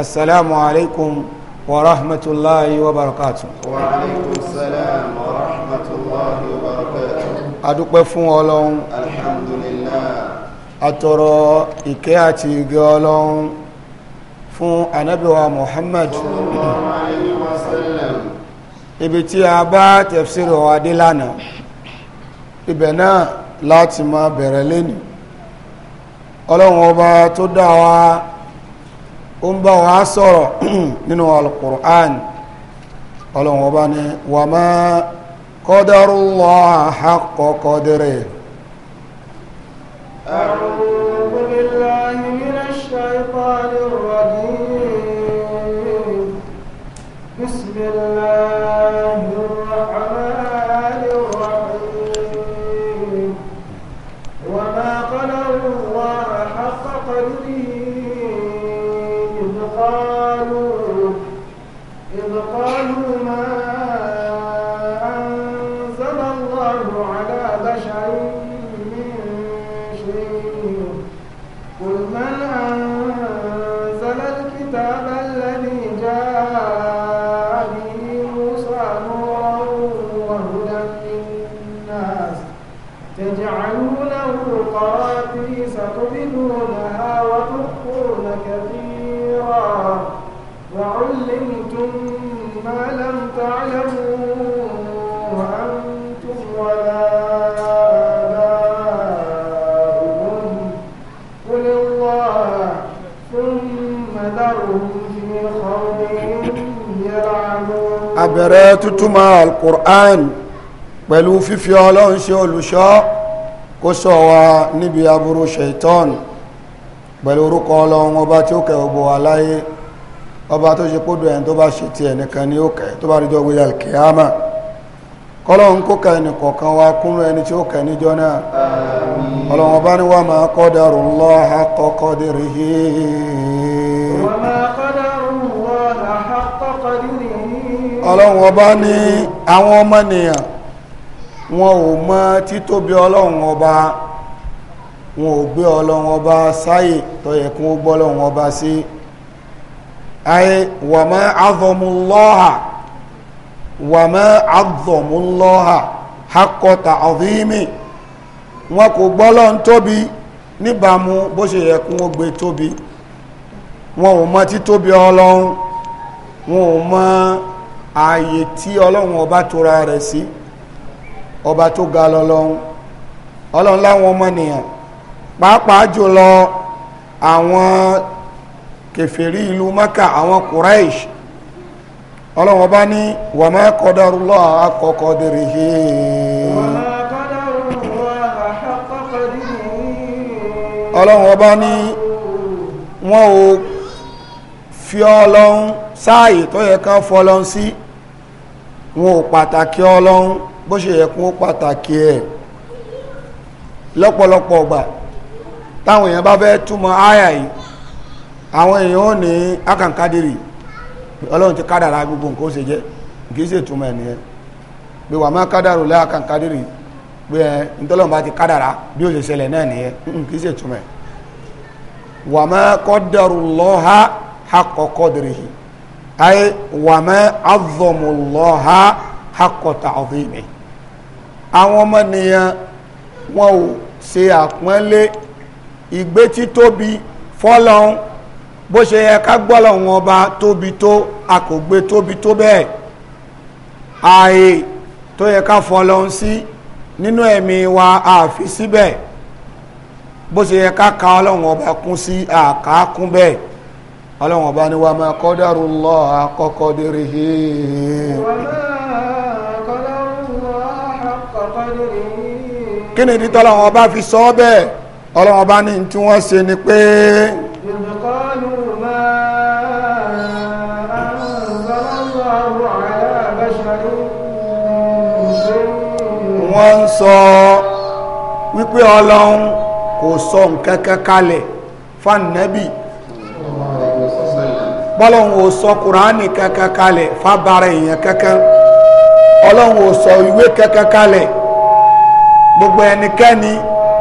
السلام عليكم ورحمة الله وبركاته وعليكم السلام ورحمة الله وبركاته adúpẹ́ fún ọlọ́run alhamdulillah atọrọ ìkẹ́ àti ìgẹ́ ọlọ́run fún anábíwa muhammad ibi tí a bá tafsiri wa dé lánàá ibẹ̀ náà láti máa bẹ̀rẹ̀ lẹ́nu ọlọ́run ọba tó dá wa ó ń bá wa sọ̀rọ̀ nínú alukur'an ọlọ́run ọba ni wà má qadarullaha haqqa qadrihi. abẹ̀rẹ̀ tútúmọ̀ alukur'an pẹ̀lú fífi ọlọ́run ṣe olùṣọ́ kó ṣọ́ wa níbi aburú shaitan pẹ̀lú orúkọ ọlọ́run ọba tí ó kẹ́ gbogbo wa láyé ọba tó ṣe kó dùn ẹni tó bá ṣe tiẹ̀ nìkan ni ó kẹ́ tó bá rí jọ gbéyà kọlọ́run kó kẹ́ ẹnì kọ̀ọ̀kan wa kúnlẹ̀ ẹni tí ó kẹ́ níjọ́ náà ọlọ́run ọba ni wà máa qadarullaha haqqa qadrihi ọlọ́run ọba ní àwọn ọmọnìyàn wọn ò mọ títóbi ọlọ́run ọba wọn ò gbé ọlọ́run ọba sáyè tó yẹ gbọ́ ọlọ́run ọba sí ayé wàmá azọmúlọ́hà wàmá azọmúlọ́hà hakọta ọ̀dhímì wọn kò gbọ́ ọlọ́run tóbi níbàámu bó ṣe yẹ tóbi wọn ò ààyè tí ọlọ́run ọba tora rẹ̀ sí ọba tó ga lọ́lọ́run ọlọ́run láwọn ọmọnìyàn pàápàá jùlọ àwọn kèfèrí ìlú mọ́kà àwọn Quraish ọlọ́run ọba ní wàmẹ́ kọ́dọ̀rúlọ́ akọ́kọ́ dèrè hẹ́ẹ́ ọlọ́run ọba ní wọ́n ò fi ọlọ́run sáàyè tó yẹ kán fọlọ́n sí wọn ò pàtàkì ọlọ́run bó ṣe yẹ kún ó pàtàkì ẹ̀ lọ́pọ̀lọpọ̀ ọgbà táwọn èèyàn bá fẹ́ túmọ̀ áyà yìí àwọn èèyàn ò ní akànkádìrì ọlọ́run ti kádàrà gbogbo nǹkan ó ṣe jẹ́ kì í ṣe túmọ̀ wà má kádàrò lẹ́ akànkádìrì ẹ ntọ́lọ́run bá ti kádàrà bí ó ṣe ṣẹlẹ̀ náà nìyẹn ay wàmẹ́ azọmùlọ́ha hakọ̀tà ọ̀dínì àwọn ọmọnìyàn wọn ò ṣe àpọ́nlé ìgbé títóbi fọ́lọ́hún bó ṣe yẹ ká gbọ́lọ̀ wọn bá tóbi tó a kò gbé tóbi tó bẹ́ẹ̀ ààyè tó yẹ ká fọ́lọ́hún sí nínú ẹ̀mí wa àfi síbẹ̀ bó ṣe yẹ ká ka ọlọ́run ọba kún sí àkákún bẹ́ẹ̀ ọlọ́run ọba ni wà máa kọ́dárù lọ àkọ́kọ́ dérí hì kí ni títọ́ ọlọ́run ọba fi sọ ọ́ bẹ́ẹ̀ ọlọ́run ọba ní tí wọ́n ṣe ni pé wọ́n ń sọ wípé ọlọ́run kò sọ nǹkan kalẹ̀ fáànù bọ́lọ́hún ò sọ kùránì kankan kalẹ̀ èèyàn kankan ọlọ́hún ò sọ ìwé kankan kalẹ̀ gbogbo ẹnikẹ́ni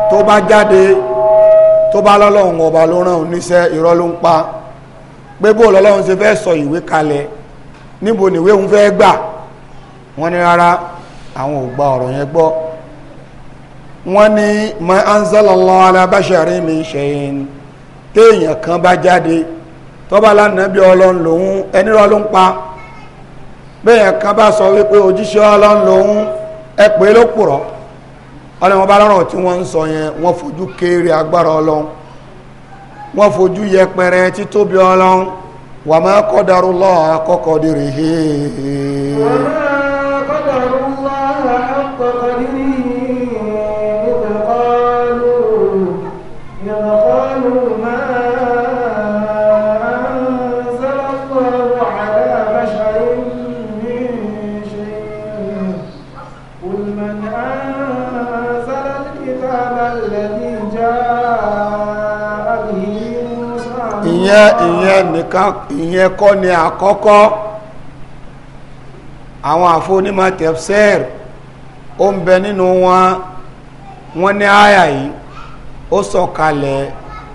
tó bá jáde tó bá ọba ló oníṣẹ́ irọ́ ló ń ṣe fẹ́ sọ ìwé kalẹ̀ níbo òun fẹ́ gbà wọ́n ní rárá àwọn ò gba ọ̀rọ̀ yẹn gbọ́ wọ́n ní téèyàn kan bá jáde tọ́ba lánàbí ọlọ́run lòun ẹnirọ́ ló ń pa bẹ́ẹ̀ kan bá sọ wípé òjíṣẹ́ ọlọ́run lòun ẹ pé ló pùrọ́ ọlọ́run bá lọ́rọ̀ tí wọ́n ń sọ yẹn wọ́n fojú kéré agbára ọlọ́run wọ́n fojú yẹpẹrẹ títóbi ọlọ́run wàmọ́ kọ́darú lọ́ọ̀ akọ́kọ́ dìrì hẹ́ẹ́. ìyẹn nìkan ìyẹn kọ́ ni àkọ́kọ́ àwọn àfonímọ̀ tẹ̀sẹ̀r ó ń bẹ nínú wọn wọ́n ní àyà yìí ó sọ̀kalẹ̀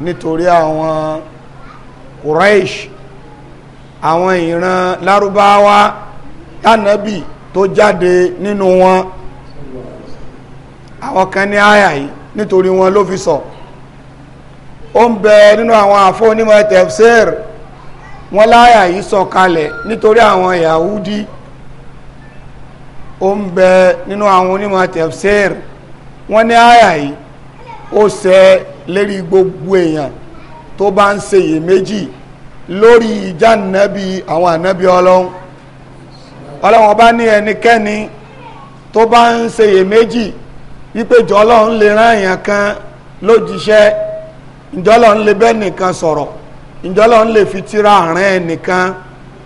nítorí àwọn Quraish àwọn ìran lárúbáwá tánàbì tó jáde nínú wọn àwọn kan ní àyà yìí nítorí wọn ló fi sọ̀ ó ń bẹ nínú àwọn àfọ́ onímọ̀ tefsir wọ́n láyà yìí sọ̀kalẹ̀ nítorí àwọn Yahudi ó ń bẹ nínú àwọn onímọ̀ tefsir wọ́n ní àyà yìí ó ṣẹ lérí gbogbo èèyàn tó bá ń ṣe iyèméjì lórí ìjà nàbí àwọn ànábì ọlọ́run ọlọ́run bá ní ẹnikẹ́ni tó bá ń ṣe iyèméjì wípé jọlọ́run lè rán èèyàn kan lójíṣẹ́ ìjọlọ ń lè bẹ́ẹ̀ nìkan sọ̀rọ̀ ìjọlọ ń lè fi tíra àárín nìkan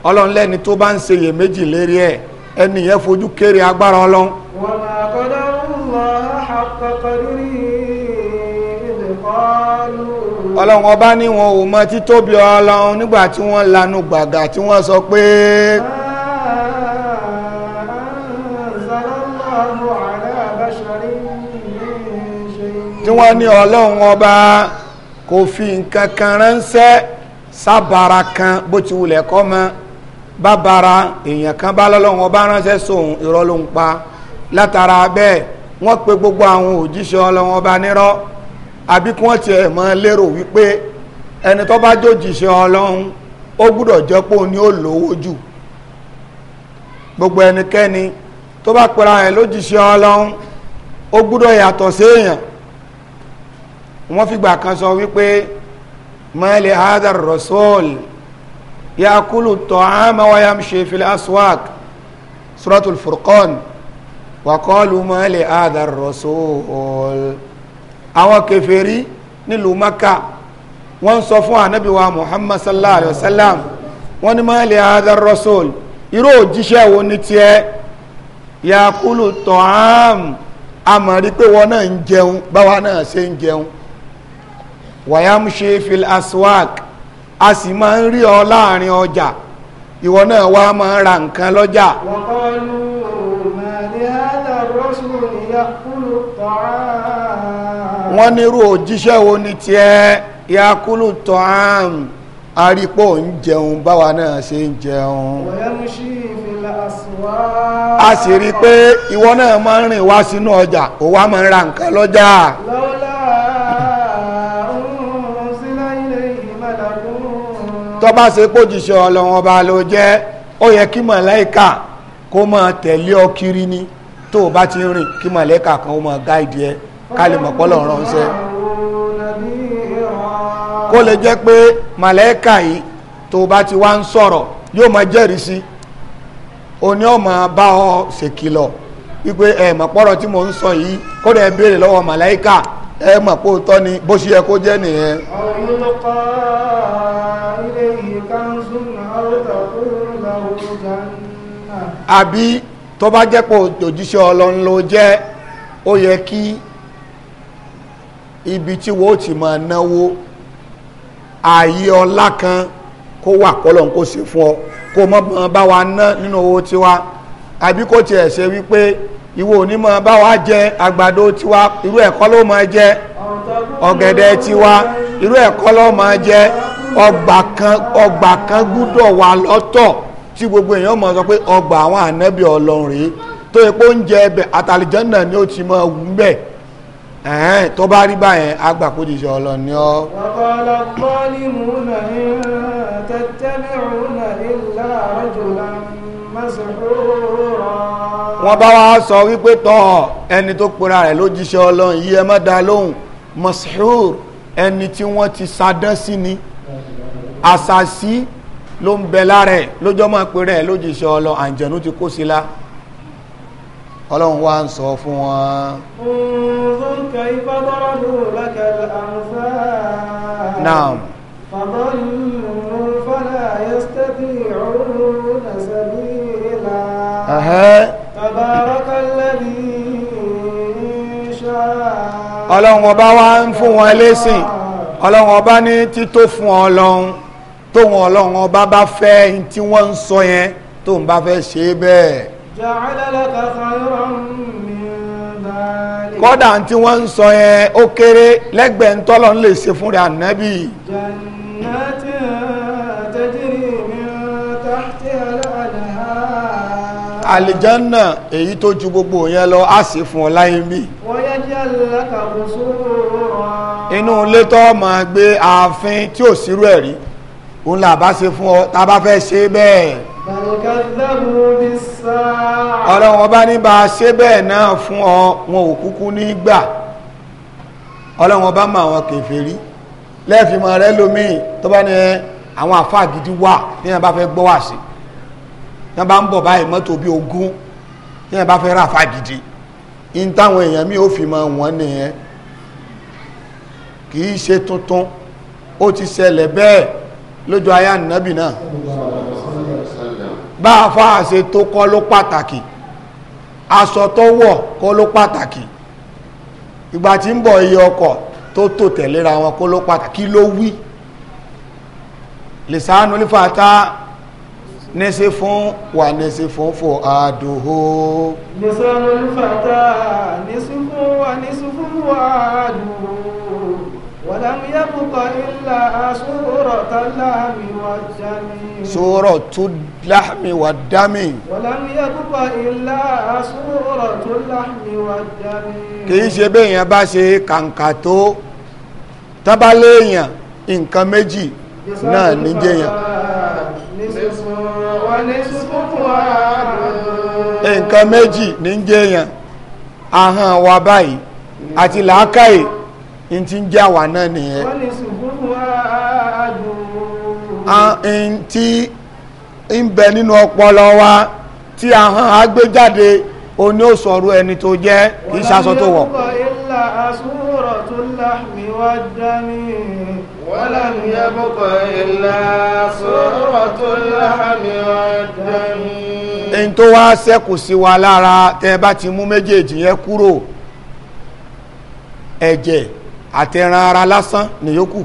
ọlọ́run lẹ́ni tó bá ń se ṣe méjì lérí ẹ̀ ẹni yẹn fojú kéré agbára ọlọ́run. wa ma qadarullah haqqa qadrihi ọlọ́run ọba ní wọn ò mọ títóbi ọlọ́run nígbà tí wọ́n lanu gbàgà tí wọ́n sọ pé. tí wọ́n ní ọlọ́run ọba. kò fi nǹkan kan ránṣẹ́ sábàrà kan bó ti wulẹ̀ kọ́ mọ́ bábara èèyàn kan bá lọ́lọ́wọ́n bá ránṣẹ́ sóhun irọ́ ló ń pa látara bẹ́ẹ̀ wọ́n pe gbogbo àwọn òjíṣẹ́ ọlọ́wọ́n bá nírọ́ àbí kí wọ́n tiẹ̀ mọ́ lérò wípé ẹni tó bá jójìṣẹ́ ọlọ́run ó gbúdọ̀ jẹ́ pé òun ni ó lówó jù gbogbo ẹnikẹ́ni tó bá pera ẹ̀ lójìṣẹ́ ọlọ́run ó gbúdọ̀ yàtọ̀ séèyàn wọ́n fìgbà kan sọ wípé mali hadha rasul yakulu ta'ama wa yamshi fil aswaq suratul furqan wa qalu mali hadha rasul àwọn kèfèrí nílùú maka wọ́n sọ fún ànábì wa muhammad sallallahu alaihi wasallam wọ́n ní mali hadha rasul irú òjíṣẹ́ wo ni tiẹ̀ yakulu ta'am àmọ́ rí pé wọ́n náà ń jẹun báwa náà ṣe ń jẹun wàyámṣe fil aswak a sì máa ń rí ọ láàrin ọjà ìwọ náà wá máa ń ra nǹkan lọ́jà. wàkọ́lù màdìhádà rọ́ṣùn ìyàkúlù tọ́ám. wọ́n nírú òjíṣẹ́ wo ni tiẹ̀ ìyàkúlù tọ́ám arípò ń jẹun báwa náà ṣe ń jẹun. wàyámṣe fil aswak. a sì rí i pé ìwọ náà máa ń rìn wá sínú ọjà òwa máa ń ra nǹkan lọ́jà. lọ́wọ́. tó bá ṣe ọba ló jẹ́ ó yẹ kí mọ̀lẹ́kà kó máa tẹ̀lé ọ kiri ni tó o bá ti rìn kí mọ̀lẹ́kà kan ó máa gáìdì ẹ ká lè mọ̀ pọ́lọ̀ ránṣẹ́ kó lè jẹ́ pé mọ̀lẹ́kà yìí tó o bá ti wá ń sọ̀rọ̀ yóò jẹ́rìí o ní ọmọ bá ọ ṣèkìlọ̀ mo ń sọ yìí kó béèrè lọ́wọ́ mọ̀lẹ́kà ẹ mọ̀ pé ni bó ṣe yẹ kó àbí tó bá jẹ́ pé òjíṣẹ́ ọlọ́run ló jẹ́ ó yẹ kí ibi tí wọ́n ti máa náwó ààyè ọlá kan kó wà kọ́lọ́n kó ṣe fún ọ kó mọ́ bá wa ná nínú owó tiwa àbí kó tiẹ̀ ṣe wípé ìwọ onímọ̀ bá wa jẹ àgbàdo tiwa irú ẹ̀kọ́ ló máa jẹ ọ̀gẹ̀dẹ̀ tiwa irú ẹ̀kọ́ ló máa jẹ ọgbà kan gbúdọ̀ wà lọ́tọ̀ tí gbogbo èèyàn mọ̀ sọ pé ọgbà àwọn ànábì ọlọ́run rèé tó yẹ pé oúnjẹ ẹbẹ̀ àtàlìjọ́nà ni ó ti mọ wù bẹ́ẹ̀ ẹ̀ẹ́n tó bá rí báyẹn àgbà kó jìṣẹ́ ọlọ́run ni ọ́. ọ̀pọ̀lọpọ̀ zalimuna in tattabi'una illa rajulan masrura. wọ́n bá wá sọ wípé tọ́ ẹni tó pera rẹ̀ ló jíṣẹ́ ọlọ́run yìí ẹ má dá lóhùn masrur ẹni tí wọ́n ti sadán sí ni àṣàṣì ló ń bẹ lára ẹ̀ lójọ́ máa pe rẹ̀ lójíṣẹ́ ọlọ àǹjẹ̀nú ti kó sí la ọlọ́run wá ń sọ fún wọn. ǹzọ́n kẹ́ ipá bọ́rọ̀ ló lẹ́kẹ̀ àmúfà. naam. bàbá yìí ló fọ́lá yẹ́sítẹ́tì ọ̀run ẹ̀sẹ̀bí ìlà. tabaraka lẹ́ni ṣá. ọlọ́run ọba wa ń fún wọn lẹ́sìn ọlọ́run ọba ní tító fún ọlọ́run tóun ọlọ́run ọba bá fẹ́ ní tí wọ́n ń sọ yẹn tóun bá fẹ́ ṣe é bẹ́ẹ̀. kọ́dà tí wọ́n ń sọ yẹn ó kéré lẹ́gbẹ̀ẹ́ ń tọ́lọ́ ń lè ṣe fúnra ànábì. àlìjánà èyí tó ju gbogbo yẹn lọ á sì fún ọ láyé mi. wọ́n jẹ́ alákàbọ̀ sóró rọ̀. inú ilé tó máa gbé ààfin tí ò sírú ẹ̀ rí òun la bá se fún ọ tá a bá fẹ́ ṣe bẹ́ẹ̀ ọlọ́run ọba ní bá a ṣe bẹ́ẹ̀ náà fún ọ wọn ò kúkú ní gbà ọlọ́run ọba mọ àwọn kèfèrí lẹ́ẹ̀fìmọ̀ rẹ lómìn tó bá ní àwọn àfáà gidi wà ní ẹ̀ bá fẹ́ gbọ́ wà sí ní ẹ̀ bá ń bọ̀ báyìí mọ́tò bí ogún ní ẹ̀ bá fẹ́ rà àfáà gidi in táwọn èèyàn mi ò fi mọ wọn nìyẹn kì í ṣe tuntun ó ti ṣẹlẹ̀ bẹ́ẹ̀ lójú ayé ànábì náà bá a fa àṣẹ tó kọ́ ló pàtàkì aṣọ tó wọ̀ kọ́ ló pàtàkì ìgbà tí ń bọ̀ iye ọkọ̀ tó tò tẹ̀léra wọn kọ́ ló pàtàkì ló wí lisanu lifata nẹ́sẹ̀ fún wà nẹ́sẹ̀ fún fò àdòhó lisanu lifata nẹ́sẹ̀ fún wà nẹ́sẹ̀ fún fò àdòhó ولم يبق إلا سورة اللحم والدم سورة اللحم والدم ولم يبق إلا سورة اللحم والدم kìí ṣe béèyàn bá ṣe kàǹkà tó tábàléèyàn nǹkan méjì náà níjẹyàn nǹkan méjì níjẹyàn ahọ́n wa báyìí àti làákàyè in ti ń já wa náà nìyẹn in ti ń bẹ nínú ọpọlọ wa tí ahọ́n agbéjáde o jáde oní sọ̀rọ̀ ẹni tó jẹ́ kì í ṣaṣọ tó wọ̀. ولم يبق إلا صورة ẹni tó wá ṣẹ́kù sí wa lára tẹ́ bá ti mú méjèèjì yẹn kúrò ẹ̀jẹ̀ àtẹran ara lásán nìyókù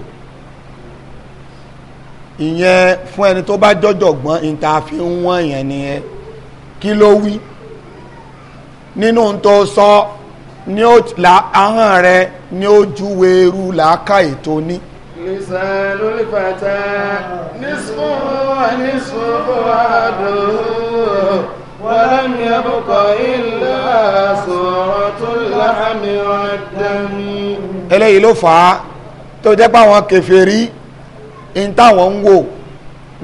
ìyẹn fún ẹni tó bá jọ̀jọ̀gbọ́n ìta fi ń wọ́n yẹn nìyẹn kí ló wí nínú tó sọ ní ó ahọ́n rẹ ní ó júwe irú làákàyè tó ní. lisanu lifata nisfu wa nisfu fuadu walam yabqa illa suratul lahmi wa dami. eléyìí ló fà á tó jẹ́ pé àwọn kèfèrí wo táwọn ń wò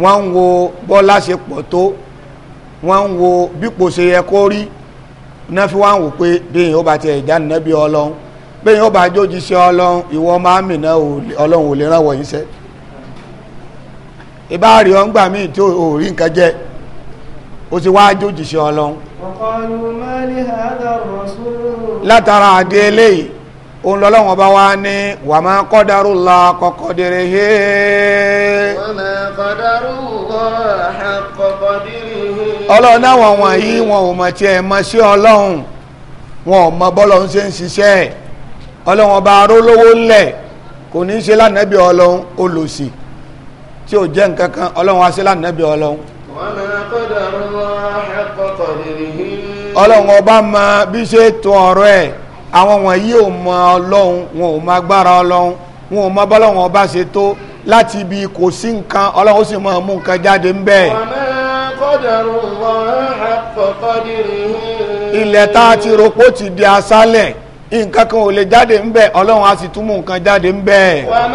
wọ́n ń wo bọ́lá ṣe pọ̀ tó wọ́n ń wo bípò ṣe yẹ kó rí náà fi wá ń wò pé bẹ́ẹ̀ ó bá ti ẹ̀dá nínú ọlọ́run bẹ́ẹ̀ ó bá jójì sí ọlọ́run ìwọ máa mìíràn ọlọ́run ò lè rànwọ́ yín sẹ́ ìbá rí ọ o gbà míì tí ò rí nǹkan jẹ́ ti wá jójì ọlọ́run. látara àdé eléyìí òun lọ́lọ́wọ́n bá wá ní wà máa kọ́dárù la kọ́kọ́ dèrè hé. wọ́n máa kọ́dárù lọ́ha kọ́kọ́ dèrè hé. ọlọ́run náwọn wọ̀nyí wọn ò mọ̀ tí wọn ò mọ bọ́lọ̀ ń ṣe ń ṣiṣẹ́ ọlọ́run bá ró lówó kò ní ṣe lánàbí ọlọ́run olòṣì tí ò ṣe ọlọ́run. wọ́n ọba máa bí ṣe tó àwọn wọ̀nyí ò mọ ọlọ́run wọn ò mọ agbára ọlọ́run wọn ò mọ bọ́lọ́run ọba ṣe tó láti ibi kò sí nǹkan ọlọ́run ó sì mọ mú nǹkan jáde ń ilẹ̀ tá a ti ropó ti di aṣálẹ̀ nǹkan kan ò lè jáde ń bẹ ọlọ́run á sì tún nǹkan jáde ń bẹ. wa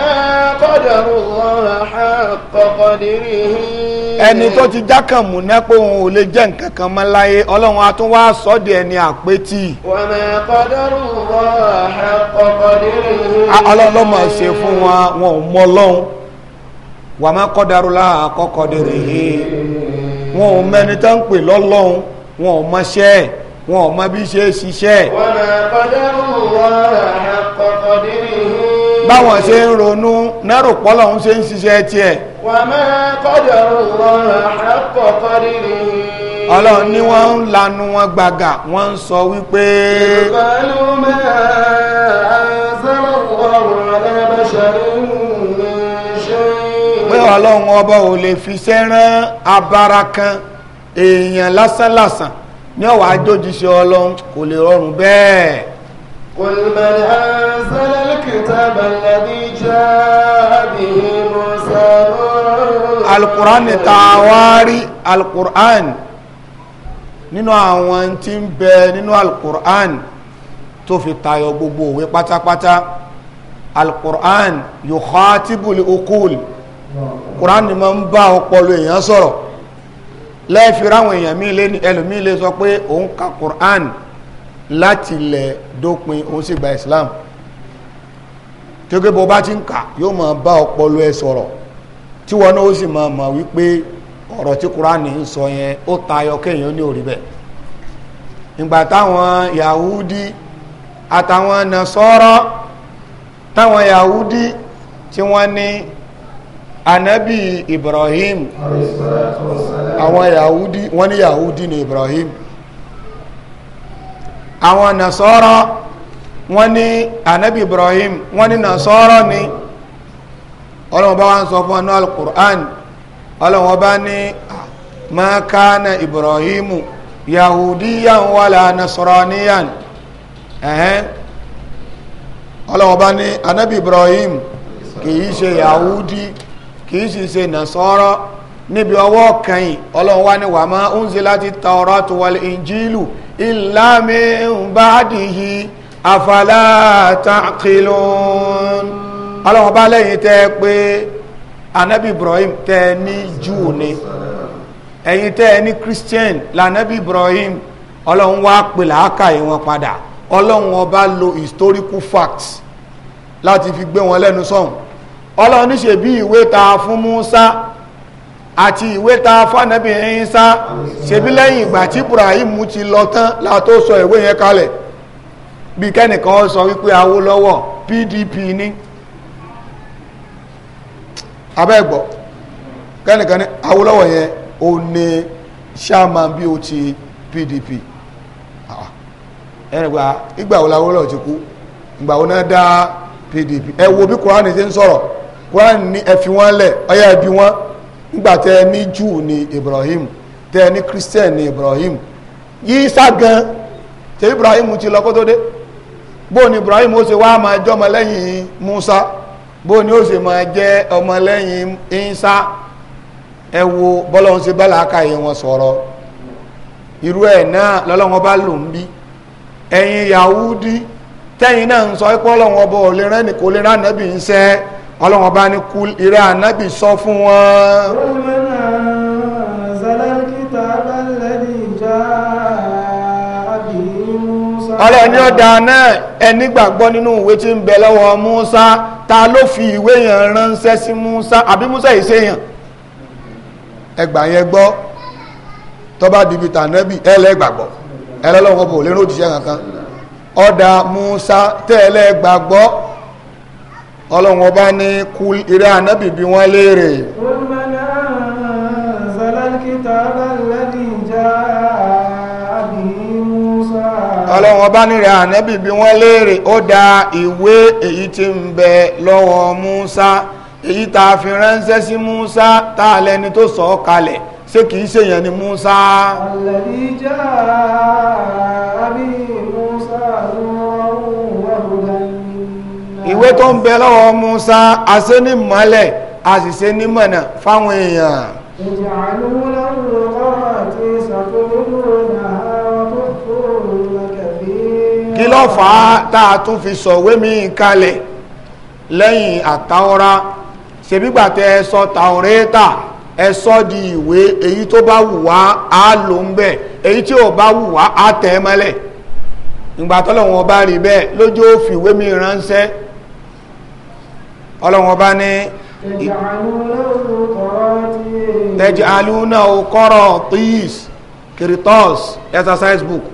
ma ti jákàn mú ná òun ò lè jẹ́ nǹkan kan mọ́ láyé ọlọ́run sọ di eni àpétì. wa ma qadarullaha haqqa qadrihi. ọlọ́run ló ma ṣe fún wọn wọn mọ ọlọ́run wa ma qadarullaha haqqa qadrihi wọn ò pè lọ́lọ́run wọn ò wọn ò mọ bí ṣe ṣiṣẹ́ báwọn ṣe ń ronú nẹ́rù pọ́lọ̀ ń ṣe ń ṣiṣẹ́ tiẹ̀ ọlọ́run ní wọ́n ń lanu wọn gbàgà wọ́n ń sọ wípé pé ọlọ́run ọba ò lè fi ṣẹ́ rán abara kan èèyàn lásánlásán ní ọ̀wà àjọjíṣẹ́ ọlọ́run kò lè rọrùn bẹ́ẹ̀. قل من أنزل الكتاب الذي جاء به موسى alukur'an tàwárí alukur'an nínú àwọn tí ń bẹ nínú alukur'an tó fi tayọ gbogbo òwe pátápátá alukur'an yóò kọ́ tibuli okul kur'an ni máa ń bá ọpọlọ èèyàn sọ̀rọ̀ lẹ́ẹ̀fi ráwọn èèyàn mí lé ní ẹlòmí lè sọ pé òun ka Qur'an láti ilẹ̀ dópin òun sì gba Islam tí ó gbé bó bá ti ń kà yóò máa bá ọpọlọ ẹ sọ̀rọ̀ tí wọn náà ó sì mọ̀ wípé ọ̀rọ̀ tí Qur'an ń sọ yẹn ó tayọ kéèyàn ní òrí bẹ́ẹ̀ ìgbà anabi ibrahim àwọn yahudi wọ́n ní yahudi ni ibrahim àwọn nasọ́rọ́ wọ́n ní anabi ibrahim wọ́n ní nasọ́rọ́ ni ọlọ́wọ́n bá wá ń sọ fún ọ̀nà al-qur'an ọlọ́wọ́n bá ní ma kana ibrahim yahudiyan wala nasraniyan ọlọ́wọ́n bá ní anabi ibrahim kìí ṣe yahudi kìí sì ṣe nàṣọ́rọ́ níbi ọwọ́ kẹyìn ọlọ́run wá ní wàmọ́ unzilatit tawratu wal injilu illa min ba'dihi afala taqilun ọlọ́run bá lẹ́yìn tẹ́ pé anabi ibrahim tẹ́ ní júù ni ẹ̀yin tẹ́ ní christian lànàbí ibrahim ọlọ́run wá pè làákàyè wọn padà ọlọ́run ọba lo historical facts láti fi gbé wọn lẹ́nu sọ́hùn ọlọ́run ní ṣe bí ìwé ta fún Musa àti ìwé ta fánàbí Ìsá ṣebí lẹ́yìn ìgbà tí Ibrahim ti lọ tán látó sọ ìwé yẹn kalẹ̀ bí kẹ́nìkan sọ wípé awolowo PDP ní abẹ́gbọ́ kẹ́nìkan ní awolowo yẹn ó ní ṣáàmà bí ó ti PDP ah, ẹnìgbà ìgbà wo ti kú ìgbà náà PDP ẹ wo bí ti Quran ní ẹ fi wọ́n lẹ̀ ẹbí wọn nígbà tẹ ẹ ní Júù Ibrahim tẹ ẹ ní Christian Ibrahim yìí ságan tẹ Ibrahim ti lọ dé ni Ibrahim ó ṣe wá máa jẹ́ ọmọlẹ́yìn Musa bóun ni ó ṣe máa jẹ́ ọmọlẹ́yìn Isa ẹ wo bọ́lọ́hún ṣe bá làákàyè wọn irú náà bá lò ń bí Yahudi náà ń sọ ọba ọlọ́run ọba ní kú irẹ́ ànábì sọ fún wọn. ọlọ́run ní ọ̀dà náà ẹni gbàgbọ́ nínú ìwé tí ń bẹ lọ́wọ́ Musa ta ló fi ìwé ránṣẹ́ sí Musa àbí Musa yìí ẹgbà yẹn gbọ́ tọ́ba dìbì tànẹ́bì Musa ọlọ́run ọba ní kú eré ànábì bí wọ́n léèrè ọlọ́run ọba nírẹ̀ ànábì bí wọ́n léèrè ó da ìwé èyí tí ń bẹ lọ́wọ́ Musa èyí tá a fi ránṣẹ́ sí Musa tá a lẹ́ni tó sọ ọ́ kalẹ̀ ṣé kìí ṣèyàn ni Musa. àlẹ́ ìjà àbí Musa ló ìwé tó ń bẹ lọ́wọ́ Musa àṣẹ ní mọ́lẹ̀ àṣìṣe ní mọ̀nà fáwọn èèyàn kí ló fà á tá a tún fi sọ̀wé mi kalẹ̀ lẹ́yìn àtàwọ́ra ṣebígbà tẹ ẹ tàwọ́rẹ́ta ẹ di ìwé èyí tó bá wù wá lò ń bẹ̀ èyí tí ò bá wù wá tẹ̀ mọ́lẹ̀ ìgbà wọn bá rí bẹ́ẹ̀ lójú ó fìwé mi ránṣẹ́ ọlọ́run ọba ní tẹ́jì alúnà okọ́rọ̀ tíìs kìrìtọ́s exercise book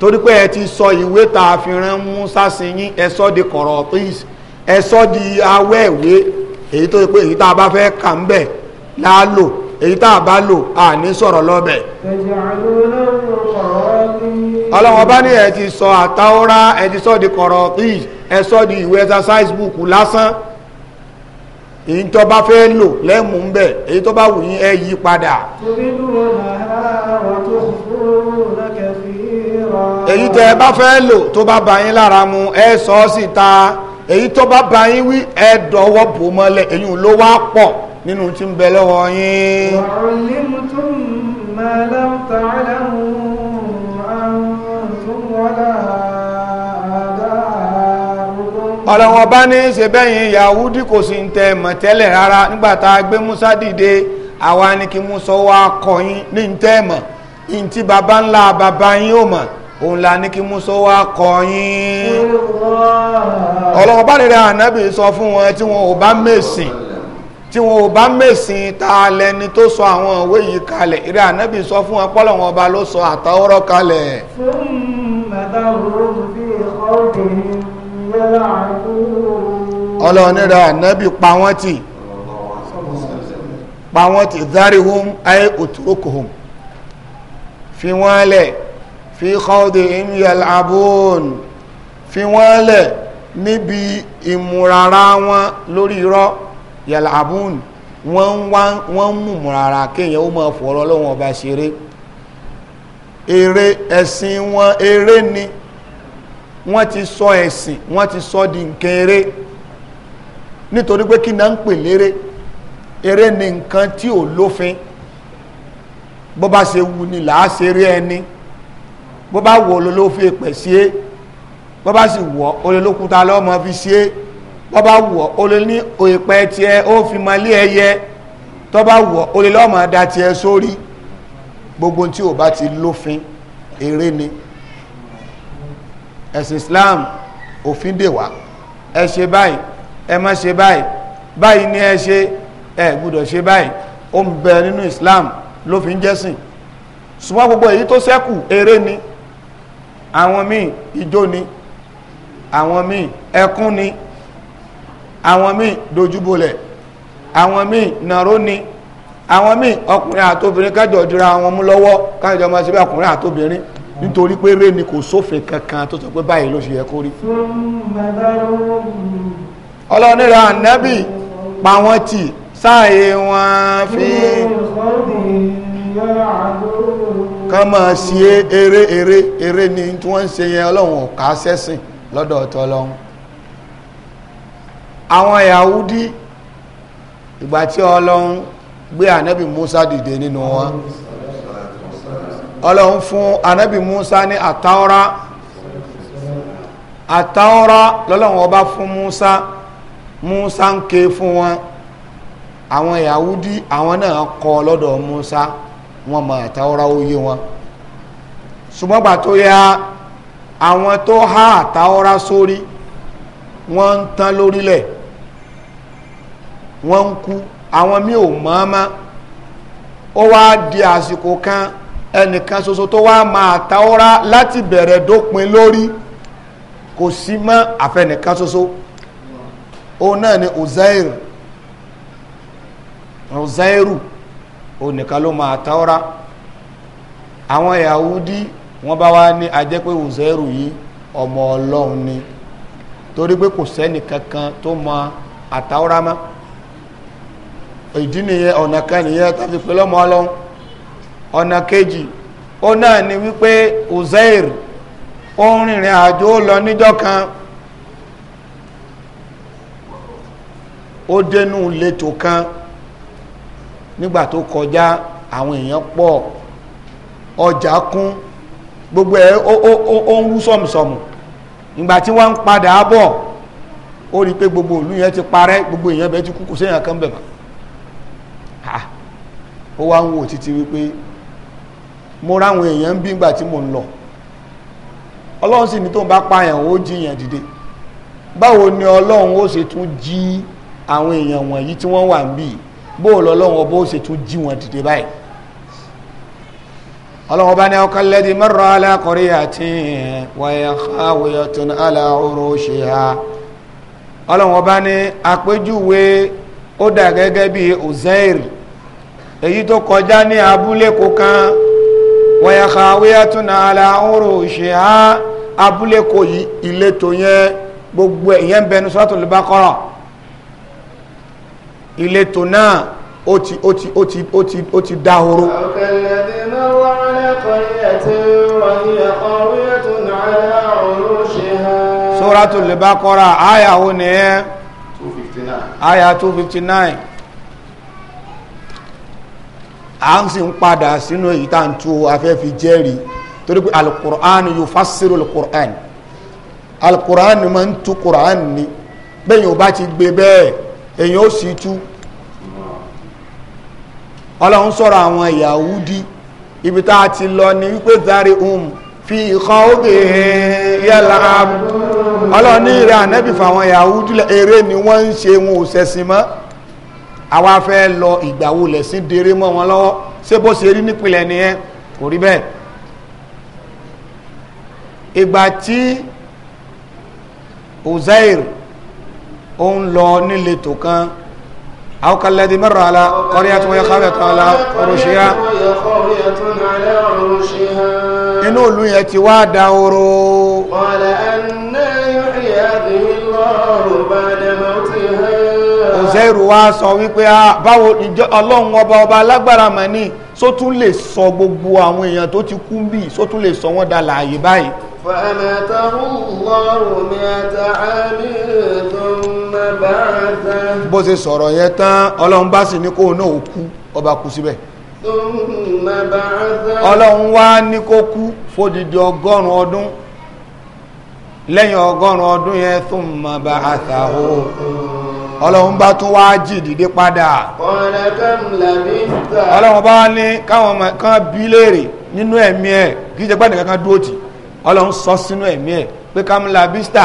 torí pé ẹ ti sọ ìwé tààfihàn musa sí yín ẹ sọ di kọ̀rọ̀ tíìs ẹ sọ di awẹ́ ìwé èyí tó pé èyí tá a bá fẹ́ kà ń bẹ̀ láálò èyí tá a bá lò à ní sọ̀rọ̀ lọ́bẹ̀. tẹ́jì alúnà okọ́rọ̀ tíìs ọlọ́wọ́n bá ní ẹ ti sọ àtàwọ́rá ẹ ti sọ di kọ̀rọ̀tì ẹ sọ di ìwé exercise book lásán èyí tó bá fẹ́ lò lẹ́mù ń bẹ̀ èyí tó bá wù yín ẹ yí padà. èyí tẹ́ ẹ bá fẹ́ lò tó bá bá yín lára mu ẹ sọ ọ́ síta èyí tó bá bá yín wí ẹ dọ̀wọ́ bò mọ́lẹ̀ èyí ló wá pọ̀ nínú tí ń bẹ lọ́wọ́ yín. wàhálà mi tún máa lọ́ta lẹ́hùn ọlọ́wọ́n bá ní ṣe bẹ́yìn Yahudi kò sí ń tẹ mọ̀ tẹ́lẹ̀ rárá nígbàtà gbé Musa dìde àwa ni kí Musa wá kọ́ yín ní ń tẹ́ mọ̀ yín tí baba ńlá baba yín ò mọ̀ òun la ní kí Musa wá kọ́ yín ọlọ́wọ́n bá nìrẹ́ ànábì sọ fún wọn tí wọn ò bá mẹ́sìn tí wọn ò bá mẹ́sìn ta lẹni tó sọ àwọn òwe yìí kalẹ̀ ìrẹ́ ànábì sọ fún wọn pọ́lọ́wọ́n ọba ló sọ àtàwọ́rọ́ kalẹ̀ fún ọlọ́nira ànábì pa wọ́n tì pa wọ́n tì dharihum ayé òtúrókòhùn fi wọ́n lẹ̀ fi khawdihim yal'abun fi wọ́n lẹ̀ níbi ìmúrara wọn lórí irọ́ yal'abun wọ́n ń mú múrara kéèyàn ó máa fọ̀rọ̀ lọ́wọ́n ọba ṣeré eré ẹ̀sìn wọn eré ni wọ́n ti sọ ẹ̀sìn wọ́n ti sọ di nǹkan eré nítorí pé kí náà ń pè léré eré ni nǹkan tí ò lófin bó bá ṣe wu ni làá ṣe rí ẹni bó bá wọ olólófin pẹ̀ sí é bó bá sì wọ olólókúta lọ́mọ fi sí é bó bá wọ olè ní tiẹ̀ ó fi mọ ilé ẹyẹ tó bá wọ olè da tiẹ̀ sórí. So gbogbo tí ò bá ti lófin eré ni ẹ̀sìn Islam òfin dè wá ẹ ṣe báyìí ẹ má ṣe báyìí báyìí ni ẹ ṣe ẹ gbúdọ̀ ṣe báyìí ó ń bẹ nínú Islam lófin jẹ́sìn ṣùgbọ́n gbogbo èyí tó ṣẹ́kù eré ni àwọn míì ijó ni àwọn míì ẹkún ni àwọn míì dojúbolẹ̀ àwọn míì nàró ni àwọn míì ọkùnrin àtobìnrin kájọ dúra àwọn mú lọ́wọ́ kájọ máa ṣe bí ọkùnrin àtobìnrin nítorí pé eré ni kò sófin kankan tó sọ pé báyìí ló ṣe yẹ kó rí. ọlọ́nira ànábì pa wọ́n tì sáàyè wọn fi kán máa ṣe eré eré eré ni tí wọ́n ń ṣe yẹn ọlọ́run ọ̀ká sẹ́sìn lọ́dọ̀ ọ̀tọ̀ ọlọ́run. àwọn Yahudi ìgbà tí ọlọ́run gbé anabi musa dìde nínú wọn ọlọ́run fún anabi musa ní àtàwọ́rá àtàwọ́rá lọ́lọ́run ọba fún musa musa ń ké fún wọn àwọn yahudi àwọn náà kọ lọ́dọ̀ musa wọn mọ àtàwọ́rá ó yé wọn ṣùgbọ́n gbà tó yá àwọn tó há àtàwọ́rá sórí wọ́n ń tán lórílẹ̀ wọ́n ń kú àwọn mi ò mọ́ọ́mọ́ ó wá di àsìkò kan ẹnìkan ṣoṣo tó wá máa taora láti bẹ̀rẹ̀ dópin lórí kò sí mọ́ àfẹnìkan ṣoṣo òun náà ni Uzair Uzairu onìkan ló máa taora àwọn Yahudi wọ́n bá wá ní ajẹ́ pé Uzairu yìí ọmọ Ọlọ́run ni torí pé kò sẹ́nì tó mọ àtaora mọ́ ìdí nìyẹn ọ̀nà kan nìyẹn tàbí pé lọ́mọ ọlọ́run ọ̀nà kejì ó náà ni wípé uzair ó ń rìnrìn àjò lọ níjọ́ kan ó dénú ìletò kan nígbà tó kọjá àwọn èèyàn pọ̀ ọjà kún gbogbo ẹ̀ ó ń wú sọ̀mùsọ̀mù ìgbà tí wọ́n ń padà bọ̀ ó rí i pé gbogbo ìlú yẹn ti parẹ́ gbogbo èèyàn bẹ́ẹ̀ ti kú kò séèyàn kan bẹ̀ mọ́ ó wá ń wò títí wípé mo ráwọn èèyàn ń bí ngbà tí mo ń lọ ọlọ́run sì ní tó ń bá pààyàn ó jiyàn dìde báwo ni ọlọ́run ó ṣe tún jí àwọn èèyàn wọ̀nyí tí wọ́n wà ń bì bóò lọ́lọ́run ọba ó ṣe tún jí wọn dìde báyìí ọlọ́run ọba ní ọkọ̀ lẹ́dí marra ala qaryatin wa hiya khawiyatun ala urushiha ọlọ́run ọba ní àpéjúwe ó dà gẹ́gẹ́ bí Uzair èyí tó kọjá ní abúlé kọ̀ọ̀kan wọ̀yàkà wíyàtúnà aláhùrù ṣìhá abúlé kò ìletò yẹn gbogbo ẹ̀yẹn ń bẹnu Suratul Baqara ìletò náà ó ti ó ti ó ti ó ti ó ti dahoro. Suratul Baqara àyà wo nìyẹn àyà two à ń sì ń padà sínú èyí tá à ń tú afẹ́fi jẹ́rìí torí pé alukur'an yufassiru alukur'an alukur'an máa ń tú kur'an ni bẹ́ẹ̀ yóò bá ti gbé bẹ́ẹ̀ èyàn ó sì tú ọlọ́run sọ̀rọ̀ àwọn Yahudi ibi tá a ti lọ ni wípé zari um fi ìkan oge yẹ́la ọlọ́run ní ìrẹ́ ànẹ́bì fáwọn Yahudi eré ni wọ́n ń ṣe wọn ò ṣẹ̀sìn mọ́ àwa fẹ́ lọ ìgbàwo lẹ̀sìn dèrè mọ́ wọn lọ́wọ́ ṣé bó ṣe rí nípìnlẹ̀ nìyẹn kò rí bẹ́ẹ̀ ìgbà tí Uzair ó ń lọ níletò kan aw kalladhi marra ala qaryatun khawiyatun ala urushiha inú ìlú yẹn ti wá dahoro. qala Uzairu wa sọ wípé ah, báwo ìjọ ọlọ́run ọba ọba alágbára mà ní só tún lè sọ gbogbo àwọn èèyàn tó ti kú bí só tún lè sọ wọ́n dà láàyè báyìí. bó ṣe sọ̀rọ̀ yẹn tán ọlọ́run bá sì ní kóun náà kú ọba kú síbẹ̀ ọlọ́run wá ní kó kú fódìdí ọgọ́rùn ọdún lẹ́yìn ọgọ́rùn ọdún yẹn thumma ba'athahu ọlọ́run bá tún wá jì dìde padà ọlọ́run bá ní káwọn kan bí léèrè nínú ẹ̀mí ẹ̀ kì í jẹ́ gbàdé kankan dúró tì ọlọ́run sọ sínú ẹ̀mí ẹ̀ pé kamla bista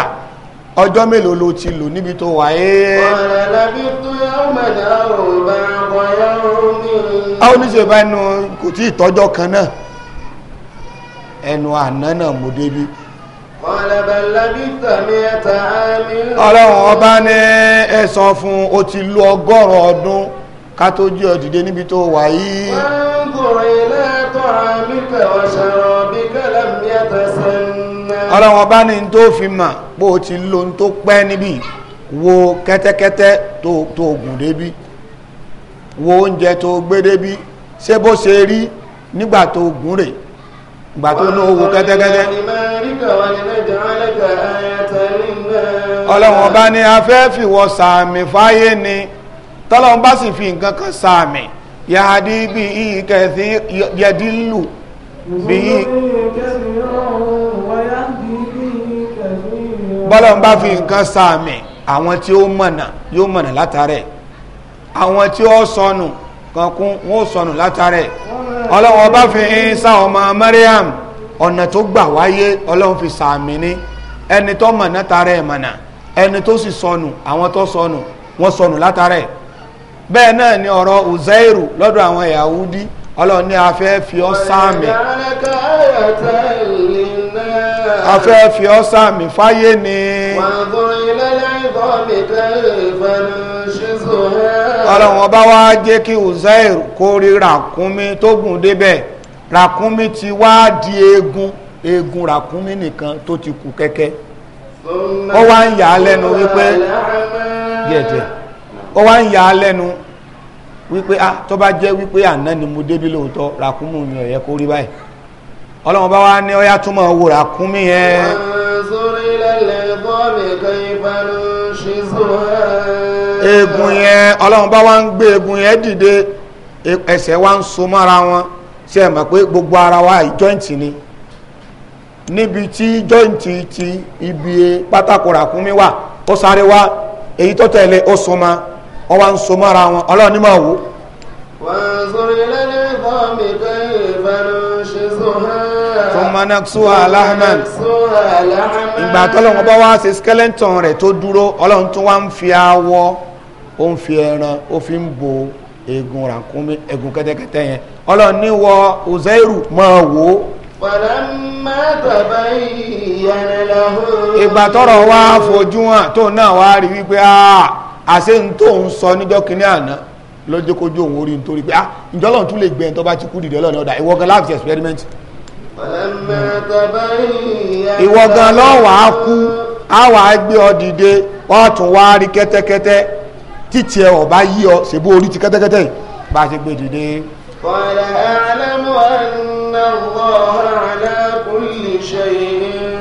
ọjọ́ mélòó ló ti lò níbi tó wà é. ọ̀rẹ́ lábí tó yá mẹ́ta ò bá bọ́yá omi. àwọn oníṣẹ́ ìbánu kò tí ì tọ́jọ́ kan náà ẹnu àná náà mo débi ọlọ́run ọba ní ẹ sọ fún ó ti lò ọgọ́rùn ọdún ká tó jí ọ dìde níbi tó wà yìí ọlọ́run ọba ní tó fi mà pé ti lò tó pẹ́ níbi wo kẹ́tẹ́kẹ́tẹ́ tó tó gùn débi wo oúnjẹ tó gbé débi ṣé bó ṣe rí nígbà tó gùn rèé gbà tó ní owó kẹ́tẹ́kẹ́tẹ́ ọlọ́run ọba ní afẹ́ fìwọ sàmì fáyé ni tọ́lọ́run bá sì fi nǹkan kan sàmì yàdí bí i kẹsí yẹdílù bí i bọ́lọ́run bá fi nǹkan sàmì àwọn tí ó mọ̀nà yóò mọ̀nà látàrẹ̀ àwọn tí ó sọnù kankun wọn ó sọnù látàrẹ̀ ọlọ́run ọba fi Ìsá ọmọ Mariam ọ̀nà tó gbà wáyé ọlọ́run fi sàmì ní ẹni tó mọ̀ náà tara ẹ̀ mọ̀nà ẹni tó sì sọnù àwọn tó sọnù wọ́n sọnù látara ẹ̀ bẹ́ẹ̀ náà ni ọ̀rọ̀ Uzairu lọ́dọ̀ àwọn Yahudi ọlọ́run ní a fi ọ́ sàmì a fi ọ́ sàmì fáyé ni. wàá bọ̀ ilé láì bọ́ mi kẹ́lẹ́ fẹ́ràn ọlọ́run ọba wá jẹ́ kí uzair kó rí ràkúnmí tó gùn débẹ̀ ràkúnmí ti wá di eegun eegun ràkúnmí nìkan tó ti kù kẹ́kẹ́ ó wá ń yà á lẹ́nu wípé díẹ̀díẹ̀ ó wá ń yà á lẹ́nu wípé ah tó bá jẹ́ wípé àná ni mo débi lóòótọ́ ràkúnmí mi ò yẹ kó rí báyìí ọlọ́run bá wá ní ọyá túmọ̀ wo ràkúnmí yẹn. wọ́n ń sórí lẹ́lẹ́ bọ́ọ̀lì kan ìbánu ṣe sùn. eegun yẹn ọlọ́run bá wá ń gbé yẹn dìde ẹsẹ̀ wa ń so mọ́ra wọn ṣe é mọ̀ gbogbo ara wa ìjọ́ǹtì ni níbi tí jọ́ǹtì ti ibi pátákó ràkúnmí wà ó sáré wá èyí tó tẹ̀lé ó so ma wá ń so mọ́ra wọn ọlọ́run ní máa wò. awọ o ń fi ẹran ó fi ń bo egun rakumi egun kẹtẹkẹtẹ yẹn ọlọ ní ọzọ iru máa wò ó. pàlámà bàbá ìyànà làwọn. ìgbà tọrọ fojú hàn náà wá rí wípé àṣẹ ń sọ níjọ́ kínní àná lọ́jọ́ òun orí nítorí pé ǹjọ́ tún lè tó bá ti kú dìde ọ̀dà ìwọ gan láti experiment. ìwọ gan lọ́wọ́ á kú á wàá títí ẹ ọba yí ọ ṣèbó orí ti kẹ́tẹ́kẹ́tẹ́ yìí bá a ṣe gbé dìde. qala a'lamu anna Allaha ala kulli shay'in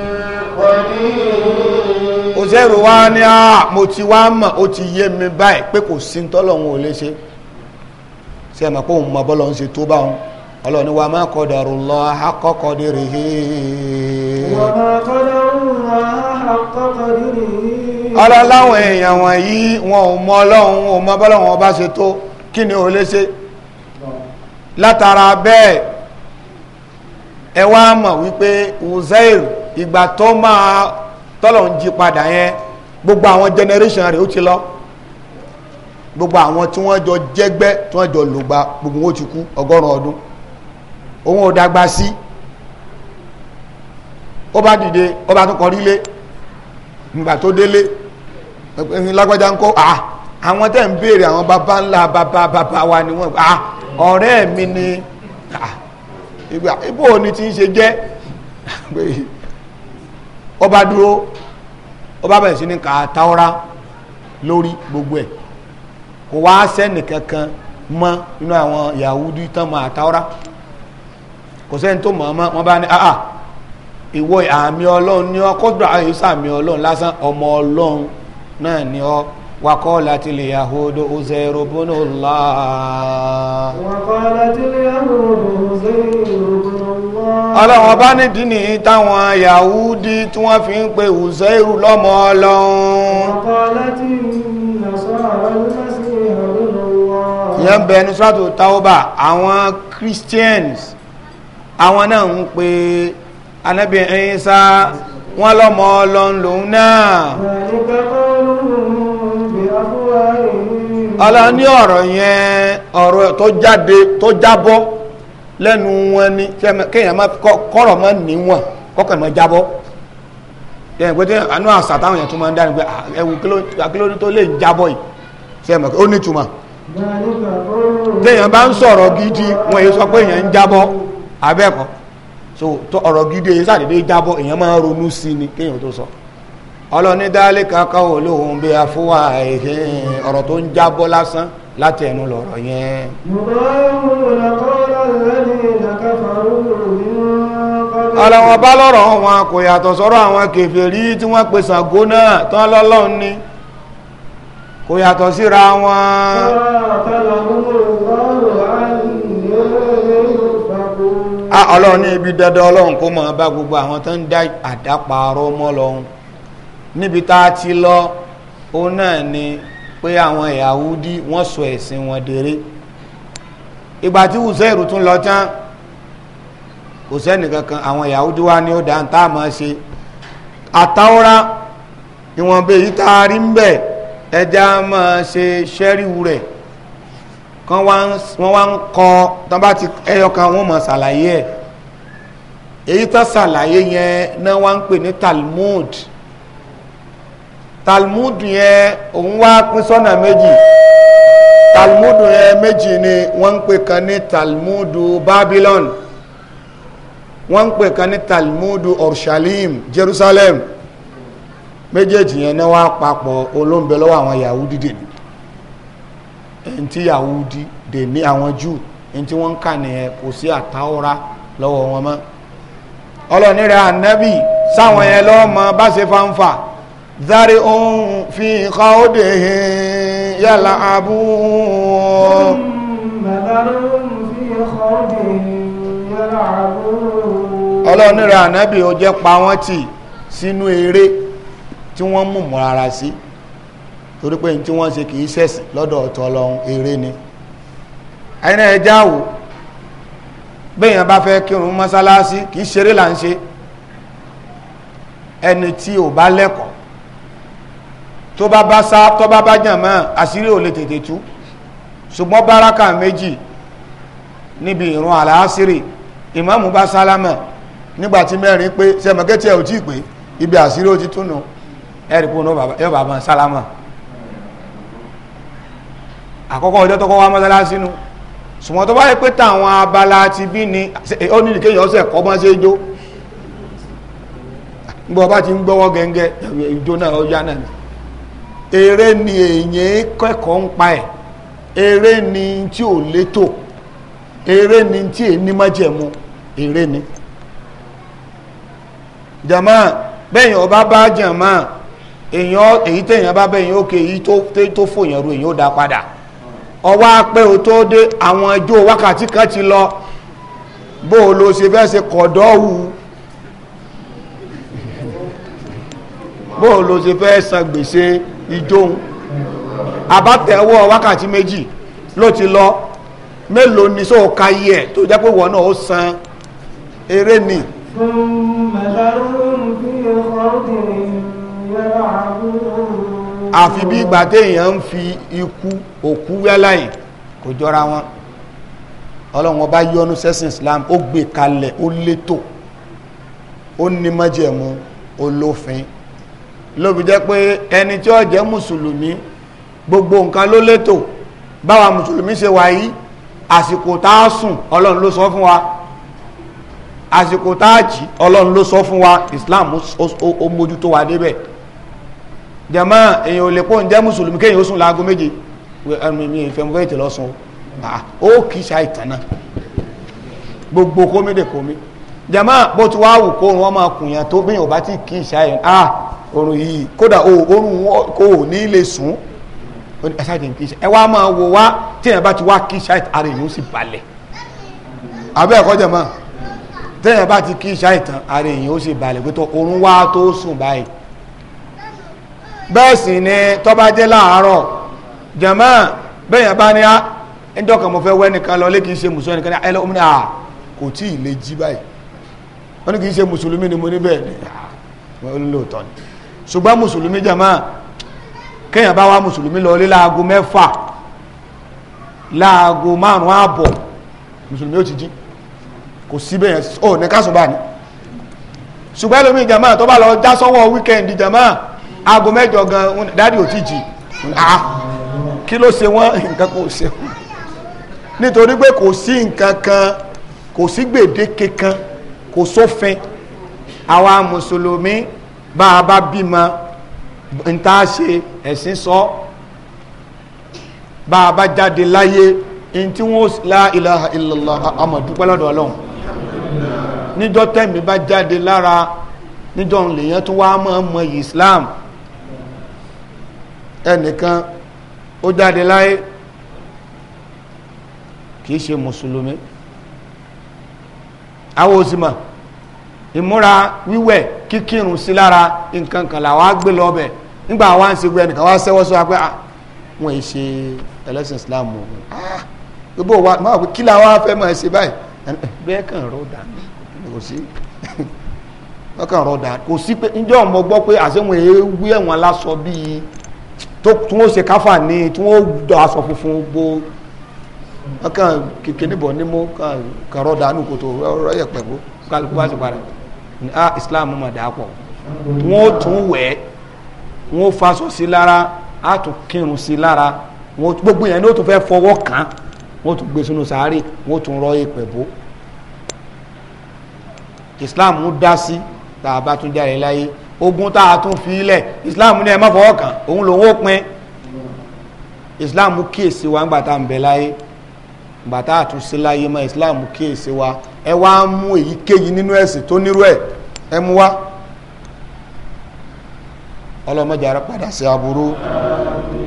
qadir. òṣèré wa ni a mo ti wá mọ̀ ó ti yé mi báyìí pé kò sí ní tọ́lọ́hún ò lè ṣe ṣe é mọ̀ pé òun mọ̀ bọ́lọ́ ń ṣe tó bá wọn ọlọ́ni wa ma qadarullaha haqqa qadrihi. wa ma qadarullaha haqqa qadrihi ọlọ́run láwọn èèyàn wọ̀nyí wọn ò mọ ọlọ́run ò mọ bọ́lọ́run ọba ṣe tó kí ni ò lè ṣe látara bẹ́ẹ̀ ẹ wá mọ̀ wípé uzair ìgbà tó máa tọ́lọ̀ jí padà yẹn gbogbo àwọn generation rẹ̀ ó ti lọ gbogbo àwọn tí wọ́n jọ jẹ́gbẹ́ tí wọ́n jọ lògbà gbogbo wọn ti kú ọgọ́rùn ọdún òun ò dàgbà sí ó bá dìde ó bá tún kọrí lé nígbà tó délé ẹ̀yin lágbájá ń kọ́ ah àwọn tẹ́ ń béèrè àwọn bàbá ńlá bàbá bàbá wa ni wọ́n ah ọ̀rẹ́ mi ni ah ibò ni ti ń ṣe jẹ́ ọba dúró ọba bẹ̀rẹ̀ sí ní kà á táwọ́rá lórí gbogbo ẹ̀ kò wá sẹ́nì kankan mọ́ nínú àwọn Yahudi tán mọ́ àtáwọ́rá kò sẹ́ni tó mọ̀ ọ́ mọ́ wọ́n bá ní ìwọ àmì ọlọ́run ní ọkọ́ gbà àyè sàmì ọlọ́run lásán ọmọ ọlọ́run náà ni ọ وقالت اليهود عزير بن الله وقالت اليهود عزير بن الله ọlọ́run ọba nídìí ní táwọn yahudi tí wọ́n fi ń pe uzeiru lọ́mọ ọlọ́run yẹn bẹ ní sọ́tò taoba àwọn christians àwọn náà ń pe anábìyẹn ẹ̀yìn sá wọ́n lọ́mọ ọlọ́run lòun náà ala ní ọ̀rọ̀ yẹn ọ̀rọ̀ tó jáde tó jábọ́ lẹ́nu wọn ni kéèyàn má kọ́rọ̀ má níwọ̀n kọ́kàn má jábọ́ yẹn pé àánú àṣà táwọn yẹn tún máa ń dáni pé ẹwù kílódé tó lè jábọ́ yìí ṣe mọ̀ ó nítumọ̀ téèyàn bá ń sọ̀rọ̀ gidi wọn yìí sọ pé èèyàn ń jábọ́ abẹ́ẹ̀kọ́ so ọ̀rọ̀ gidi èyí sàdédé jábọ́ èèyàn máa ń ronú sí ni kéèyàn tó sọ. ọlọ́ni dálé kankan olóhùn bí afúwà ẹ̀hìn ọ̀rọ̀ tó ń jábọ́ lásán láti ẹnu lọ̀rọ̀ yẹn. ọlọ́wọ́n bá lọ́rọ̀ wọn kò yàtọ̀ sọ́rọ̀ àwọn rí tí wọ́n pe Ṣàngó náà tán lọ́lọ́run ni kò yàtọ̀ síra wọn. ọlọ́run ní ibi dandan ọlọ́run kó mọ̀ bá gbogbo àwọn tó ń dá mọ́ níbi tá a ti lọ òun náà ni pé àwọn Yahudi wọ́n sọ ẹ̀sìn wọn dèrè ìgbà tí Uzairu tún lọ tán kò sẹ́ni kankan àwọn Yahudi wá ní ó dá tá a máa ṣe àtàwọ́rá ìwọ̀nba èyí tá a rí ń bẹ̀ ẹja máa ṣe ṣẹ́ríwù rẹ̀ kan wọ́n wá ń kọ́ tán bá ti ẹyọ wọ́n mọ̀ ṣàlàyé ẹ̀ èyí tán ṣàlàyé yẹn náà wá ń pè ní Talmud talmud yẹn òun wá pín sọ́nà méjì talmud yẹn méjì ni wọ́n ń pè kan ní talmud babylon wọ́n ń pè kan ní talmud orshalim jerusalem méjèèjì yẹn náà wá papọ̀ olóńgbẹ lọ́wọ́ àwọn yahudi dè ní ẹni tí yahudi dè ní àwọn jew ẹni tí wọ́n ń kà nìyẹn kò sí àtàwọ́ra lọ́wọ́ wọn mọ́ ọlọ́ọ̀nì rẹ̀ sáwọn yẹn lọ́wọ́ mọ́ bá ṣe fanfa. ذرئ في خوضه يلعبون ثم ذرهم في خوضه يلعبون ọlọ́run rẹ̀ ànábì ó jẹ́ pa wọ́n tì sínú eré tí wọ́n mú mọ́ ara sí torí pé tí wọ́n ṣe kì í lọ́dọ̀ ọ̀tọ̀ ọlọ́run eré ni ẹni ẹja wò béèyàn bá fẹ́ kírun mọ́sálásí kì ṣeré là ń ṣe ẹni tí ò bá lẹ́kọ̀ọ́ tó bá bá sá tó bá bá jàn mọ́ àṣírí ò lè tètè tú ṣùgbọ́n báraka méjì níbi ìrun àlàásírì ìmáàmù bá sálámà nígbàtí mẹ́rin pé sẹ́mọ̀kẹ́tì ẹ̀ ò tí pé ibi àṣírí ó ti túnú ẹ̀rì pé yóò bàbá sálámà àkọ́kọ́ ọjọ́ tó kọ́ wá mọ́sálásí nu ṣùgbọ́n tó bá yẹ pé táwọn abala ti bí ni ó ní ìkéyàn ọ̀sẹ̀ kọ́ mọ́ sí ijó gbọ́ bá ti ń gbọ́wọ́ gẹ́gẹ́ ìjó náà ó yá náà eré ni èèyàn kẹ́kọ̀ọ́ ń pa ẹ̀ ni tí ò létò eré ni tí eré ni jàmá ọba bá jàmá èyí bá òkè èyí tó fòyàn ó padà ọwọ́ apẹ́ ò tó dé àwọn ẹjọ́ wákàtí kan lọ bó o lo ṣe fẹ́ ṣe kọ̀dọ́ wù bó o lo ṣe san ìjóun àbátẹ̀wọ́ wákàtí méjì ló ti lọ mélòó ni sóò ka yí ẹ̀ tó jẹ́ pé wọ́n náà ó san eré ni. àfi bí ìgbà téèyàn ń fi ikú òkú wẹ́láyìn kò jọra wọn ọlọ́run ọba yọ́nú sẹ́sìn Islam ó gbé kalẹ̀ ó létò ó ní májẹ̀mú olófin ló fi jẹ́ pé ẹni tí ó jẹ́ mùsùlùmí gbogbo nǹkan ló létò báwa mùsùlùmí ṣe wà yìí àsìkò tá a sùn ọlọ́run ló sọ fún wa àsìkò tá a jí ọlọ́run ló sọ fún wa Islam ó mójútó wa débẹ̀ jẹ̀mọ́ èèyàn ò lè pọ̀ ń jẹ́ mùsùlùmí kéèyàn ó sùn láago méje ẹnu mi ìfẹ́ mo fẹ́ tè lọ́sùn ó kì í ṣàìtàn náà gbogbo kómìdè kómì jẹ̀mọ́ bó ti wá wù kó wọn máa kùn yàn tó bí yàn ò bá ti kì í ṣàìtàn oorun yìí kódà oorun kò ní lè sùn ẹsáàtì kì í ṣe ẹ wá máa wo wá téèyàn bá ti wá kí ṣáìtì ara èèyàn sì balẹ̀ abẹ́ ẹ̀kọ́ jẹ̀ mọ́ téèyàn bá ti kí ṣáìtì ara èèyàn ó sì balẹ̀ pé tó oorun wá tó sùn báyìí bẹ́ẹ̀ sì ni tó bá jẹ́ láàárọ̀ jẹ̀mọ́ bẹ́ẹ̀yàn bá ní á ah, ẹjọ́ kan mo fẹ́ wẹ́ nìkan lọ lé kìí ṣe mùsùlùmí nìkan ní ẹlọ́ ọmọdé à kò tí ì lè jí báyìí wọ́n ní kìí ṣe mùsùlùmí ni mo ní bẹ́ẹ̀ ni olóòótọ́ ah, ni ṣùgbọ́n mùsùlùmí jàmáà kéèyàn bá wá mùsùlùmí lọ lé láago mẹ́fà láago márùn ààbọ̀ mùsùlùmí ó ti jí kò síbẹ̀ yẹn ó ní kásùn bá ní ṣùgbọ́n ẹlòmí jàmáà tó bá lọ já sọ́wọ́ wíkẹ́ndì jàmáà aago mẹ́jọ gan dádì ò ti jí ah, kí ló ṣe wọ́n nǹkan kò ṣe nítorí pé kò sí nǹkan kan kò sí gbèdéke kan kò sófin àwa mùsùlùmí bá a bá bímọ n tá a ṣe ẹ̀sìn sọ bá a bá jáde láyé n tí wọ́n la ilaha illallah amadúpẹ́ lọ́dọ̀ ọlọ́run níjọ́ tẹ̀mí bá jáde lára níjọ́ lèyàn tó wá mọ̀ mọ̀ Islam ẹnìkan ó jáde láyé kìí ṣe mùsùlùmí àwọn òsì mọ̀ ìmúra wíwẹ̀ kíkírun sí lára nǹkan kan làwọn á gbé lọ bẹ̀ nígbà wá ń ṣe gbé ẹnìkan wá sẹ́wọ́ sọ pé ah, wọ́n yìí ṣe ẹlẹ́sìn Islam o ah, gbogbo wa máa wọ kí làwọn afẹ́ máa ṣe báyìí bẹ́ẹ̀ kàn rọ̀ dà kò sí bẹ́ẹ̀ kàn rọ̀ dà kò sí pé njẹ́ ọmọ gbọ́ pé àṣewọ̀n ewé ẹ̀wọ̀n lásọ bíi tó tún ṣe káfà ní tí wọ́n dọ̀ aṣọ funfun gbó wọ́n kàn kékeré bọ̀ nímú kàn rọ̀ dànù kòtò ọ̀rọ̀ yẹ̀ pẹ̀lú kálukú wá sí parẹ́ ah islam mọ̀ da pọ̀ wọ́n ó tún wẹ̀ wọ́n ó faṣọ sí lára á tún kírun sí lára wọ́n gbogbo yẹn ní ó tún fẹ́ fọwọ́ kàn án wọ́n tún gbé e sínú sàárè wọ́n tún rọ́ ìpẹ̀ bó islam dá sí tá a bá tún jáde láyé ogun tá a tún fi lẹ̀ islam ní ẹ ma fọwọ́ kàn òun lòun ó pin islam kíyèsí wa ńgbà tá à ń bẹ láyé gbàtà àtúnṣe láyé mọ́ islam kíyèsí wa ẹ wá ń mú èyíkéyìí nínú ẹ̀sìn tó nírú ẹ̀ ẹ mú wá ọlọ́mọdé ara padà sí aburú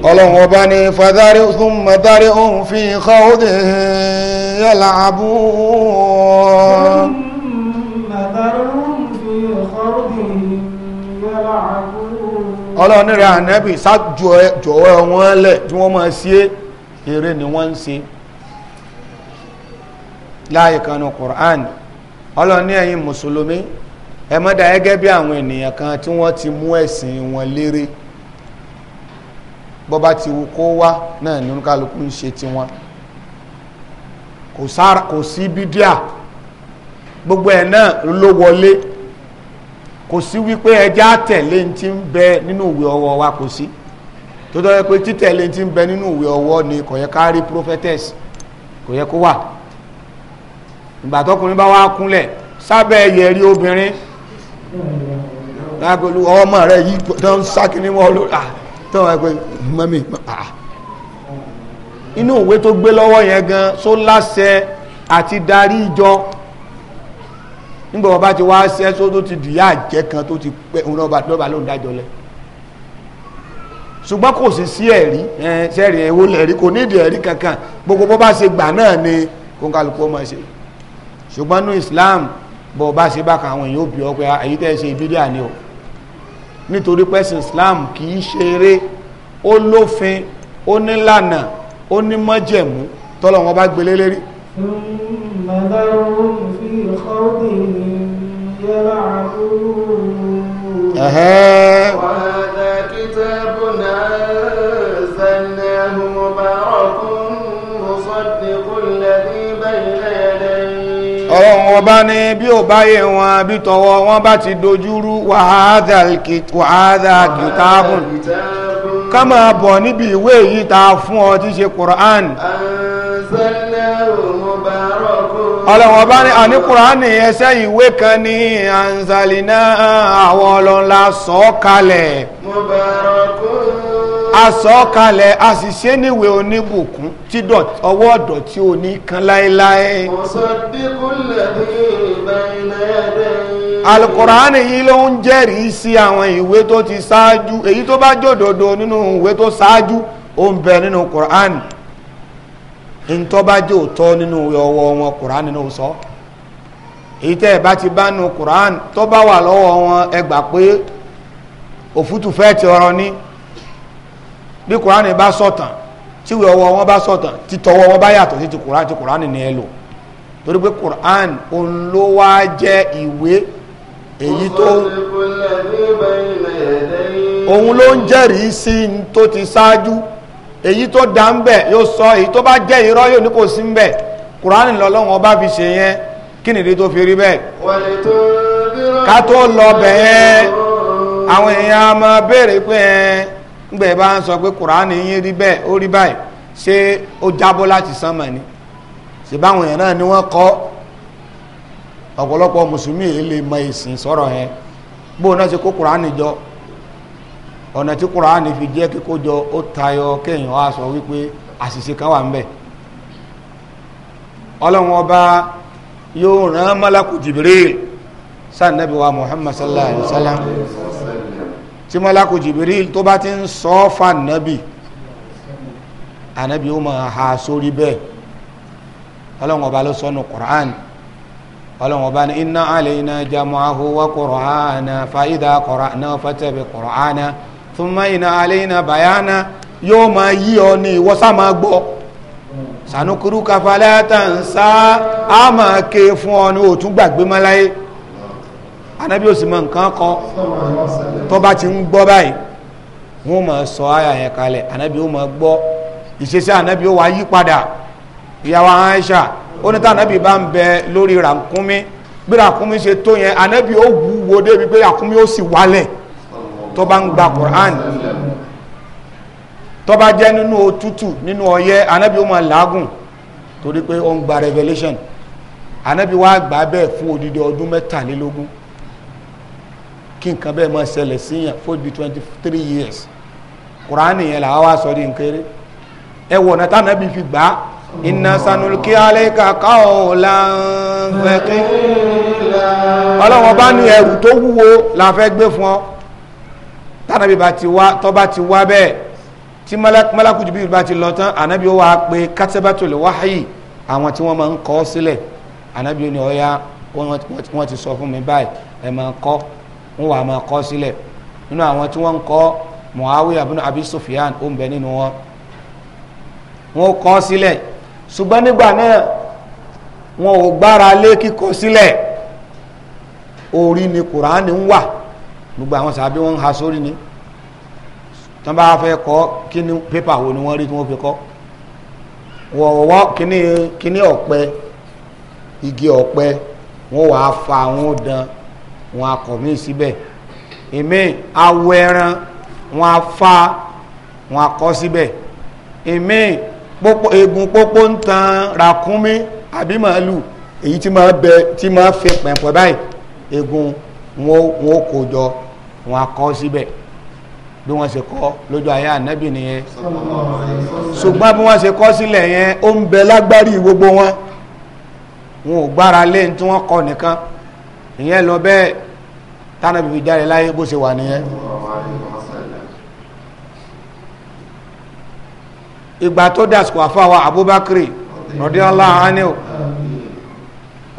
ọlọ́run ọba ní fadari thumma dari'uhum fi khawdihim yal'abun ọlọ́run rẹ̀ ànábì sájọ ẹ̀ jọ̀wọ́ wọn lẹ̀ tí wọ́n máa ṣe eré ni wọ́n ń ṣe láàyè kan nu Qur'an ọlọ́ni ẹ̀yin mùsùlùmí ẹ bí àwọn ènìyàn kan tí wọ́n ti mú ẹ̀sìn wọn ti wù kó wá náà ní kálukú ń ṣe tiwọn kò gbogbo ẹ̀ náà ló wọlé kò sí wípé ti ń bẹ nínú ìwé wa kò sí tó ti ń bẹ nínú ìwé ni kò yẹ ká rí prophetess ìgbà tọkùnrin bá wá kúnlẹ̀ sábẹ́ yẹ̀rí obìnrin lágolú ọmọ rẹ̀ yìí tó ń sákìní wọn lórí ah, tó wà pé mọ́mí ah. inú òwe tó gbé lọ́wọ́ yẹn gan só láṣẹ àti darí ìjọ nígbà wọn bá ti wá ṣẹ́ só tó ti dìyà jẹ́ kan tó ti pẹ́ òun náà lọ́ba ló ń dájọ́ lẹ̀ ṣùgbọ́n kò sí sí ẹ̀rí ṣẹ́rí ẹ̀wọ́ lẹ̀rí kò nídìí ẹ̀rí kankan gbogbo bó bá ṣe gbà náà ni kó ń kálukú ọmọ ṣe ṣùgbọ́n ní Islam bọ̀ bá ṣe bá kan àwọn èèyàn òbí ọ pé ah, èyí tẹ́ ṣe bídíà ni o nítorí pẹ́sìn Islam kì í ṣe eré ó lófin ó nílànà ó ní májẹ̀mú tọ́lọ̀ wọn bá gbélé lérí. ẹ̀hẹ́. ọlọ́run ọba ní bí ò báyé wọn bí tọwọ́ wọn bá ti dojúrú wàhádà kìtàbùn ká máa bọ̀ níbi ìwé yìí ta fún ọ tí ṣe Qur'an ọlọ́run ọba ní àní Qur'an ẹsẹ́ ìwé kan ní anzalina àwọn ọlọ́run sọ kalẹ̀ mubarakun asọ́kalẹ̀ àṣìṣe níwẹ̀ oníbùkún tí ọwọ́ ọ̀dọ̀ tí o ní kan láéláé. alukùránì yìí ló ń jẹ́rìí sí àwọn ìwé tó ti ṣáájú èyí tó bá jòdòdó nínú ìwé tó ṣáájú ó ń bẹ nínú kùránì ntọ́ bá jẹ́ òótọ́ nínú ọwọ́ wọn kùránì ló sọ èyí tẹ́ ẹ̀ bá ti bá nu kùránì tó bá wà lọ́wọ́ wọn ẹ gbà pé òfútùfẹ́ ti ọ̀rọ̀ ni bí kùránì bá sọ̀tàn tí ìwé ọwọ́ wọn bá sọ̀tàn tí tọwọ́ wọn bá yàtọ̀ sí ti kùránì ti kùránì ni ẹ lò torí pé kùránì òun ló wá jẹ́ ìwé èyí tó òun ló ń jẹ́rìí sí tó ti ṣáájú èyí tó dá ń bẹ̀ yóò sọ èyí tó bá jẹ́ irọ́ yóò ní kò sí ń bẹ̀ kùránì lọ́lọ́run ọba fi ṣe yẹn kí nìdí tó fi rí bẹ́ẹ̀ ká tó lọ bẹ̀ àwọn èèyàn máa béèrè pé ẹ̀ ngbe ẹ n ń pe kuraani kùránì yín rí o ó rí báyìí ṣé ó jábọ́ ni ṣe báwọn èèyàn náà ni wọ́n kọ ọpọlọpọ mùsùlùmí yìí lè mọ ìsìn sọ̀rọ̀ yẹn bóun náà ṣe kó jọ ọ̀nà tí fi jẹ́ kíkó jọ ó tayọ kéèyàn wá sọ wípé àṣìṣe kan wà ń ọlọ́run ọba yóò rán mọ́lákù wa Muhammad sallallahu alaihi wa sallam. tí mọ́lákù Jibril tó bá ti ń sọ ọ́ fà nábì ànábì ó máa ha sórí bẹ́ẹ̀ ọlọ́run ọba ló sọnù Qur'an ọlọ́run ọba ní inna alayna jam'ahu wa Qur'ana fa idha qara'nahu fattabi' Qur'ana thumma inna alayna bayana yóò máa yí ọ ní ìwọ máa gbọ́ sanukuru kafalẹ́ tansa á máa ké fún ọ ní òtún gbàgbé mọ́láyé anabi ó sì mọ nǹkan kọ tó bá ti ń gbọ́ báyìí wọ́n máa sọ àyà yẹn kalẹ̀ anabi ó máa gbọ́ ìṣesí anabi ó wá yí padà ìyàwó Aisha ó ní tá anabi bá ń bẹ lórí ràkúnmí bí ràkúnmí ṣe tó yẹn anabi ó wúwo débi pé ràkúnmí ó sì wálẹ̀ tó ń gba Quran tó bá nínú òtútù nínú ọyẹ́ anabi ó máa làágùn torí pé ó ń gba revelation anabi wá gbà bẹ́ẹ̀ fún odidi ọdún mẹ́tàlélógún kí nǹkan bẹ́ẹ̀ máa ṣẹlẹ̀ síyàn for the twenty three years kuraani yẹn la wá sọ di nkéré ẹ wọ̀ náà tánà fi gbà inna sanulki alayka qawlan faqih ọlọ́wọ́n bá ní ẹrù tó wúwo la fẹ́ gbé fún ọ tánà bí ti wá tọ́ ti wá bẹ́ẹ̀ tí malaku Jibril bá ti lọ tán ànábi ó wá pé katabatul wahyi àwọn tí wọ́n máa ń kọ sílẹ̀ ànábi ó ní ọ̀ya wọ́n ti sọ fún mi báyìí ẹ̀ máa kọ́ wọn wà máa kọ sílẹ̀ nínú àwọn tí wọ́n ń kọ Muawiya ibn Abi Sufyan ó ń bẹ nínú wọn wọn kọ sílẹ̀ ṣùgbọ́n nígbà náà wọn ò gbára lé kíkọ sílẹ̀ orí ni kùránì ń wà gbogbo àwọn sàbí wọn ń ha sórí ni tán bá fẹ́ kọ kí ni pépà wo ni wọ́n rí tí wọ́n fi kọ wọ̀wọ́ kíní ọ̀pẹ igi ọ̀pẹ wọ́n wàá fa àwọn dán wọn akọ̀ mí síbẹ̀ èmi awọ ẹran wọn afa wọn akọ síbẹ̀ èmi egun pópó ń tan ràkúnmí àbí màálù èyí tí máa bẹ tí máa fi pẹ̀pẹ̀ báyìí egun wọn ó kó jọ wọn akọ síbẹ̀ bí wọ́n ṣe kọ́ lójú ayé ànábì nìyẹn ṣùgbọ́n bí wọ́n ṣe kọ́ sílẹ̀ yẹn ó ń bẹ lágbárí gbogbo wọn wọn ò gbára lé tí wọ́n kọ́ nìkan ìyẹn lọ bẹ́ẹ̀ tánà bìbí jáde láyé bó ṣe wà nìyẹn. ìgbà tó dàsùkò àfàwà Abubakar radiyallahu anhu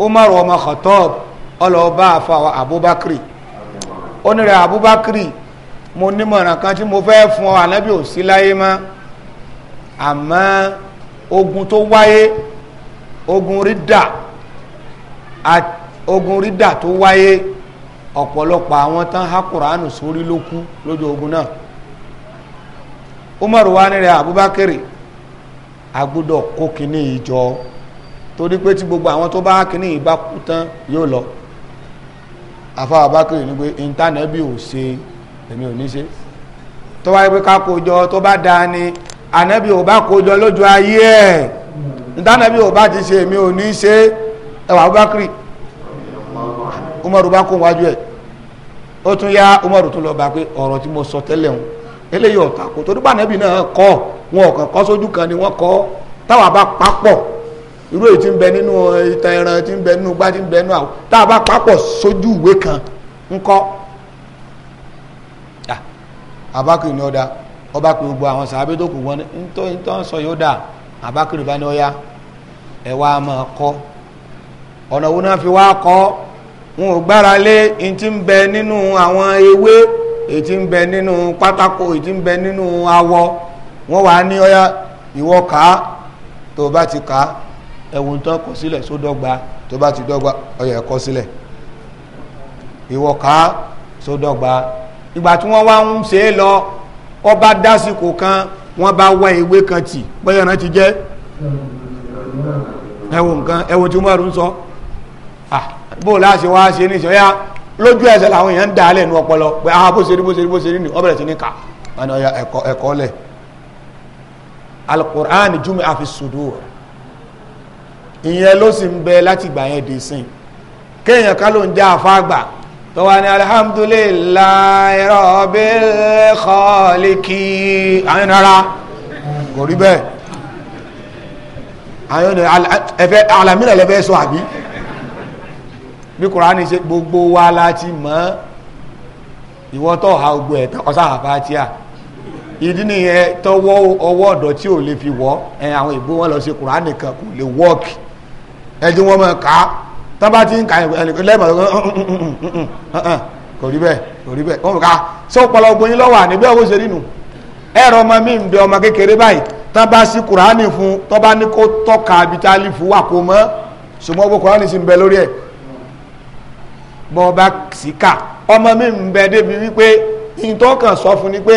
Umar ọmọ Khattab ọlọ́ọ̀bá àfàwà Abubakar onírẹ̀ Abubakar mo nímọ̀ràn kan tí mo fẹ́ fún ọ ànábì ò sí láyé mọ́ àmọ́ ogun tó wáyé ogun rídà àti ogun rídà tó wáyé ọ̀pọ̀lọpọ̀ àwọn tán há kùránù sórí ló kú lójú ogun náà Umar wa nírẹ̀ Abubakar agbọ́dọ̀ kó kínní ìjọ torí pé tí gbogbo àwọn tó bá kínní ìbá kú tán yóò lọ àfa Abubakar ní pé intanẹ́bì ò ṣe èmi ò ní ṣe tó wáyé pé ká kójọ tó bá dáa ni ànábì ò bá kójọ lójú ayé ẹ̀ intanẹ́bì ò bá ti ṣe èmi ò ní ṣe ẹwà Abubakar umaru bá kó wájú ẹ̀ ó tún yá umaru tún lọ bá pé ọ̀rọ̀ tí mo sọ tẹ́lẹ̀ ń eléyìí ọ̀tà kò torí pànẹ́bì náà kọ́ wọn ọ̀kan kọ́ sójú kan ni wọ́n kọ́ táwa bá papọ̀ irú èyí tí ń bẹ nínú eh, ìtàn ẹran tí ń bẹ nínú gbá tí ń bẹ nínú àwọn táwa bá papọ̀ sójú ìwé kan ńkọ́ abakiri ni ọ̀dà ọba pe gbogbo àwọn sàábé tó kù wọn ní ntọ́ ntọ́ sọ yóò dà abakiri bá ní ọ̀yà ẹ̀ wá máa kọ́ ọ̀nà wo náà fi wá kọ́ wọn ò gbára lé in ti ń bẹ nínú àwọn ewé èyí ti ń bẹ nínú pátákó èyí ti ń bẹ nínú awọ wọn wà ní ọyá ìwọ ká tó bá ti ká ẹwùn tán kọ sílẹ̀ sódọ́gba tó bá ti dọ́gba ọyọ ẹ̀kọ́ sílẹ̀ ìwọ ká sódọ́gba ìgbà tí wọ́n wá ń ṣe é lọ ọba dásìkò kan wọ́n bá wá ìwé kan tì bóyá náà ti jẹ́ ẹwùn nǹkan ẹwùn tí wọ́n rún sọ ah bó láṣẹ wá ṣe ní ìṣọ́yá lójú ẹsẹ̀ làwọn èèyàn ń dà á lẹ́nu ọpọlọ pé ah bó ṣe rí bó ṣe rí bó ṣe rí ni wọ́n bẹ̀rẹ̀ sí ní kà ọ̀nà ọ̀yà ẹ̀kọ́ ẹ̀kọ́ lẹ̀ alukur'an júmi àfi sudur ìyẹn ló sì ń bẹ láti gbà yẹn dé sìn kéèyàn ká ló ń já afáàgbà tó wà ní alhamdulillahi rabbil khaliki àwọn ìnara kò rí bẹ́ẹ̀ àwọn ìnara ẹ̀fẹ́ alamina sọ àbí bí kùránì ṣe gbogbo wa la ti mọ̀ ìwọ tó ha gbogbo ẹ̀ tán ọ̀sán àfáàtíà ìdí nìyẹn tọwọ́ ọwọ́ ọ̀dọ̀ tí ò lè fi wọ́ ẹ àwọn ìbú wọn lọ sí kùránì kan kò lè wọ́ọ̀kì ẹ tí wọ́n mọ̀ ká tán bá ti ń ka ẹnìkan lẹ́mọ̀ kò rí bẹ́ẹ̀ kò rí bẹ́ẹ̀ wọ́n ká sọ pọlọgbọ yín lọ́wọ́ àníbẹ́ owó ṣe nínú ẹ̀rọ ọmọ mi ń bẹ ọmọ kékeré báyìí tán bá sí kùránì fún tán bá ní kó tọ́ka abitálífù wà kó mọ́ sùmọ́ gbogbo kùránì sì ń bẹ lórí ẹ̀ bọ́ bá sì kà ọmọ mi ń bẹ débi wípé ìtọ́kàn sọ fún ni pé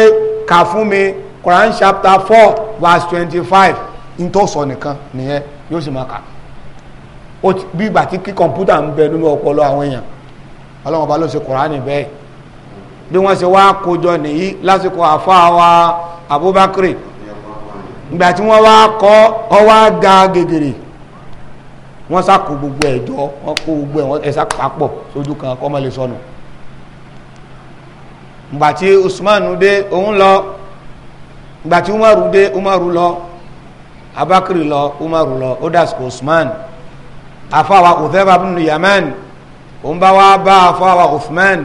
kà fún mi Quran chapter four verse twenty five ìtọ́sọ nìkan nìyẹn yóò sì máa kà bí ìgbà tí kí kọ̀ǹpútà ń bẹ nínú ọpọlọ àwọn èèyàn ọlọ́wọ́n bá ló ṣe Kùránì bẹ́ẹ̀ bí wọ́n ṣe wá kójọ nìyí lásìkò àfáà wa Abubakar ìgbà tí wọ́n wá kọ́ ọ wá ga gègèrè wọ́n sá kó gbogbo ẹ̀ jọ wọ́n kó gbogbo ẹ̀ wọ́n ẹ̀ sá papọ̀ sójú kan kọ́ mọ́ lè sọnù gbàtí Usman dé òun lọ gbàtí Umaru dé Umaru lọ Abakiri lọ Umaru lọ ó dàsìkò Usman afáwa Utheba bin Yaman òun bá wá bá afáwa Uthman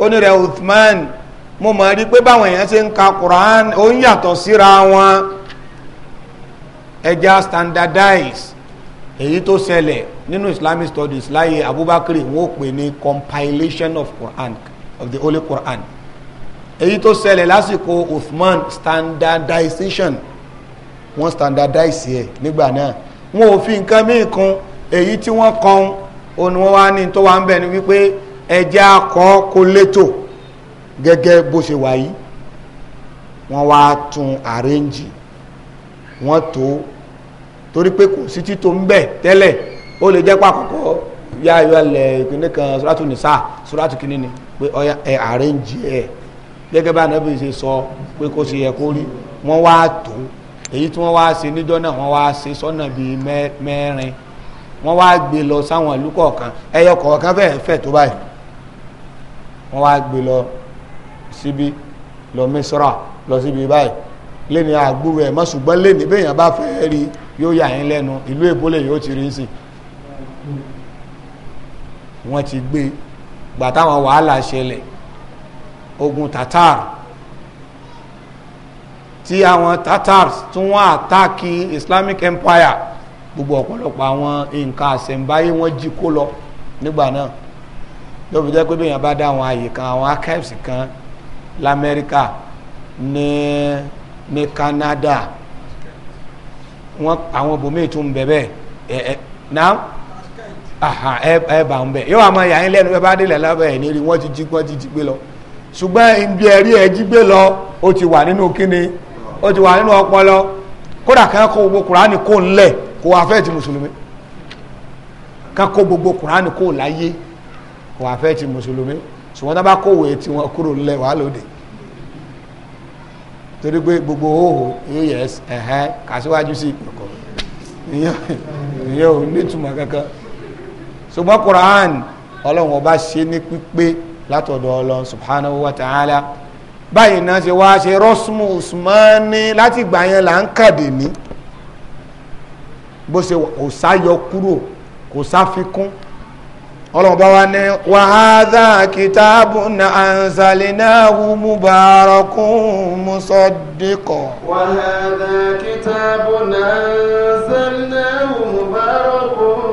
ó ní Uthman mo mọ̀ rí pé báwọn èèyàn ṣe ń ka Quran ó ń yàtọ̀ síra wọn ẹja standardize èyí tó ṣẹlẹ̀ nínú islamic studies láyé abubakar wọ́n pè ní compilation of quran of the holy quran èyí tó ṣẹlẹ̀ lásìkò uthman standardization wọ́n standardize ẹ̀ nígbà náà wọn ò fi nǹkan míì kún èyí tí wọ́n kan òun wọn wá ní tó wà ń bẹ̀ ni wípé ẹja akọ kó létò gẹ́gẹ́ bó ṣe wà yìí wọ́n wá tún arrange wọ́n tó torí pé kò sí títò ń bẹ̀ tẹ́lẹ̀ ó lè jẹ́ pàkọ́kọ́ yá ayọ́ ilẹ̀ ìpínlẹ̀ kan sọ́ràtù nìsá sọ́ràtù kìíní ni pé ọya ẹ àrẹ́ǹjì ẹ̀ gẹ́gẹ́ bá anábì ṣe sọ pé kó ṣe yẹ kó rí wọ́n wá tó èyí tí wọ́n wá ṣe níjọ́ náà wọ́n wá ṣe sọ́nà bíi mẹ́rin wọ́n wá gbé lọ sáwọn ìlú kọ̀ọ̀kan ẹyọ kọ̀ọ̀kan fẹ́ẹ̀ fẹ́ tó báyìí wọ́n wá gbé lọ síbi lọ mísírà lọ síbi báyìí lẹ́ni àgbúrò ẹ̀ mọ́ ṣùgbọ́n lẹ́ni bẹ́yàn bá fẹ́ rí yóò yà yín lẹ́nu ìlú èbólè yóò ti rí sí wọ́n ti gbé gbà táwọn wàhálà ṣẹlẹ̀ ogun tatar tí àwọn tatars tún wọ́n àtàkì Islamic Empire gbogbo ọ̀pọ̀lọpọ̀ àwọn nǹkan àṣẹ̀ǹbáyé wọ́n jí kó lọ nígbà náà lóbi jẹ́ pé bẹ́yàn bá dá àwọn àyè kan àwọn archives kan l'Amẹ́ríkà ní. Ne ní Canada àwọn bòmíì tún náà aha ẹ bá ń bẹ yóò wá máa yà lẹ́nu délẹ̀ lábẹ́ ẹ̀ ní wọ́n ti jí gbé lọ ṣùgbọ́n ibi ẹ̀rí ẹ̀ gbé lọ ó ti wà nínú kíni ó ti wà nínú ọpọlọ gbogbo kùránì kó ńlẹ̀ kó fẹ́ẹ̀ gbogbo kùránì kó láyé kó fẹ́ẹ̀ ti mùsùlùmí ṣùgbọ́n kó torí pé gbogbo hóhò as ẹ̀hẹ́ kàṣíwájú sí ìpẹ̀kọ́ ìyẹn ò nítumọ̀ kankan ṣùgbọ́n Quran ọlọ́run ọba ṣe ní pípé látọ̀dọ̀ ọlọ́run subhanahu wa ta'ala báyìí náà ṣe wá ṣe rọ́ṣmù usmani láti gbà yẹn là ń kàdé ní bó ṣe kò sáyọ kúrò kò sáfikún ọlọ́mọba wa ní wa hadha kitabun anzalnahu mubarakun musaddiqo. wa hadha kitabun anzalnahu mubarakun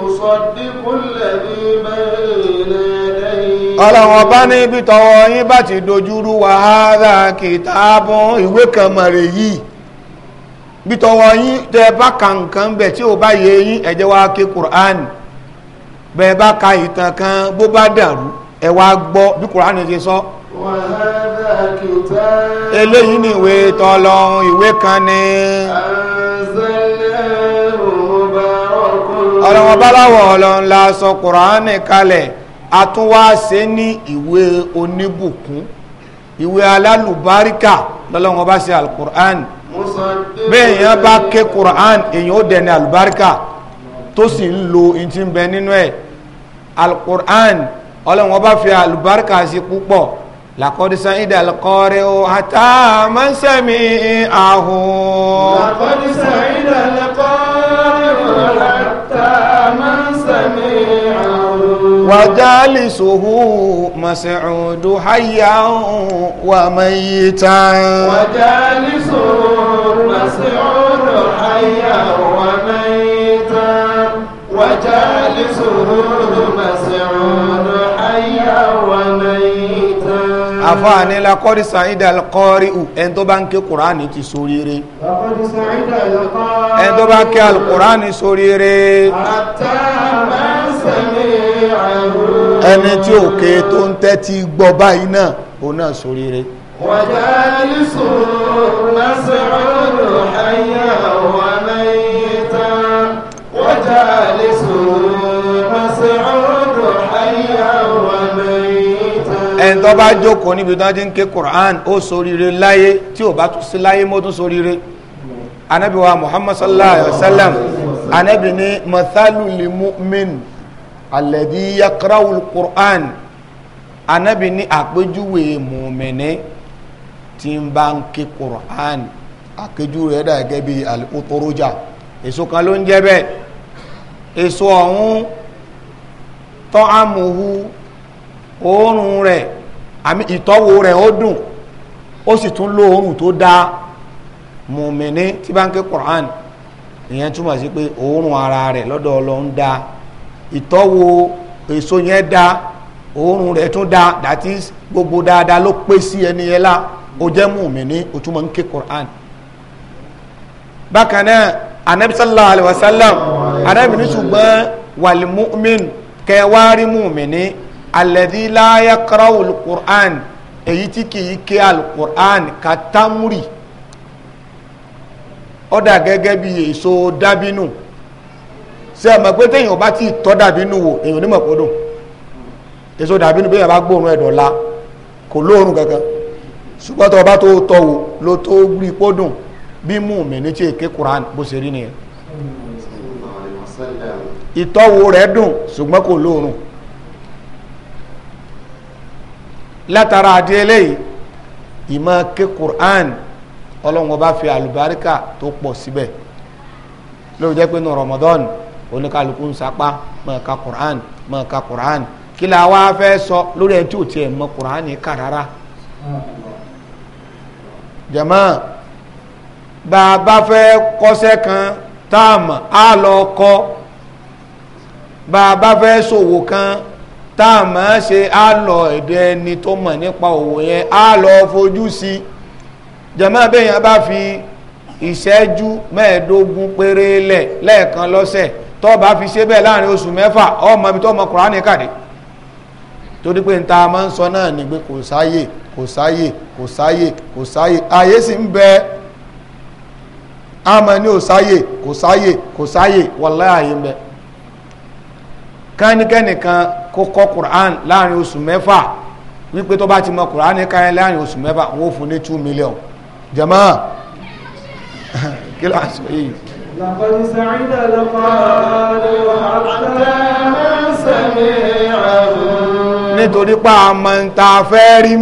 musaddiqul ladhi bayna yadayhi. ọlọ́mọba ní ibi tọwọ́ yín bá ti dojúrú wa hadha kitabun ìwé kan mọ̀rẹ̀ yìí bí tọwọ́ yín tẹ bá kàǹkàn bẹ̀ tí ò bá yẹ yín ẹ̀jẹ̀ wa ké Qur'an bẹ́ẹ̀ bá ka ìtàn kan bó bá dàrú ẹ wá gbọ́ bí kùránì ṣe sọ eléyìí ni ìwé tọlọ́run ìwé kan ni ọlọ́wọ́n báláwọ̀ ọlọ́run la sọ kùránì kalẹ̀ a ní ìwé oníbùkún ìwé alálùbáríkà lọ́lọ́wọ́n bá ṣe alkùránì bẹ́ẹ̀ èèyàn bá ké kùránì èèyàn ó dẹ̀ ní alùbáríkà tó sì ń lo ìtì nínú ẹ̀ alukur'an ọlọ́run ọba fi alubarika sí púpọ̀ làkọ́dísá ìdá alukọ́rẹ́ o ata mọ́sẹ̀mí ahu. làkọ́dísá ìdá alukọ́rẹ́ o ata mọ́sẹ̀mí ahu. wàjálì sòhù mọ̀sẹ̀ọ̀dù háyà wà mẹ́yìtà. wàjálì sòhù mọ̀sẹ̀ọ̀dù háyà wà mẹ́yìtà. wàjálì sòhù. àfààní la kọ́rí sàídà kọ́rí ù ẹni tó bá ń ké kùránì ti soríire ẹni tó bá ké alkùránì soríire ẹni tí ò ké tó ń tẹ́tí gbọ́ báyìí náà òun náà soríire. wàjálì sùn lásìrò lò háyà wà. ẹni tó bá jókòó níbi tó ti ń ké Quran ó soríire láyé tí ò bá tún sí láyé mọ́ tún soríire anabi wa Muhammad sallallahu alayhi wa sallam anabi ni mathalu lil mu'min alladhi yaqra'u al-Quran anabi ni àpéjúwe mùmìnì tí ń bá ń ké Quran àpéjúwe rẹ̀ gẹ́gẹ́ bí al èso kan ló ń jẹ́ bẹ́ẹ̀ èso ọ̀hún tọ́ àmùhù oorun rẹ̀ àmì ìtọ́wò rẹ̀ ó dùn ó sì tún ló oorun tó dáa mùmíní tí bá ń ké Qur'an ìyẹn túmọ̀ sí pé oorun ara rẹ̀ lọ́dọ̀ Ọlọ́run dáa ìtọ́wò èso yẹn dáa oorun rẹ̀ tún dáa that is gbogbo dáadáa ló pé sí ẹni yẹn lá ó jẹ́ mùmíní ó túmọ̀ ń ké Qur'an bákan náà anabi sallallahu alayhi wa sallam anabi ní ṣùgbọ́n wàlímùmín kẹwàá rí mùmíní alẹ́dí láyé kọ́rọ́ quran èyí tí kìí ké quran katamuri ọ̀dà gẹ́gẹ́ bí èso dábínú ṣe é pé téèyàn bá ti tọ́ dábínú wò èèyàn onímọ̀ kó èso dábínú bí èèyàn bá gbóòórùn la, kò lóòrùn ṣùgbọ́n tó o bá tó tọ́ wò ló tó rí bí mú mi ní tí quran bó ṣe rí nìyẹn ìtọ́wò rẹ̀ látara àdé eléyìí ìmọ̀ ké Qur'an ọlọ́run ọba fi àlùbáríkà tó pọ̀ síbẹ̀ ló jẹ́ pé ní Ramadan oníkàlùkù ń sapá máa ka Qur'an máa ka Qur'an kí la wá fẹ́ sọ lórí ẹni tí ò tiẹ̀ mọ Qur'an kà rárá jàmáà bàbá fẹ́ kọ́ṣẹ́ kan táàmù á kọ́ bàbá fẹ́ ṣòwò kan tá a máa ṣe á lọ ẹ̀dẹ̀ ẹni tó mọ̀ nípa òwò yẹn á lọ fojú sí jẹ̀mọ́ abẹ́yẹn bá fi ìṣẹ́jú mẹ́ẹ̀ẹ́dógún péré lẹ̀ lẹ́ẹ̀kan lọ́sẹ̀ tó bá fi ṣe bẹ́ẹ̀ láàrin oṣù mẹ́fà ọmọ ibi tó mọ kùránì kàdé torí nta máa ń sọ náà ni pé kò sáyè kò sáyè kò sáyè kò sáyè ààyè sì kánikẹ́nìkan kó kọ́ quran láàrin oṣù mẹ́fà wípé tó bá ti mọ quran káyẹn láàrin oṣù mẹ́fà wọ́n fún ní two million jama kí ló sọ yìí. لقد سعد لقالوا حتى سميعه nítorí pa àmọ́ ń ta fẹ́ rí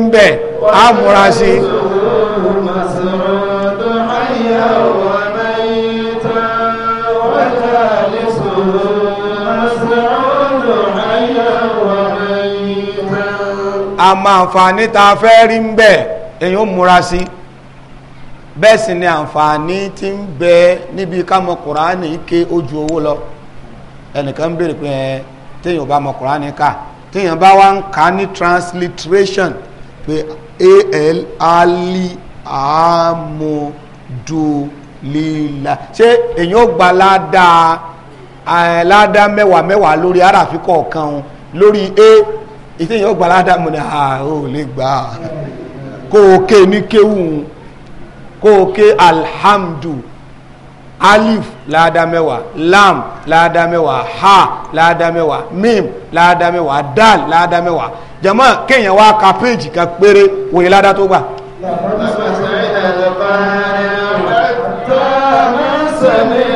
àmọ́ àǹfààní tá a fẹ́ rí ń bẹ̀ èyí ó múra sí bẹ́ẹ̀ sì ni àǹfààní ti ń bẹ níbi ká kùránì ké ojú owó lọ ẹnìkan ń pé ẹ téèyàn bá mọ kùránì ká téèyàn bá wá ń kà ní transliteration pé al ali amodulila ṣé èyí ó gba ládàá ládàá mẹ́wàá mẹ́wàá lórí aráàfin kọ̀ọ̀kan lórí a ìtẹ̀yìn ọgbà ládàá mọ̀ ní àárò lè gbà kó o ké ní kéwùn kó o ké alhamdu alif láàdá lam láàdá ha láàdá mim láàdá dal láàdá jama kéèyàn wá ka péjì kan péré wòye láàdá tó gbà. sami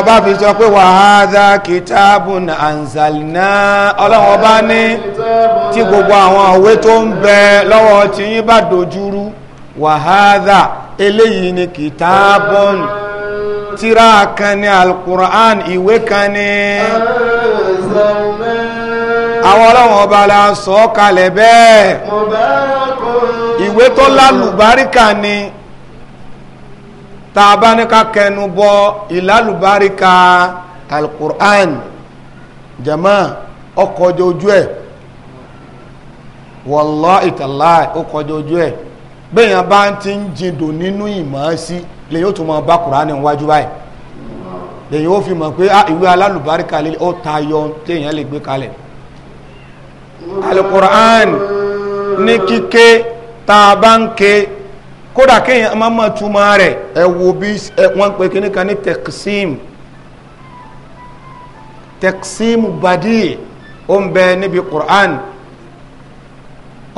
ọba fi sọ pé wàhádá kìtàbù àǹsàlìná ọlọ́run ọba ní tí gbogbo àwọn òwe tó ń bẹ lọ́wọ́ tí yín bá dojúrú wàhádá eléyìí ni kìtàbù tírà kan ní alukur'an ìwé kan ní àwọn ọlọ́run ọba la sọ kalẹ̀ bẹ́ẹ̀ ìwé tó lálùbáríkà ni tá a bá ní ká kẹnu bọ ìlálùbáríkà alukur'an jama ọkọ̀ ọjọ́ ojú ẹ̀ wallahi tallahi ọkọ̀ ọjọ́ ojú ẹ̀ bẹ́yàn bá ti ń jindò nínú ìmọ̀ sí lẹ́yìn ó tún mọ bá kùránì wájú báyìí lẹ́yìn ó fi mọ̀ pé ah, ìwé alálùbáríkà lè ó tayọ téèyàn lè gbé kalẹ̀ alukur'an ní kíké tá kódà kéèyàn máa mọ̀ túmọ̀ rẹ̀ ẹ wo bí wọ́n pe kíní kan ní tẹ̀kísíìmù tẹ̀kísíìmù badi ó ń bẹ níbi Qur'an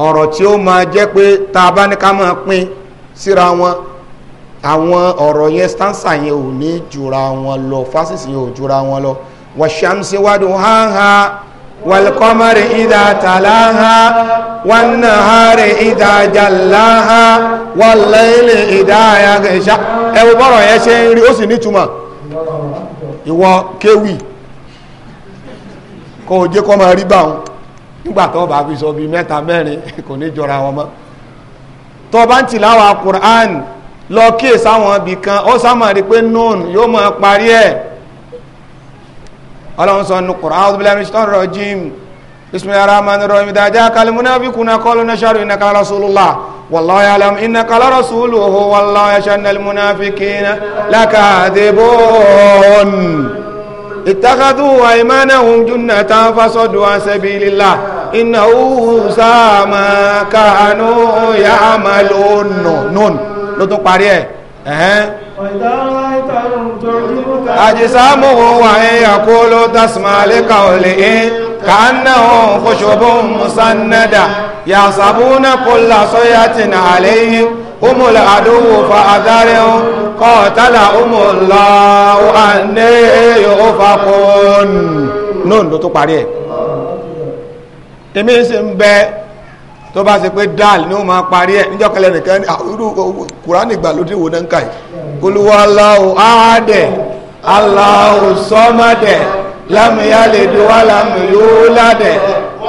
ọ̀rọ̀ tí ó máa jẹ́ pé tá a bá ní ká máa pín síra wọn àwọn ọ̀rọ̀ yẹn stansa yẹn ò ní jura wọn lọ fásitì yẹn ò jura wọn lọ wọ́n ṣàmùsíwádùn hánhán والقمر إذا تلاها والنهار إذا جلاها والليل إذا يغشى ẹ wo bọ́rọ̀ yẹn ṣe ń rí ó sì nítumọ̀ ìwọ kéwì kò jẹ́ kó máa rí báwọn nígbà tó bá fi sọ bíi mẹ́ta mẹ́rin kò ní jọra wọn mọ́ tó bá ń tìláwà Qur'an lọ kíyèsáwọn ibì kan ó sá máa rí pé noon yóò máa parí ẹ̀ ọlọ́run sọ nù kùrọ̀ àwọn obìnrin ṣe tọ́rọ jim bisimilayi rahman rahim ìdájá kalimuna bí kuna kọlu na ṣàrù iná kala rasulullah wàlláhu alam iná kala rasulu oho wàlláhu aṣan alimuna fi kina lakadebon ìtàkàtù àìmánà ohun júnà tán fásọdù àṣẹbìlélà iná hùsàmà kàánú yàmà lónà ló parí ẹ. أجسامه وهي يقول تسمع لقوله كأنه خشب مسندة يحسبون كل صية عليهم هم العدو فأذرهم قاتلهم الله أن يؤفكون نون ló tó parí ẹ̀ èmi sì ń bẹ tó bá ṣe pé dal ni ó máa parí ẹ̀ níjọ́ kẹlẹ́ nìkan ní àwúrú kùránì ìgbàlódé wo náà ń kà yìí olúwàláwò áádẹ̀ aláwò sọ́mọ́dẹ̀ lámìyálẹ̀dẹ̀ wàlámìyóládẹ̀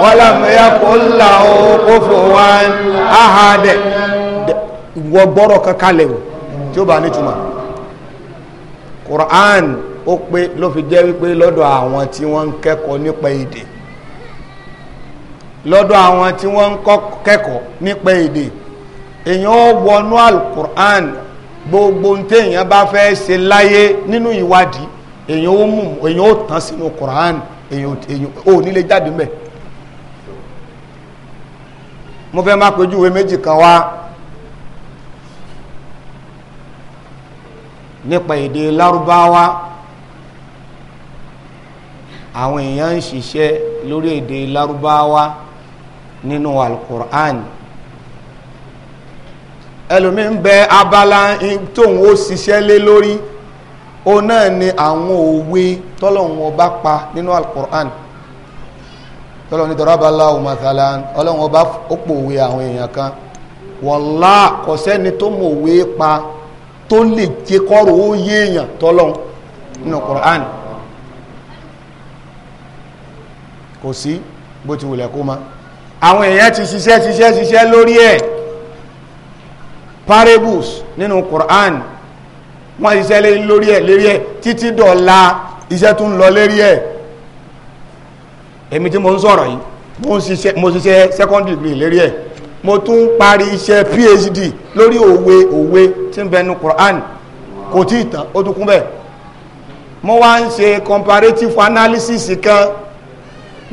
wàlámìyàkóláwò kófòwán áádẹ̀ ìwọ gbọ́rọ̀ kankan lẹ̀wò tí ó bá nítumọ̀ Quran ó pé ló fi jẹ́ wípé lọ́dọ̀ àwọn tí wọ́n ń kẹ́kọ̀ọ́ nípa èdè lọ́dọ̀ àwọn tí wọ́n ń kẹ́kọ̀ọ́ nípa èdè èèyàn wọnú alukur'an gbogbo téèyàn bá fẹ́ ṣe láyé nínú ìwádìí èyàn ó mú èyàn ó tán sínú Quran èyàn ò nílé jáde mẹ́ mo fẹ́ má pèjúwe méjì kan wá nípa èdè lárúbáwá àwọn èèyàn ń ṣiṣẹ́ lórí èdè lárúbáwá nínú alukur'an. No ẹlòmí ń bẹ abala tóun ó ṣiṣẹ́ lé lórí ó náà ni àwọn òwe tọ́lọ́run ọba pa nínú alukur'an tọ́lọ́run ní dọ́rọ́bà láwù màtàlá ọlọ́run ọba ó pòwe àwọn èèyàn kan wọ́lá kò sẹ́ni tó mọ̀ òwe pa tó lè jẹ́ kọ́rọ̀ ó yé èèyàn tọ́lọ́run nínú alukur'an kò sí bó ti wùlẹ̀ kó ma àwọn èèyàn ti ṣiṣẹ́ ṣiṣẹ́ ṣiṣẹ́ lórí ẹ̀ parables nínú Quran wọ́n iṣẹ́ lórí ẹ̀ lérí ẹ̀ títí dọ̀la iṣẹ́ tún lọ lérí ẹ̀ èmi tí mo ń sọ̀rọ̀ yìí mo ṣiṣẹ́ second degree lérí ẹ̀ mo tún ń parí iṣẹ́ PhD lórí òwe òwe tí ń bẹnu Quran kò tí ì tán ó tún kún bẹ́ẹ̀ mo wá ń ṣe comparative analysis kan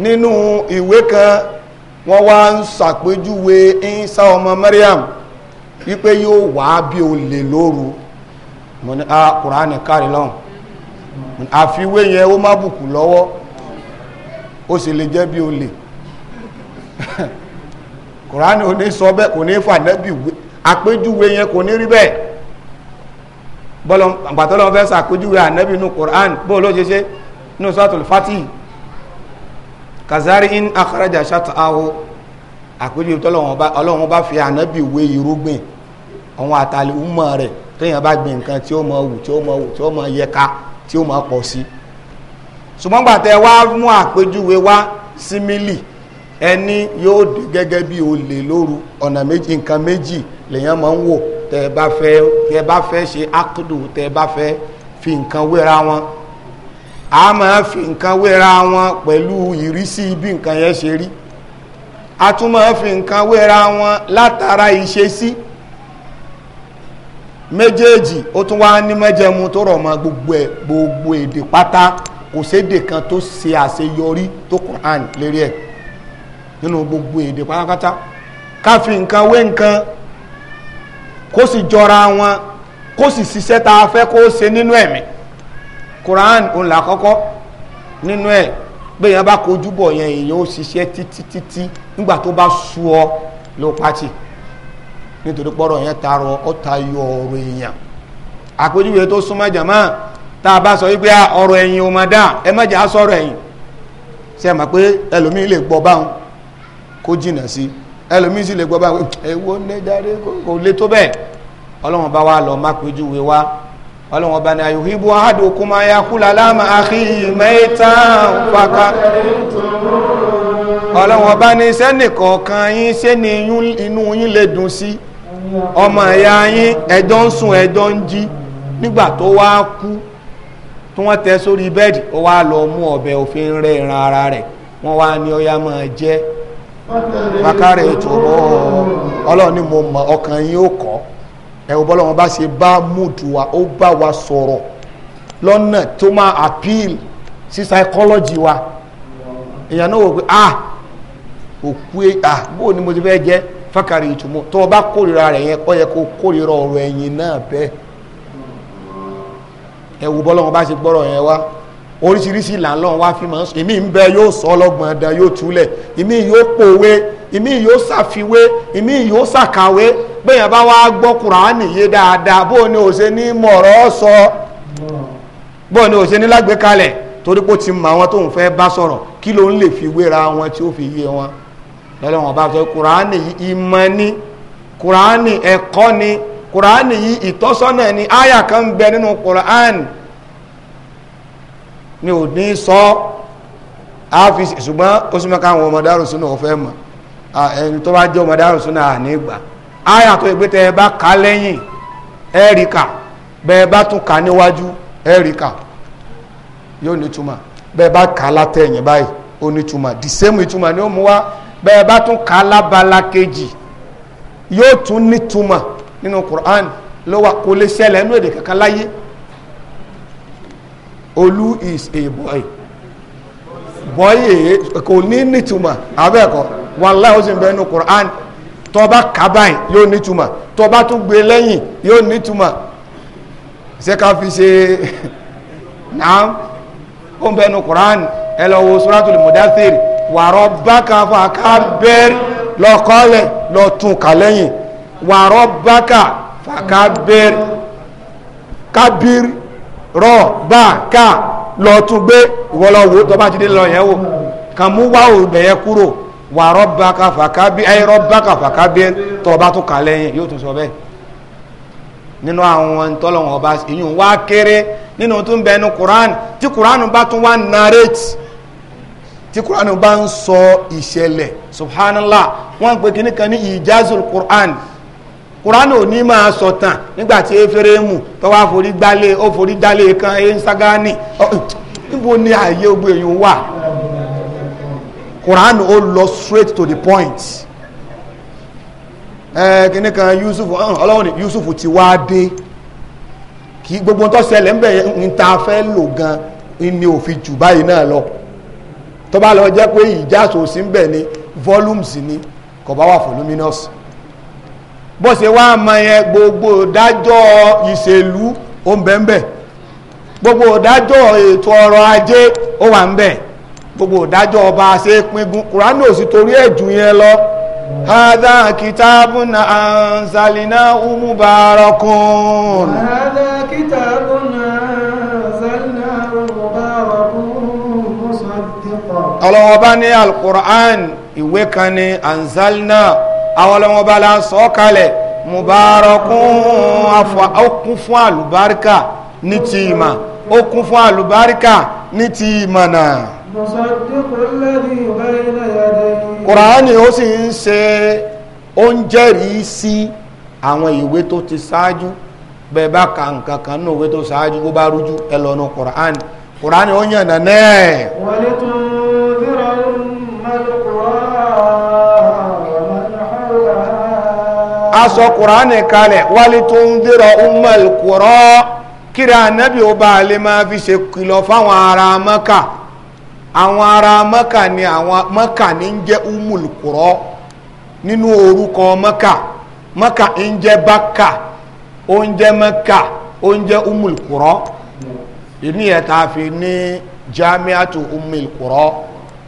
nínú ìwé kan wọ́n wá ń ṣàpèjúwe Ìsá ọmọ Maryam wípé yóò wá bí o lè lóru mo ní a kùránì kárí lọ́hùn àfiwé yẹn ó má bùkù lọ́wọ́ ó sì lè jẹ́ bí o lè kùránì ò ní sọ bẹ́ẹ̀ kò ní fànẹ́bì àpéjúwe yẹn kò ní rí bẹ́ẹ̀ bọ́lọ̀ àgbàtọ́lọ́ fẹ́ sàpéjúwe ànẹ́bì nù kùránì bó ló ṣe ṣe nù sọ́tùl fátì kazari in akhraja shat'ahu àpèjì ọlọ́run bá fi ànábì wé irúgbìn àwọn àtàlẹ́ ọmọ rẹ̀ téèyàn bá gbin nǹkan tí ó mọ wù tí ó mọ wù tí ó mọ yẹka tí ó mọ pọ̀ sí ṣùgbọ́n gbàtẹ́ wá mú àpèjúwe wá símílì ẹni yóò dé gẹ́gẹ́ bí olè lóru ọ̀nà méjì nǹkan méjì lèèyàn máa ń wò tẹ́ ẹ bá fẹ́ tẹ́ ẹ bá fẹ́ ṣe ákùdù tẹ́ ẹ bá fẹ́ fi nǹkan wéra wọn a máa fi nǹkan wéra wọn pẹ̀lú ìrísí bí nǹkan yẹn ṣe rí a tún máa fi nǹkan wéra wọn látara ìṣesí méjèèjì ó tún wá ní mẹ́jẹ̀mú tó rọ̀ mọ́ gbogbo ẹ̀ gbogbo èdè pátá kò sédè kan tó ṣe àṣeyọrí tó Quran lérí ẹ̀ nínú gbogbo èdè pátápátá ká fi nǹkan wé nǹkan kó sì jọra wọn kó sì ṣiṣẹ́ tá fẹ́ kó ṣe nínú ẹ̀mí Quran òun là nínú ẹ̀ pé èèyàn bá kojú bọ̀ yẹn èèyàn ó ṣiṣẹ́ títí títí nígbà tó bá sú ọ ló pati nítorí pọ́rọ̀ yẹn tarọ ọ tayọ ọ̀rọ̀ èèyàn àpèjúwe tó súnmọ́ jàmá tá a bá sọ wípé ọ̀rọ̀ ẹ̀yìn ò máa dá ẹ má jẹ́ á sọ̀rọ̀ ẹ̀yìn ṣe é mọ̀ pé ẹlòmíín lè gbọ́ báwọn kó jìnà sí ẹlòmíín sì lè gbọ́ báwọn ẹ̀wọ́ nẹ́jáde kò lè tó bẹ́ẹ̀ ọlọ́run bá wa lọ má péjúwe wa ọlọ́run bá ní ayò híbu ahádùn okùnmáyà kúlà láàmà àkíyèmẹ́ta fàkà ọlọ́wọ́n bá ní sẹ́nìkọ̀ọ̀kan yín ṣé ni inú yín lè dùn sí ọmọ ẹ̀yà yín ẹjọ́ ń sùn ẹjọ́ ń jí nígbà tó wá kú tí wọ́n tẹ sórí bẹ́ẹ̀dì ó wá lọ mú ọ̀bẹ òfin rẹ̀ ìran ara rẹ̀ wọ́n wá ní ọyá máa jẹ́ bákàrẹ̀ ètò ọlọ́run ni mo mọ ọkàn yín ó kọ́ ẹ̀wọ̀n bọ́lọ́wọ́n bá ṣe bá múùdù wa ó bá wa sọ̀rọ̀ lọ́nà tó máa appeal sí psychology wa èèyàn náà wò pé ah òkú e- à bó ni mo ti fẹ́ jẹ́ fákàrí ìtumọ̀ tó o bá kórìíra rẹ̀ yẹn ó yẹ kó kórìíra ọ̀rọ̀ ẹ̀yìn náà bẹ́ẹ̀ ẹ wo bọ́lọ́wọ́n bá ṣe gbọ́rọ̀ yẹn wá oríṣiríṣi ìlànà wa fi máa ń sọ ìmí ń bẹ yóò sọ ọlọ́gbọ̀n ẹ̀dá yóò túlẹ̀ ìmí yóò pòwe ìmí yóò ṣàfiwé ìmí yóò ṣàkàwé bẹ́ẹ̀ bá wá gbọ́ kùránì yé dáadáa bó ni ò ṣe ní mọ̀rọ̀ sọ bó ni ò ṣe ní lágbèkalẹ̀ torí pé ó ti mọ àwọn tó ń fẹ́ bá sọ̀rọ̀ kí ló ń lè fi wéra wọn tí ó fi yé wọn lọ́lọ́wọ́n bá sọ kùránì yìí ìmọ̀ ni kùránì ẹ̀kọ́ ni kùránì yìí ìtọ́sọ́nà ni àyà kan bẹ nínú kùránì ni ò ní sọ áfi ṣùgbọ́n ó sì mẹ́ka àwọn ọmọdárò sínú ọ̀fẹ́ mọ̀ ẹni tó bá jẹ́ ọmọdárò sínú ànígbà àyà tó ìgbé tẹ́ ẹ bá kà lẹ́yìn ẹ̀ríkà bẹ́ẹ̀ bá tún kà níwájú ẹ̀ríkà yóò nítumọ̀ bẹ́ẹ̀ bá kà látẹ̀yìn báyìí ó nítumọ̀ the ìtumọ̀ ni ó mú wá bẹ́ẹ̀ bá tún kà á lábala kejì yóò tún nítumọ̀ nínú Quran ló wà kó lè ṣẹlẹ̀ nínú èdè kankan láyé Olú is a boy boy èyí e, kò ní nítumọ̀ abẹ́ẹ̀kọ́ wallahi ó sì ń bẹ nínú Quran tó bá kà báyìí yóò nítumọ̀ tó bá tún gbé lẹ́yìn yóò nítumọ̀ ṣé ká fi ṣe náà ó ń bẹ nínú Quran ẹ lọ wo suratul Mudaththir wàrọ̀ bákà fàkàbẹ́rì lọ́kọ́lẹ̀ lọ́tún kàlẹ́yìn wàrọ̀ bákà fàkàbẹ́rì kábírì rọ̀ bákà lọ́tún gbé ìwọlọ́wọ́ tó bá ti dé lọ yẹn wò kàn mú wá òbẹ̀yẹ kúrò wàrọ̀ bákà fàkàbẹ́rì ẹ̀rọ bákà fàkàbẹ́rì tó bá tún kàlẹ́yìn yóò tún sọ bẹ́ẹ̀ nínú àwọn tọ́lọ̀wọ̀n ọba èyí wá kéré nínú tún bẹnu Quran tí Quran bá tún wá narrate tí kúránù bá ń sọ ìṣẹ̀lẹ̀ subhanallah wọ́n ń pè kíní kan ní ìjázul quran kúránù ò ní máa sọ tàn nígbà tí eferemu tó wá forí gbálẹ̀ ó forí gbálẹ̀ kan ẹ̀ ń ságání níbo ni ààyè ogbó èèyàn wà kúránù ó lọ straight to the point ẹ eh, kíní kan yusuf ọlọ́wọ́n ni yusuf ti wá dé kí gbogbo tó ṣẹlẹ̀ ń bẹ̀ ń ta fẹ́ lò gan ni òfin jù báyìí náà lọ. tó bá lọ jẹ́ pé ìjáàsó sí ń bẹ̀ ni volumes ni kò bá wà voluminous bó ṣe wá mọ yẹn gbogbo dájọ́ ìṣèlú ó ń gbogbo dájọ́ ètò ọrọ̀ ajé ó wà ń bẹ̀ gbogbo dájọ́ ọba ṣe sì torí ẹ̀ yẹn lọ ọlọ́wọ́n bá ní alukur'an ìwé kan ní anzalna àwọn ọlọ́wọ́n bá la sọ kalẹ̀ mubarakun afa ó kún fún àlùbáríkà ní ti ìmọ̀ ó kún fún àlùbáríkà ní ti ìmọ̀ náà. kùránì ó sì ń ṣe ó ń sí àwọn ìwé tó ti ṣáájú bẹ́ẹ̀ ka nǹkan kan nínú ìwé tó ṣáájú bó bá rújú ẹ kùránì kùránì ó yànnà náà. aṣọ kùránì kalẹ̀ wálé tó ń dèrò ummul qura kíra anábì ó bá lè máa fi ṣe kìlọ̀ fáwọn ará mọ́kà àwọn ará mọ́kà ni àwọn mọ́kà ní ń jẹ́ ummul qura nínú orúkọ mọ́kà mọ́kà ń jẹ́ bákà ó ń jẹ́ mọ́kà ó ń jẹ́ ummul qura ìní ẹ̀ tá fi ní jamiatu ummul qura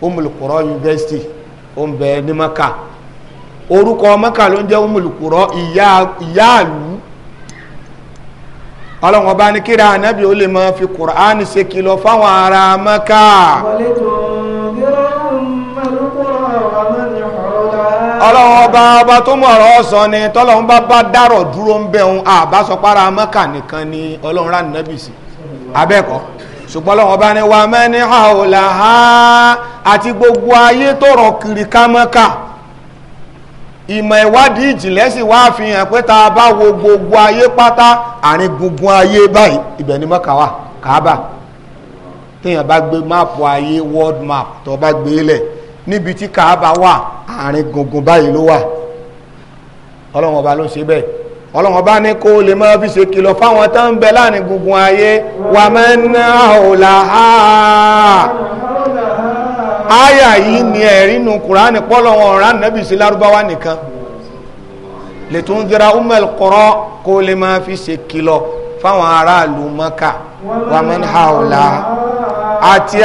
ummul qura university ó ń bẹ ní mọ́kà. orúkọ Mẹ́kà ló ń jẹ́ umulukuro ìyá àlú ọlọ́run ọba ní kíra anábì ó lè máa fi kùránì ṣe kìlọ̀ fáwọn ará Mẹ́kà ọba ọba tó mú ọ̀rọ̀ ni tọ́lọ́run bá bá dárọ̀ dúró ń bẹ̀rún nìkan ni ṣùgbọ́n ọlọ́run ọba ni wà mẹ́ni àwòlà àti gbogbo ayé tó kiri ká ìmọ̀ ìwádìí ìjìnlẹ̀ sì wá fi hàn pé tá a bá wo gbogbo ayé pátá àárín gbùngbùn ayé báyìí ibẹ̀ ni Mọ́kà wà Káàbà téèyàn bá gbé máàpù ayé world map tó bá gbé lẹ̀ níbi tí Káàbà wà àárín gbùngbùn báyìí ló wà Ọlọ́run ọba ló ṣe bẹ́ẹ̀ Ọlọ́run ọba ní kó lè máa fi ṣe kìlọ̀ fáwọn tó ń bẹ láàrin gbùngbùn ayé wà ọ̀la áyà yìí ni ẹ̀rínú kùránì pọ́lọ́wọ́n ọ̀rán nẹ́bì sí lárúbáwá nìkan lè tó ń dira umar kọ́rọ́ kó lè máa fi ṣe kìlọ̀ fáwọn aráàlú mọ́kà wàmán haula àti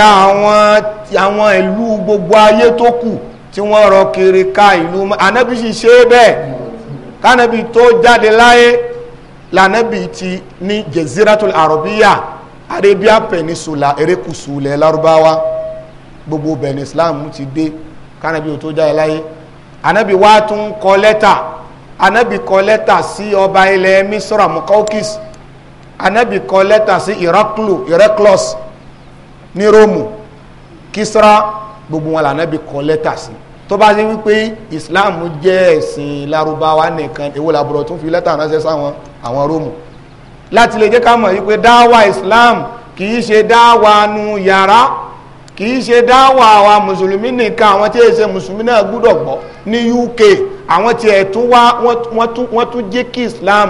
àwọn ìlú gbogbo ayé tó kù tí wọ́n rọ kiri ká ìlú anábì sì ṣe bẹ́ẹ̀ kánábì tó jáde láyé lànábì ti ní jeziratul arabiya arabia peninsula erékùsù ilẹ̀ lárúbáwá. La gbogbo bẹ̀rẹ̀ islam ti dé kánábì ò tó jáde láyé anabi wa tún kọ lẹ́tà anabi kọ lẹ́tà sí ọba ilẹ̀ misra mukaukis anabi kọ lẹ́tà sí iraklu iraklos ní róòmù kisra gbogbo wọn lànàbì kọ lẹ́tà sí tó bá ṣe wípé islam jẹ́ ẹ̀sìn larubawa nìkan èwo làbúrò tún fi lẹ́tà ránṣẹ́ sáwọn àwọn róòmù láti lè jẹ́ ká mọ̀ wípé dáwà islam kì í ṣe dáwà nu yàrá kìí ṣe dáwà àwọn mùsùlùmí nìkan àwọn tí èsè mùsùlùmí náà gbúdọ̀ gbọ́ ní UK àwọn tí ẹ̀ tún wá wọ́n tún jẹ́ kí Islam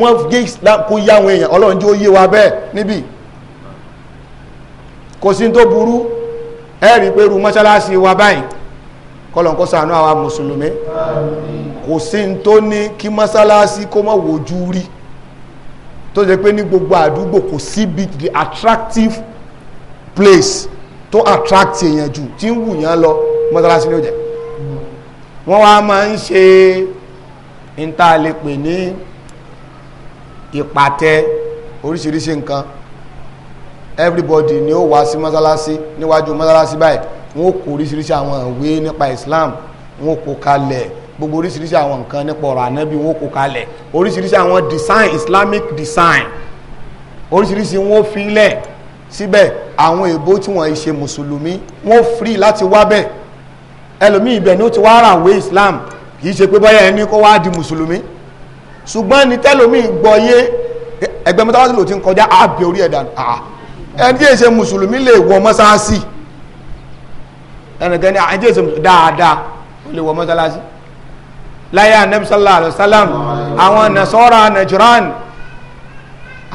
wọ́n jẹ́ Islam kó yá àwọn èèyàn Ọlọ́run jẹ́ ó yé wa bẹ́ẹ̀ níbí kò sí tó burú ẹ rí pé ru mọ́ṣáláṣí wa báyìí kọlọ̀n kó ṣàánú àwọn mùsùlùmí kò sí tó ní kí mọ́ṣáláṣí kó mọ̀ wojú rí tó jẹ́ pé ní gbogbo àdúgbò kò síbi the attractive place tó attract èèyàn jù tí ń wù yàn lọ mọ́sálásí ló jẹ́ wọ́n wá máa ń ṣe ìntàlẹ́pẹ̀ ní ìpàtẹ oríṣiríṣi nǹkan everybody ni ó wá sí mọ́sálásí níwájú mọ́sálásí báyìí wọ́n kó oríṣiríṣi àwọn ìwé nípa Islam wọ́n kó kalẹ̀ gbogbo oríṣiríṣi àwọn nǹkan nípa ọ̀rọ̀ ànábì wọ́n kó kalẹ̀ oríṣiríṣi àwọn design Islamic design oríṣiríṣi wọ́n fi lẹ̀ síbẹ̀ àwọn èbó tí wọ́n ṣe mùsùlùmí wọ́n free láti wá bẹ̀ ẹlòmíì ibẹ̀ ni ó ti wá ara àwọn Islam kì í ṣe pé bọ́yá ẹni kó wá di mùsùlùmí ṣùgbọ́n ní tẹ́lòmíì gbọ́yé ẹgbẹ́ mọ́tàlásì ló ti ń kọjá àbẹ̀ orí ẹ̀dà ah, ẹni tí èyí ṣe mùsùlùmí lè wọ mọ́sáàsì ẹnìkan ní ah, ẹni tí ṣe dáadáa ó lè wọ mọ́sáàsì láyé anabi sallallahu àwọn nasọ́ra najuran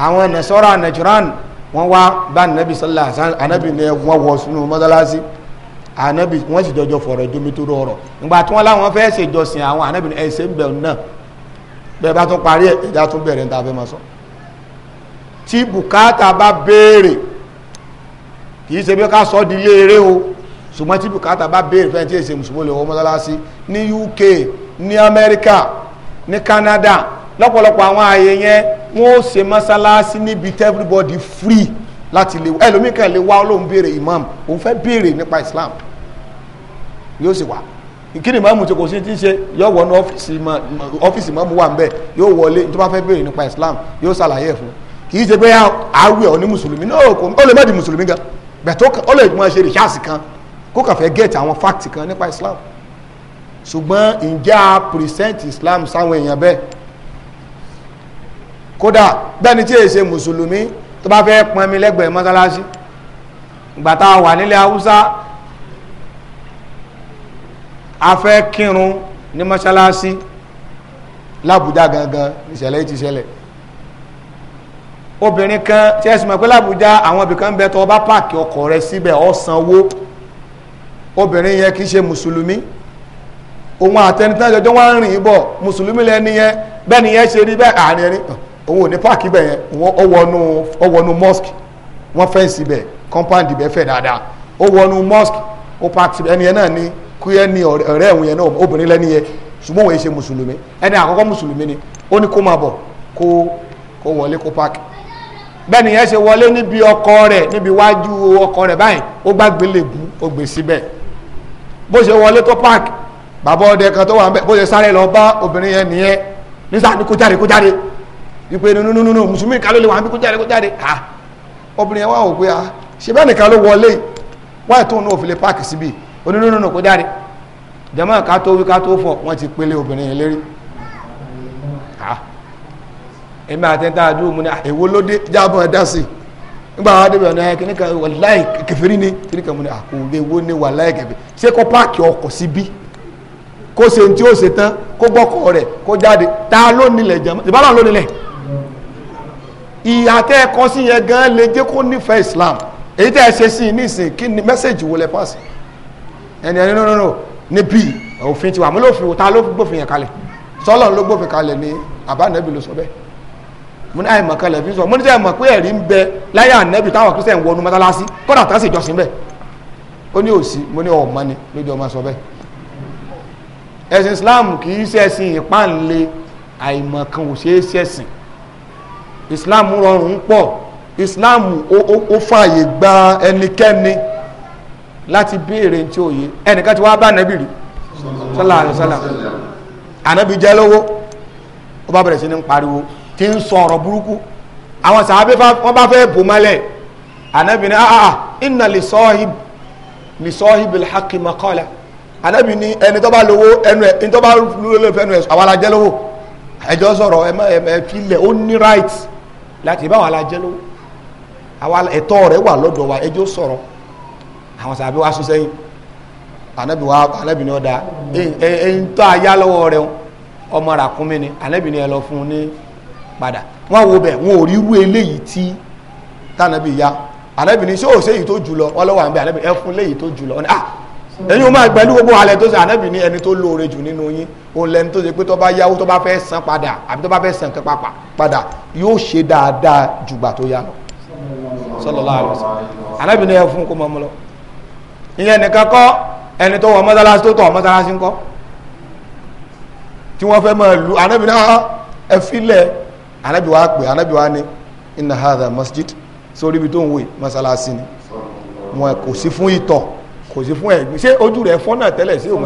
àwọn nasọ́ra najuran wọ́n wá bá anabi sọlá anabi ni wọ́n wọ sínú mọ́sálásí anabi wọ́n sì jọjọ fọ̀rọ̀ jomitoro ọ̀rọ̀ ìgbà tí wọ́n láwọn fẹ́ẹ́ ṣèjọsìn àwọn anabi ni ẹ̀sẹ̀ ń bẹ̀ náà bẹ́ẹ̀ bá tún parí ẹ̀ ẹ̀dá tún bẹ̀rẹ̀ níta fẹ́ máa sọ tí bùkátà bá béèrè kì í ṣe bí ká sọ di ilé eré o ṣùgbọ́n tí bùkátà bá béèrè fẹ́ẹ́ tí èsè mùsùlùmí lè wọ mọ́sálásí ní UK ní Amẹ́ríkà ní Canada lọ́pọ̀lọpọ̀ àwọn ààyè yẹn wọ́n ó ṣe mọ́sálásí níbi everybody free láti lè ẹlòmíì kan lè wá olóhùn béèrè imam òun fẹ́ béèrè nípa islam yóò sì wà ìkíni ìmáàmù tí kò sí ti ń ṣe yóò wọ ní ọ́fíìsì ìmáàmù wà ń bẹ̀ yóò wọlé tó bá fẹ́ béèrè nípa islam yóò ṣàlàyé ẹ̀ fún kì í ṣe pé àwẹ̀ ọ ní mùsùlùmí náà kò ó lè má di mùsùlùmí gan bẹ̀tọ́ ó lè máa ṣe rìṣáàsì kan kó kàn fẹ́ gẹ̀ẹ́tì àwọn fáàkì kan nípa islam ṣùgbọ́n ǹjẹ́ a pìrìsẹ́ǹtì islam sáwọn èèyàn bẹ́ẹ̀ kódà bẹ́ẹ̀ni tí èsè mùsùlùmí tó bá fẹ́ pọn mi lẹ́gbẹ̀ẹ́ mọ́sálásí ìgbà tá a wà nílẹ̀ haúsá a fẹ́ kírun ní mọ́sálásí lábùjá gangan ìṣẹ̀lẹ̀ ti ṣẹlẹ̀ obìnrin kan tí ẹ sì mọ̀ pé lábùjá àwọn ibìkan bẹ tó bá páàkì ọkọ̀ rẹ síbẹ̀ ó sanwó obìnrin yẹn kì í ṣe mùsùlùmí òun àtẹnitán jọjọ́ wá rìn bọ̀ mùsùlùmí lẹ́ni yẹn bẹ́ẹ̀ ni yẹn ṣe rí bẹ́ẹ̀ àárín ẹni òun ò ní páàkì bẹ̀ yẹn ó wọnú ó wọnú mosque wọ́n fẹ́ǹsì bẹ̀ compound ibẹ̀ fẹ̀ dáadáa ó wọnú mosque ó páàkì ẹni yẹn náà ní kú yẹn ní ọ̀rẹ́ ẹ̀hún yẹn náà obìnrin lẹ́ni yẹn ṣùgbọ́n òun yẹn ṣe mùsùlùmí ẹni àkọ́kọ́ mùsùlùmí ni ó ní kó máa bọ̀ kó kó wọlé kó páàkì bẹ́ẹ̀ nìyẹn ṣe wọlé níbi ọkọ rẹ̀ níbi iwájú ọkọ rẹ̀ báyìí ó gbàgbé lèbú ó gbé síbẹ̀ bó ṣe wọlé tó páàkì bàbá ọdẹ kan tó wà ń bẹ̀ bó ṣe sáré lọ bá obìnrin yẹn nìyẹn nísà ní kó jáde kó jáde wípé nínú mùsùlùmí kan ló lè wà níbi kó jáde kó jáde ha ah, obìnrin wa ò pé ha ah, ṣe bẹ́ẹ̀ nìkan ló wọlé wáyé tóun náà ò fi lè páàkì síbi onínúnú kó jáde jama ká tó wí ká tó fọ wọn ti pélé obìnrin yẹn lérí ha ah, èmi àtẹ́ntà àdúró mu ní èwo ló dé jábọ̀ ẹ̀ dá sí nígbà wàá débi ọ̀nà kìnnì kan wàláì kẹfìrí ni kìnnì kan mu ní àkùnbé wo ni wàláì kẹfìrí ṣé kó páàkì ọkọ̀ síbí kó ṣe ní tí ó ṣe tán kó gbọ́kọ̀ rẹ̀ kó jáde ta ló nílẹ̀ jama ìbára ló nílẹ̀ ìyà tẹ́ ẹ kọ́ sí yẹn gan lè jẹ́ kó nífẹ̀ẹ́ Islam èyí tẹ́ ẹ ṣe sí i nísìn kí ni mẹ́sẹ̀jì wo lẹ pàṣẹ ẹni ẹni no no no níbí òfin ti wà mú lófin wò ta ló gbófin yẹn kalẹ̀ sọlọ ló gbófin kalẹ̀ ní àbánẹ́bí ló sọ bẹ́ẹ̀ mo ní àìmọ̀ kan lẹ́bí sọ mo ní sẹ́ mọ̀ pé ẹ̀rí ń bẹ láyé ànẹ́bí táwọn kristian wọnú mọ́tálásí kọ́dà tán sì jọ́sìn bẹ́ẹ̀ ó ní òsì mo ní ọ̀mọ́ ni lójú ọmọ sọ bẹ́ẹ̀ ẹ̀sìn Islam kì í ṣẹ̀sìn ìpáǹle àìmọ̀ kan ò ṣeé ṣẹ̀sìn islam rọrùn pọ̀ islam ó fààyè gba ẹnikẹ́ni láti béèrè tí ó yé ẹnìkan tí wàá bá ànábì rí sallallahu alaihi wasallam ànábì jẹ́ lówó ó bá bẹ̀rẹ̀ sí ní pariwo tí ń sọ ọ̀rọ̀ burúkú àwọn sàábé wọ́n bá fẹ́ bò mọ́lẹ̀ ànábì ní àà inna li sahib li sahibil haqqi maqala ní ẹni tó bá lówó ẹnu ẹ̀ ẹni tó bá lówó ẹnu ẹ̀ àwọn alájẹ́ lówó ẹjọ́ sọ̀rọ̀ ẹ má ẹ filẹ̀ ó ní right láti báwọn alájẹ́ lówó àwa ẹ̀tọ́ rẹ̀ wà lọ́dọ̀ wa ẹjọ́ sọ̀rọ̀ àwọn sàbí wa sún sẹ́yìn anabi wa anabi ni ọ da ẹ ń tọ́ ayá lọ́wọ́ rẹ̀ ọmọ ràkúnmí ni anabi ni ẹ lọ fún un ní padà wọ́n wo bẹ̀ wọ́n ò rí irú eléyìí tí tànàbí ya anabi ni ṣé òṣèyí tó jù lọ wọ́n lọ́wọ́ à ń bẹ anabi ẹ fún léyìí tó jù lọ ọ ni ah ẹ̀yin o máa pẹ̀lú gbogbo alẹ́ tó ṣe ànábì ní ẹni tó lóore jù nínú yín òun lẹni tó ṣe pé tó bá yáwó tó bá fẹ́ san padà àbí tó bá fẹ́ san kan papà padà yóò ṣe dáadáa jùgbà tó yá lọ sallallahu alaihi wasallam ànábì ní ẹ fún kó mọ́ mọ́ lọ ìyẹn nìkan kọ́ ẹni tó wọ mọ́sálásí tó tọ̀ mọ́sálásí ńkọ́ tí wọ́n fẹ́ máa lu ànábì náà ah, ẹ filẹ̀ ànábì wa pè ànábì wa ní inna masjid sórí ibi tó ń wò mọ́sálásí ni kò sí fún ẹ̀gbin ṣé ojú rẹ̀ fọ́n náà tẹ́lẹ̀ sí òun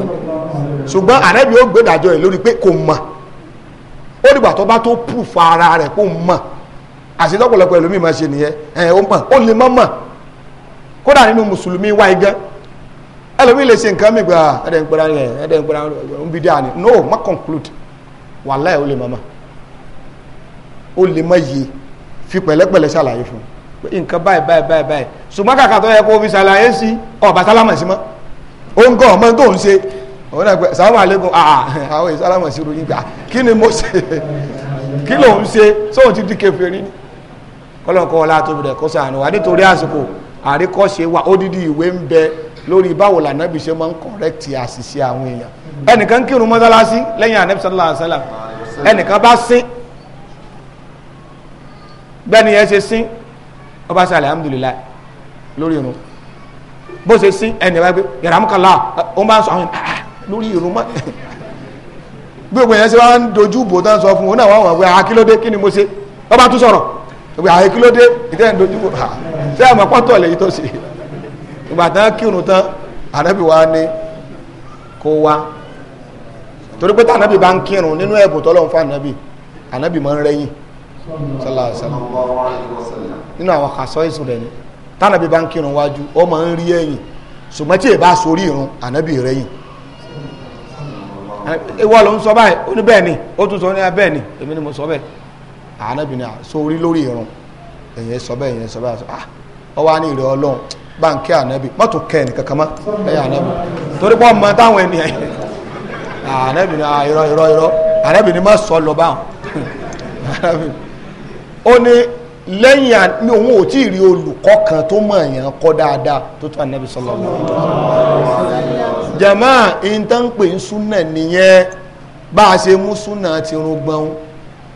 ṣùgbọ́n ànábì ó gbé ìdájọ́ ẹ̀ lórí pé kò mọ̀ ó dìgbà tó bá tó proof ara rẹ̀ kò mọ̀ àti lọ́pọ̀lọpọ̀ ẹlòmíì máa ṣe nìyẹn ẹ̀ ó mọ̀ ó lè mọ̀ mọ̀ kódà nínú mùsùlùmí wáyé gan ẹlòmíì lè ṣe nǹkan mi gbà ẹ̀dẹ̀ ń pẹ́ra ẹ̀ ẹ̀dẹ̀ ń pẹ́ra ń bí dáa ni no má conclude wàláhì ó lè mọ̀ mọ̀ ó lè mọ̀ yìí fi pẹ̀lẹ́pẹ̀lẹ́ ṣàlàyé fún un nǹkan báyìí báyìí báyìí báyìí ṣùgbọ́n kàkà tó yẹ kó fi ṣàlàyé sí ọba sálámà sí mọ́ ó ń kọ́ ọmọ tó ń ṣe òun náà pé sàlámà àlékún àwọn ìsálámà sí ròyìn gbà kí ni mo ṣe kí ló ń ṣe sóhun ti di kèfèrí ni kọ́lọ́kọ́ ọlá tóbi rẹ̀ kó sàánú wa nítorí àsìkò àríkọ́ṣe wa odidi ìwé ń bẹ lórí báwo lànàbì ṣe máa ń kọ̀rẹ́kìtì àṣìṣe àwọn èèyàn ẹnìkan kírun mọ́sálásí lẹ́yìn ànábì sallallahu ẹnìkan bá sín bẹ́ẹ̀ ni ẹ ṣe sín ọba ṣe alihamudulila lórí irun bó ṣe sí ẹnì bá gbé yàrá-mú-kàlá ó máa ń sọ àwọn ah, lórí irun mọ́ bí ògbìn yẹn ṣe wá ń dojú bò tán sọ fún un náà wọ́n wọ̀ pé akílódé ah, kí ni mo ṣe ọba tún sọ̀rọ̀ ìgbà akílódé ah, ìtẹ́ ń dojú bò ṣé àmọ́ pọ́tọ̀ lè yí tó ṣe ìgbà tán kírun tán ànábì wa ni kó wá torí pé tànábì bá ń kírun nínú ẹ̀bùn tọ́lọ́run fún ànábì ànábì máa ń rẹ́yìn sallallahu alaihi nínú àwọn kàṣọ èso rẹ̀ ni tánàbí bá ń kírun wájú ó máa ń rí ẹ̀yìn ṣùgbọ́n tí èbá sórí ìrun ànábì rẹ̀ yìn ìwọ ló ń sọ báyìí ó ní bẹ́ẹ̀ ni ó tún sọ ní abẹ́ẹ̀ ni èmi ni mo sọ bẹ́ẹ̀ ànábì ni sórí lórí ìrun èyàn sọ bẹ́ẹ̀ èyàn sọ bẹ́ẹ̀ ah ọ wá ní ìrẹ̀ ọlọ́run bá ń kẹ́ ànábì má tún kẹ́ ẹnìkan kan mọ́ ẹ̀yà ànábì torí pọ́ mọ táwọn ènìyàn ànábì ni ah, irọ́ irọ́ irọ́ ànábì ni lẹ́yìn ní òun ò tí rí olùkọ́ kan tó mọ̀ èèyàn kọ́ dáadáa tó tó ànábì sallallahu alaihi wasallam jama ń pè súnà nìyẹn bá a ṣe mú súnà ti rún taa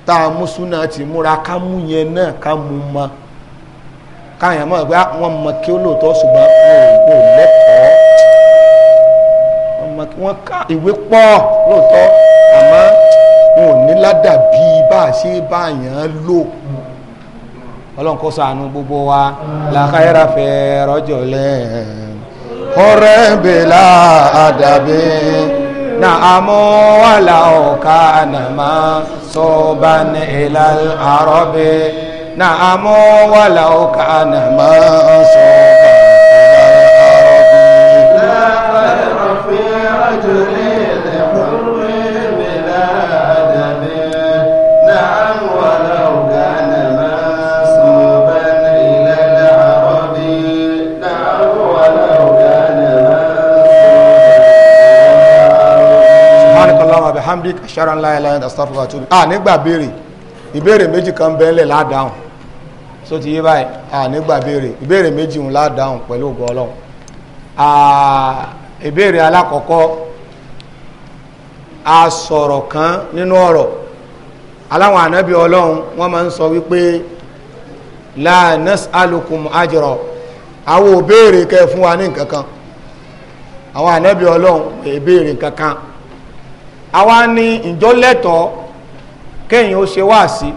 tá mú súnà ti múra ká mú yẹn náà ká ma káyàn mọ̀ pé ah, wọ́n mọ kí ó lóòótọ́ ṣùgbọ́n ò lẹ́kọ̀ọ́ wọ́n ká ìwé pọ̀ lóòótọ́ àmọ́ wọn ò bá a ṣe bá yàn án ọlọ́run kó ṣàánú gbogbo wa la khaira fi rajulin horabila adabi na amọ́ wàlà ọ̀ka ànàmá sọ́ọ̀bà ní ilal arabi na amọ́ wàlà ọ̀ka ànàmá sọ́ọ̀bà ní ilal arabi. bihamdik ashara ńlá ilá ẹ̀dá sáfùlà tó à nígbà béèrè ìbéèrè méjì kan bẹ́ẹ̀lẹ̀ ládàáhùn só ti yé báyìí à ah, nígbà béèrè ìbéèrè méjì ń ládàáhùn pẹ̀lú ògbọ́ ọlọ́run ah, ìbéèrè alákọ̀ọ́kọ́ a sọ̀rọ̀ kan nínú ọ̀rọ̀ aláwọn ànábì ọlọ́run wọ́n máa ń sọ wípé la nas'alukum ajra àwọn òbéèrè kẹ fún wa ní nǹkan kan àwọn ànábì ọlọ́run èbéèrè kankan àwa ní ìjọ lẹ́tọ̀ọ́ kéèyàn ó ṣe wáàsí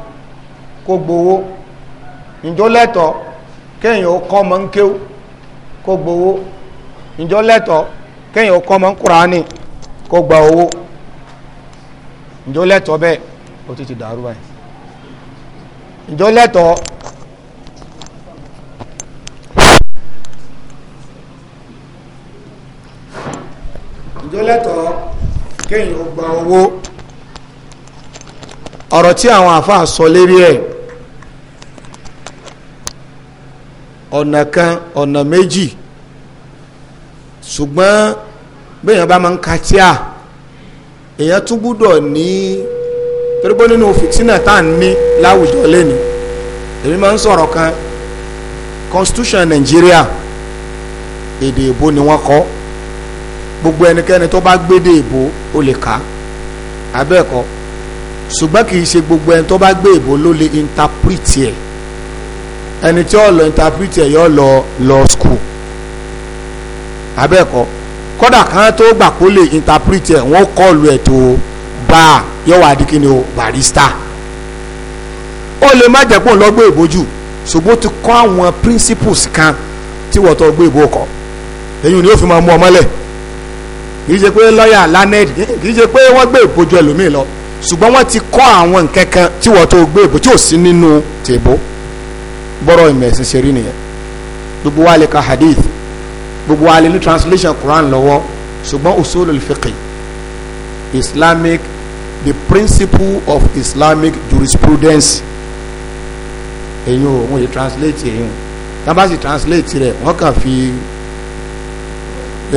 kó gbowó ìjọ lẹ́tọ̀ọ́ kéèyàn ó kọ́ ọmọ ń kéwú kó gbowó ìjọ lẹ́tọ̀ọ́ kéèyàn ó kọ́ ọmọ ń kúránì kó gba owó ìjọ lẹ́tọ̀ọ́ bẹ́ẹ̀ ó ti ti dàrú báyìí ìjọ lẹ́tọ̀ọ́ ìjọ lẹ́tọ̀ọ́ kéyìn ó gba owó ọ̀rọ̀ tí àwọn àfáà sọ lérí ẹ̀ ọ̀nà kan ọ̀nà méjì ṣùgbọ́n béèyàn bá máa ń ka tíà èèyàn tún gbúdọ̀ ní torí nínú fìtínà tá à ń ní láwùjọ lẹ́nu èmi máa ń sọ̀rọ̀ kan constitution Nigeria, èdè èbó ni wọ́n kọ́ gbogbo ẹnikẹ́ni tó bá gbédè ìbò ó lè kà á abẹ́ẹ̀kọ́ ṣùgbọ́n kì í ṣe gbogbo ẹni tó bá gbé ìbò ló lè intapiriti ẹ̀ ẹni tí ó lọ intapiriti ẹ̀ yóò lọ law school abẹ́ẹ̀kọ́ kódà kan tó gbà kó lè intapiriti ẹ̀ wọ́n kọ́ọ̀lù ẹ̀ báà yóò wá di kíni o barista ó lè má jẹ́ pé òun lọ gbé ìbò jù ṣùgbọ́n ó ti kọ́ àwọn principles kan tí wọ́n tó gbé ìbò kọ́ èyí ni ó fi máa mú ọmọ lẹ̀ kì í ṣe pé lọ́ọ̀yà lamed kì í ṣe pé wọ́n gbé ìbòjú ẹlòmíì lọ ṣùgbọ́n wọ́n ti kọ́ àwọn nǹkan kan tí wọ́n tó gbé ìbò tí ò sí nínú tèbó bọ́rọ̀ ìmẹ̀sìn ṣe rí nìyẹn gbogbo wa lè ka hadith gbogbo wa lè ní translation Quran lọ́wọ́ ṣùgbọ́n usulul fiqh Islamic the principle of Islamic jurisprudence èyí ò wọ́n yìí translate èyí ò tábà translate rẹ̀ wọ́n kàn fi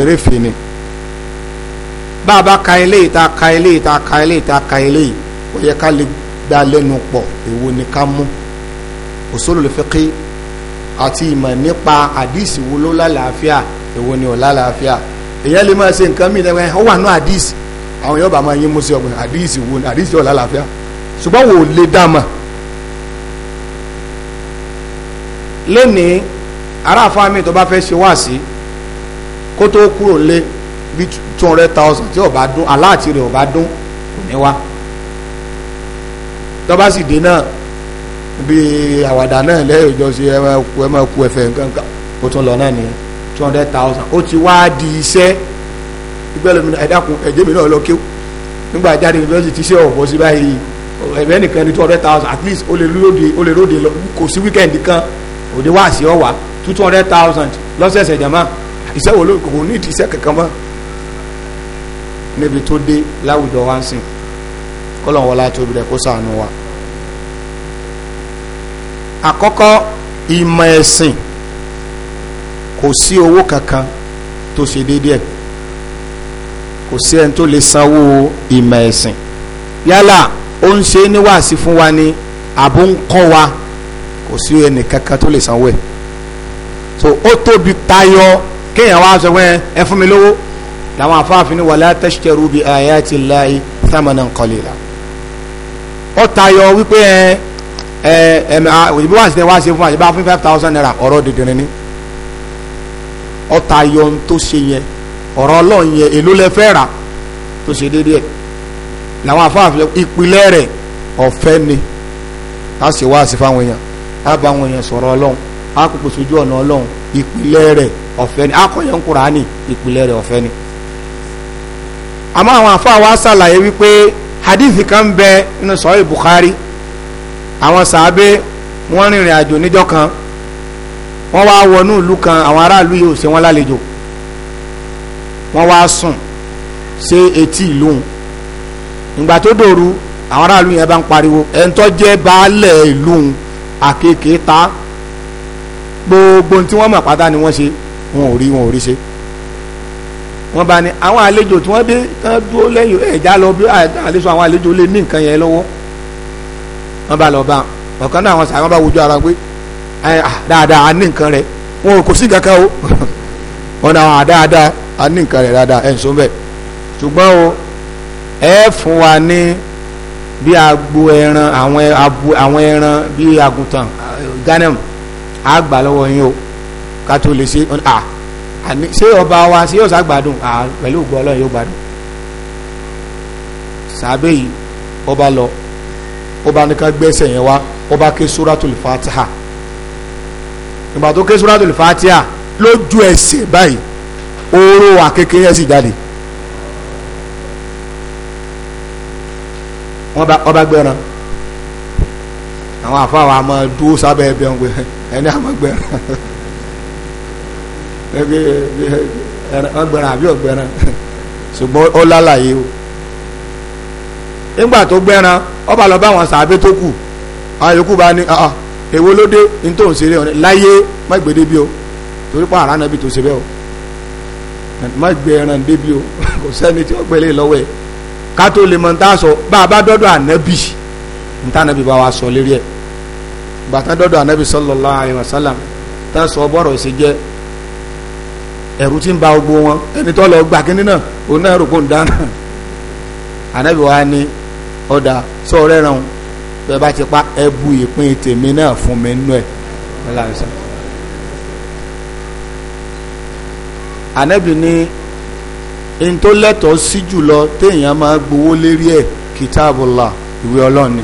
eré fèé ni bá a bá ka eléyìí tá a ka eléyìí tá a ka eléyìí tá a ka eléyìí ó yẹ ká lè dá lẹ́nu pọ̀ èwo ni ká mú usulul fiqi àti ìmọ̀ nípa àdìsí wo ló lálàáfíà èwo ni ò lálàáfíà èyàn lè máa ṣe nǹkan mí lẹ́wọ̀n ó wà ní àdìsí àwọn yóò bá máa yín mú sí ọgbìn àdìsí wo ni ò lálàáfíà ṣùgbọ́n wò lè dá mọ̀ lónìí aráàfáà mi tó bá fẹ́ ṣe wáàsí kó tó kúrò lé bí two hundred thousand tí ọba dún aláàtì rẹ̀ ọba dún kò ní wá tọ́ba sì dé náà bí àwàdà náà lẹ́yìn ìjọsí ẹ máa ku ẹ máa ku ẹ̀fẹ̀ nǹkan kan ó tún lọ náà nìyẹn two hundred thousand ó ti wá di iṣẹ́ ìgbẹ́ lómi náà ẹ̀dá kun ẹ̀jẹ̀ mi náà lọ kí nígbà jáde yunifásitì ṣe ọ̀bọ̀ sí báyìí ẹ̀fẹ́ nìkan ní two hundred thousand at least ó lè lóde ó lè lóde lọ kò sí wíkẹ́ndì kan òde wá sí ọ̀wà two hundred thousand lọ́sẹ̀ẹ̀sẹ̀ jàmá iṣẹ́ wo ló kò ní ìdí iṣẹ́ kankan mọ́ níbi tó dé láwùjọ wa ń sìn kọ́lọ̀n wọlá tóbi rẹ̀ kó ṣàánú wa. àkọ́kọ́ ìmọ̀ ẹ̀sìn kò sí owó kankan tó ṣe déédéé kò sí ẹni tó lè sanwó ìmọ̀ ẹ̀sìn yálà ó ń ṣe níwàásí fún wa ni àbó ń kọ́ wa kò sí ẹni kankan tó lè sanwó ẹ̀ so ó tóbi tayọ kéèyàn wá sọ pé ẹ fún mi lówó làwọn afáàfin wàlá tashtaru bi ayati llahi thamanan qalila ó tayọ wípé ẹ ẹ ẹmẹ ìbí wàá sí wàá ṣe fún wa ìbá fún five thousand naira ọ̀rọ̀ dìndín ni ó tayọ tó ṣe yẹn ọ̀rọ̀ ọlọ́run yẹn èló lẹ fẹ́ rà tó ṣe déédéé làwọn afáàfin ìpìlẹ̀ rẹ̀ ọ̀fẹ́ ni a sì wá sí fáwọn èèyàn a bá àwọn èèyàn sọ̀rọ̀ ọlọ́run a kò pèsè ojú ọ̀nà ọlọ́run ìpìlẹ̀ rẹ̀ ọ̀fẹ́ ni a kọ́ yẹn ìpìlẹ̀ rẹ̀ ọ̀fẹ́ ni àmọ́ àwọn àfáà wa ṣàlàyé wípé hadith kan ń bẹ nínú sọ́ọ́ Bukhari àwọn sàábé wọ́n rìnrìn àjò níjọ́ kan wọ́n wá wọnú ìlú kan àwọn aráàlú yìí ò ṣe wọ́n lálejò wọ́n wá sùn ṣe etí ìlú ìgbà tó dòru àwọn aráàlú yẹn bá ń pariwo ẹ̀ńtọ́ jẹ́ baálẹ̀ ìlú àkekèé gbogbo tí wọ́n mọ̀ pátá ni wọ́n ṣe wọn ò rí wọn ò rí ṣe wọ́n bá ní àwọn àlejò tí wọ́n dé tán dúró lẹ́yìn ẹ̀já lọ bí àlejò àwọn àlejò lè ní nǹkan yẹn lọ́wọ́ wọ́n bá lọ bá ọ̀kan náà àwọn sàrán bá wojú ara pé dáadáa a ní nǹkan rẹ̀ wọn kò sí kankan o wọn náà dáadáa a ní nǹkan rẹ̀ dáadáa ẹ̀ ń sọ bẹ́ẹ̀ ṣùgbọ́n o ẹ fún wa ní bí agbo ẹran àwọn ẹran bí àgùntàn ganem àgbà lọ́wọ́ yín o ká tó lè ṣe ah àní ṣé ọba wa ṣé yóò ṣàgbádùn à pẹ̀lú ògbó ọlọ́run yóò gbádùn sàbẹ̀ yìí ọba lọ ọba nìkan gbẹ́sẹ̀ yẹn wá ọba ké suratul fatiha ìgbà tó ké suratul fatiha lójú ẹsẹ̀ báyìí oró wa kékeré sì jáde ọba gbẹran àwọn àfa wa máa dúró sábẹ́ ẹbẹ̀ ọ̀gbẹ́ ẹni àmọ́ gbẹran. ọgbẹ̀rán àbí ọgbẹ̀rán ṣùgbọ́n ó lálàyé o nígbà tó gbẹ́ran ọba lọ bá àwọn sàábé tó kù àyòkù bá ní ah, ah, èwo ló dé ní tó ń ṣeré ọ̀nà láyé má gbé débi o torí pa àránà bí tó ṣe bẹ́ẹ̀ o má gbé ẹran débi o kò sẹ́ni sọ bá a wa sọ lérí ẹ̀rù ti ń ba gbogbo wọn ẹni tó lọ gbà kínní náà òun náà rò kó ń dáná ànábì wa ni ọ̀dà sọ̀rọ̀ ẹ̀ràn bẹ́ẹ̀ bá ti pa ẹbu ìpín tèmi náà fún mi nú ẹ̀ ànábì ni n tó lẹ́tọ̀ọ́ sí jùlọ téèyàn máa gbowó lérí ẹ̀ kìtàbùlà ìwé ọlọ́run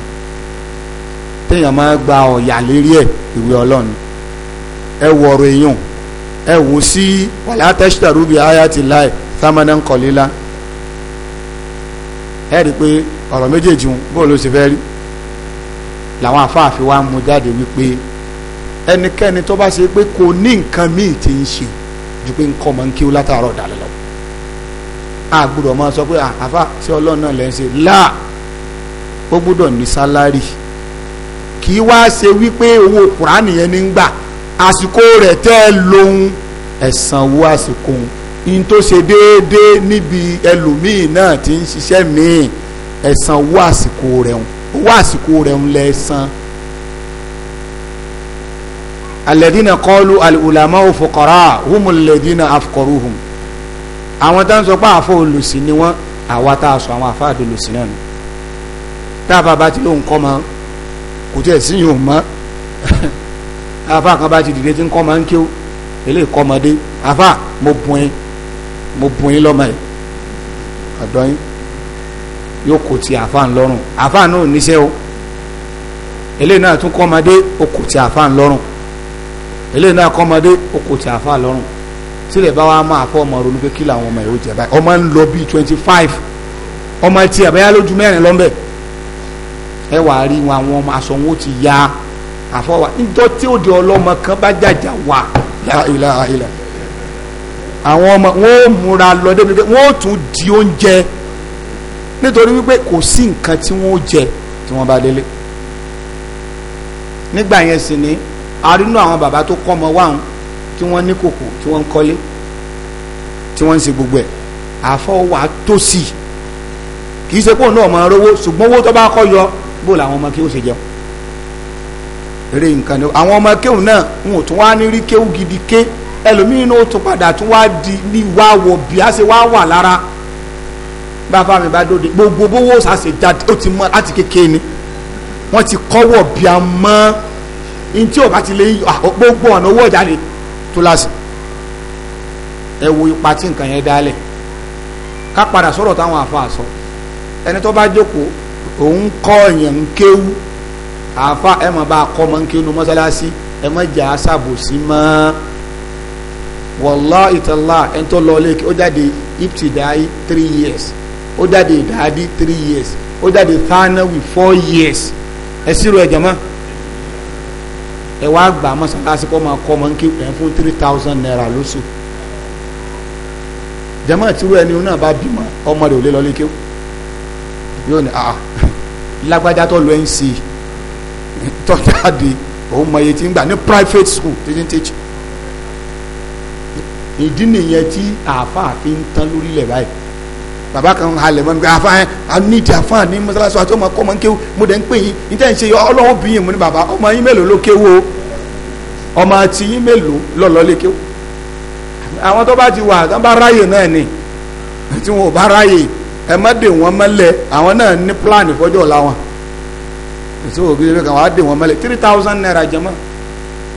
téèyàn máa gba ọ̀yà lérí ẹ̀ ìwé ọlọ́run ẹ wọ̀rọ̀ èèyàn ẹ wò sí wàlá tẹ́sítàrú bíi ayati láì sámánà kọ̀lélá ẹ rí i pé ọ̀rọ̀ méjèèjì ń bó ló ṣe fẹ́ rí làwọn afáàfin wa mú jáde wípé ẹnikẹ́ni tó bá ṣe pé kò ní nǹkan míì ti ń ṣe ju pé nǹkan ọmọ ń kí ó látàárọ̀ dalẹ́ lọ a gbọ́dọ̀ máa sọ pé àfa ṣé ọlọ́run náà lẹ́ ń ṣe láà ó gbọ́dọ̀ ní sálárì kì í wá ṣe wípé owó kùránì yẹn ní ń gbà àsìkò rẹ̀ tẹ́ ẹ lòun ẹ̀sánwó àsìkò òun in tó ṣe déédéé níbi ẹlòmíì náà ti ń ṣiṣẹ́ míì ẹ̀sán owó àsìkò rẹ̀ ń owó àsìkò rẹ̀ ń lẹ san. alẹ́dínà kọ́lu alùlámọ́ òfòkọ́rá húmùlẹ́dínà àfọkọ́rúhùn. àwọn tá ń sọ pé àfọ olùsìn ni wọ́n àwa tá a sọ àwọn àfáàdé olùsìn náà nù. tá a bàbá tí lóun kọ́ mọ kò tí ẹ̀ sí yòó mọ́ afa kan bá ti dìde tí ń kọ́ máa ń kíw eléyìí kọ́ ọmọdé afa mo bùn yín mo bùn yín lọ́mọ yìí ọ̀dọ́ yín yóò kò ti afa ńlọ́rùn afa náà ò níṣẹ́ o eléyìí náà tún kọ́ ọmọdé ó kò ti afa ńlọ́rùn eléyìí náà kọ́ ọmọdé o kò ti afa ńlọ́rùn tílẹ̀ bá wa máa fọ́ ọmọ ronú pé kí làwọn ọmọ yìí jẹ báyìí ọmọ ń lọ bíi twenty five ọmọ tí àbáyá lójú mẹ́rin lọ́nbẹ̀ ẹ wàá rí wọn àwọn ọmọ aṣọ ti ya àfọwà níjọ́ tí ó di ọlọ́mọ kan bá jàjà wà láìláìlá àwọn ọmọ wọn ò múra lọ débi pé wọn ò tún di oúnjẹ nítorí wípé kò sí nǹkan tí wọn ò jẹ tí wọn bá délé nígbà yẹn sì ni arínú àwọn bàbá tó kọ́ ọmọ wáhùn tí wọ́n ní kòkò tí wọ́n ń kọ́lé tí wọ́n ń ṣe gbogbo ẹ̀ àfọwà tòsí kì í ṣe pé òun náà mọ̀ ọ́ rówó ṣùgbọ́n owó tó bá kọ́ yọ bó làwọn ọmọ kí ó ṣe jẹun rí nǹkan ni àwọn ọmọ kéwù náà wọn ò tún wá ní rí kéwù gidi ké ẹlòmíín ó tún padà tún wá di ní wá wọ a ṣe wá wà lára bàbá mi bá gbogbo bówó ṣàṣe jáde ó ti mọ láti kékeré ni wọ́n ti kọ́wọ́ bí a mọ́ ntí ò bá ti lè gbogbo ọ̀nà owó ìjáde tó wo ipa tí nǹkan yẹn Ka ká padà sọ̀rọ̀ táwọn àfa àsọ ẹni tó bá jókòó òun kọ́ ọ̀yàn àáfà ẹ mọ̀ bá a kọ́ mọ́ ń kínú mọ́sálásí ẹ mọ̀ jà á sàbòsí mọ́ wallahi tallahi ẹni tó lọ lẹ́kẹ́ ó jáde ibtidai three years ó jáde ìdádi three years ó jáde thanawi four years ẹ sírò ẹ jẹ̀mọ́ ẹ wá gbà mọ́sálásí kọ́ máa kọ́ mọ́ ń kínú ẹ̀ fún three thousand naira lóṣù jama tiru ẹni náà bá bímọ ọmọ rẹ ò lè lọ lé kéw yóò ní ah lágbájá tó lọ ẹ ń se tó jáde òun mọ iye tí ń gbà ní private school Didn't teach ìdí nìyẹn tí àáfàá fi ń tán lórílẹ̀ báyìí bàbá kan halẹ̀ mọ́ mi àáfàá yẹn a ní ìdí àáfàá ní mọ́sálásí àti ọmọ kọ́ ọmọ ń kéwú mo dẹ̀ ń pè yín níta ń ṣe ọlọ́wọ́ bí yín mo ní bàbá ọmọ yín mélòó ló kéwú o ọmọ àti yín mélòó lọ́lọ́ lé kéwú àwọn tó bá ti wà tó bá ráyè náà ni tí wọn ò bá ráyè ẹ má dè wọn mọ́lẹ̀ àwọn náà ní pílánì fọ́jọ́ ọ̀la wọn so òbí rẹ kan wàá dè wọn mọ́lẹ̀ three thousand naira jẹmọ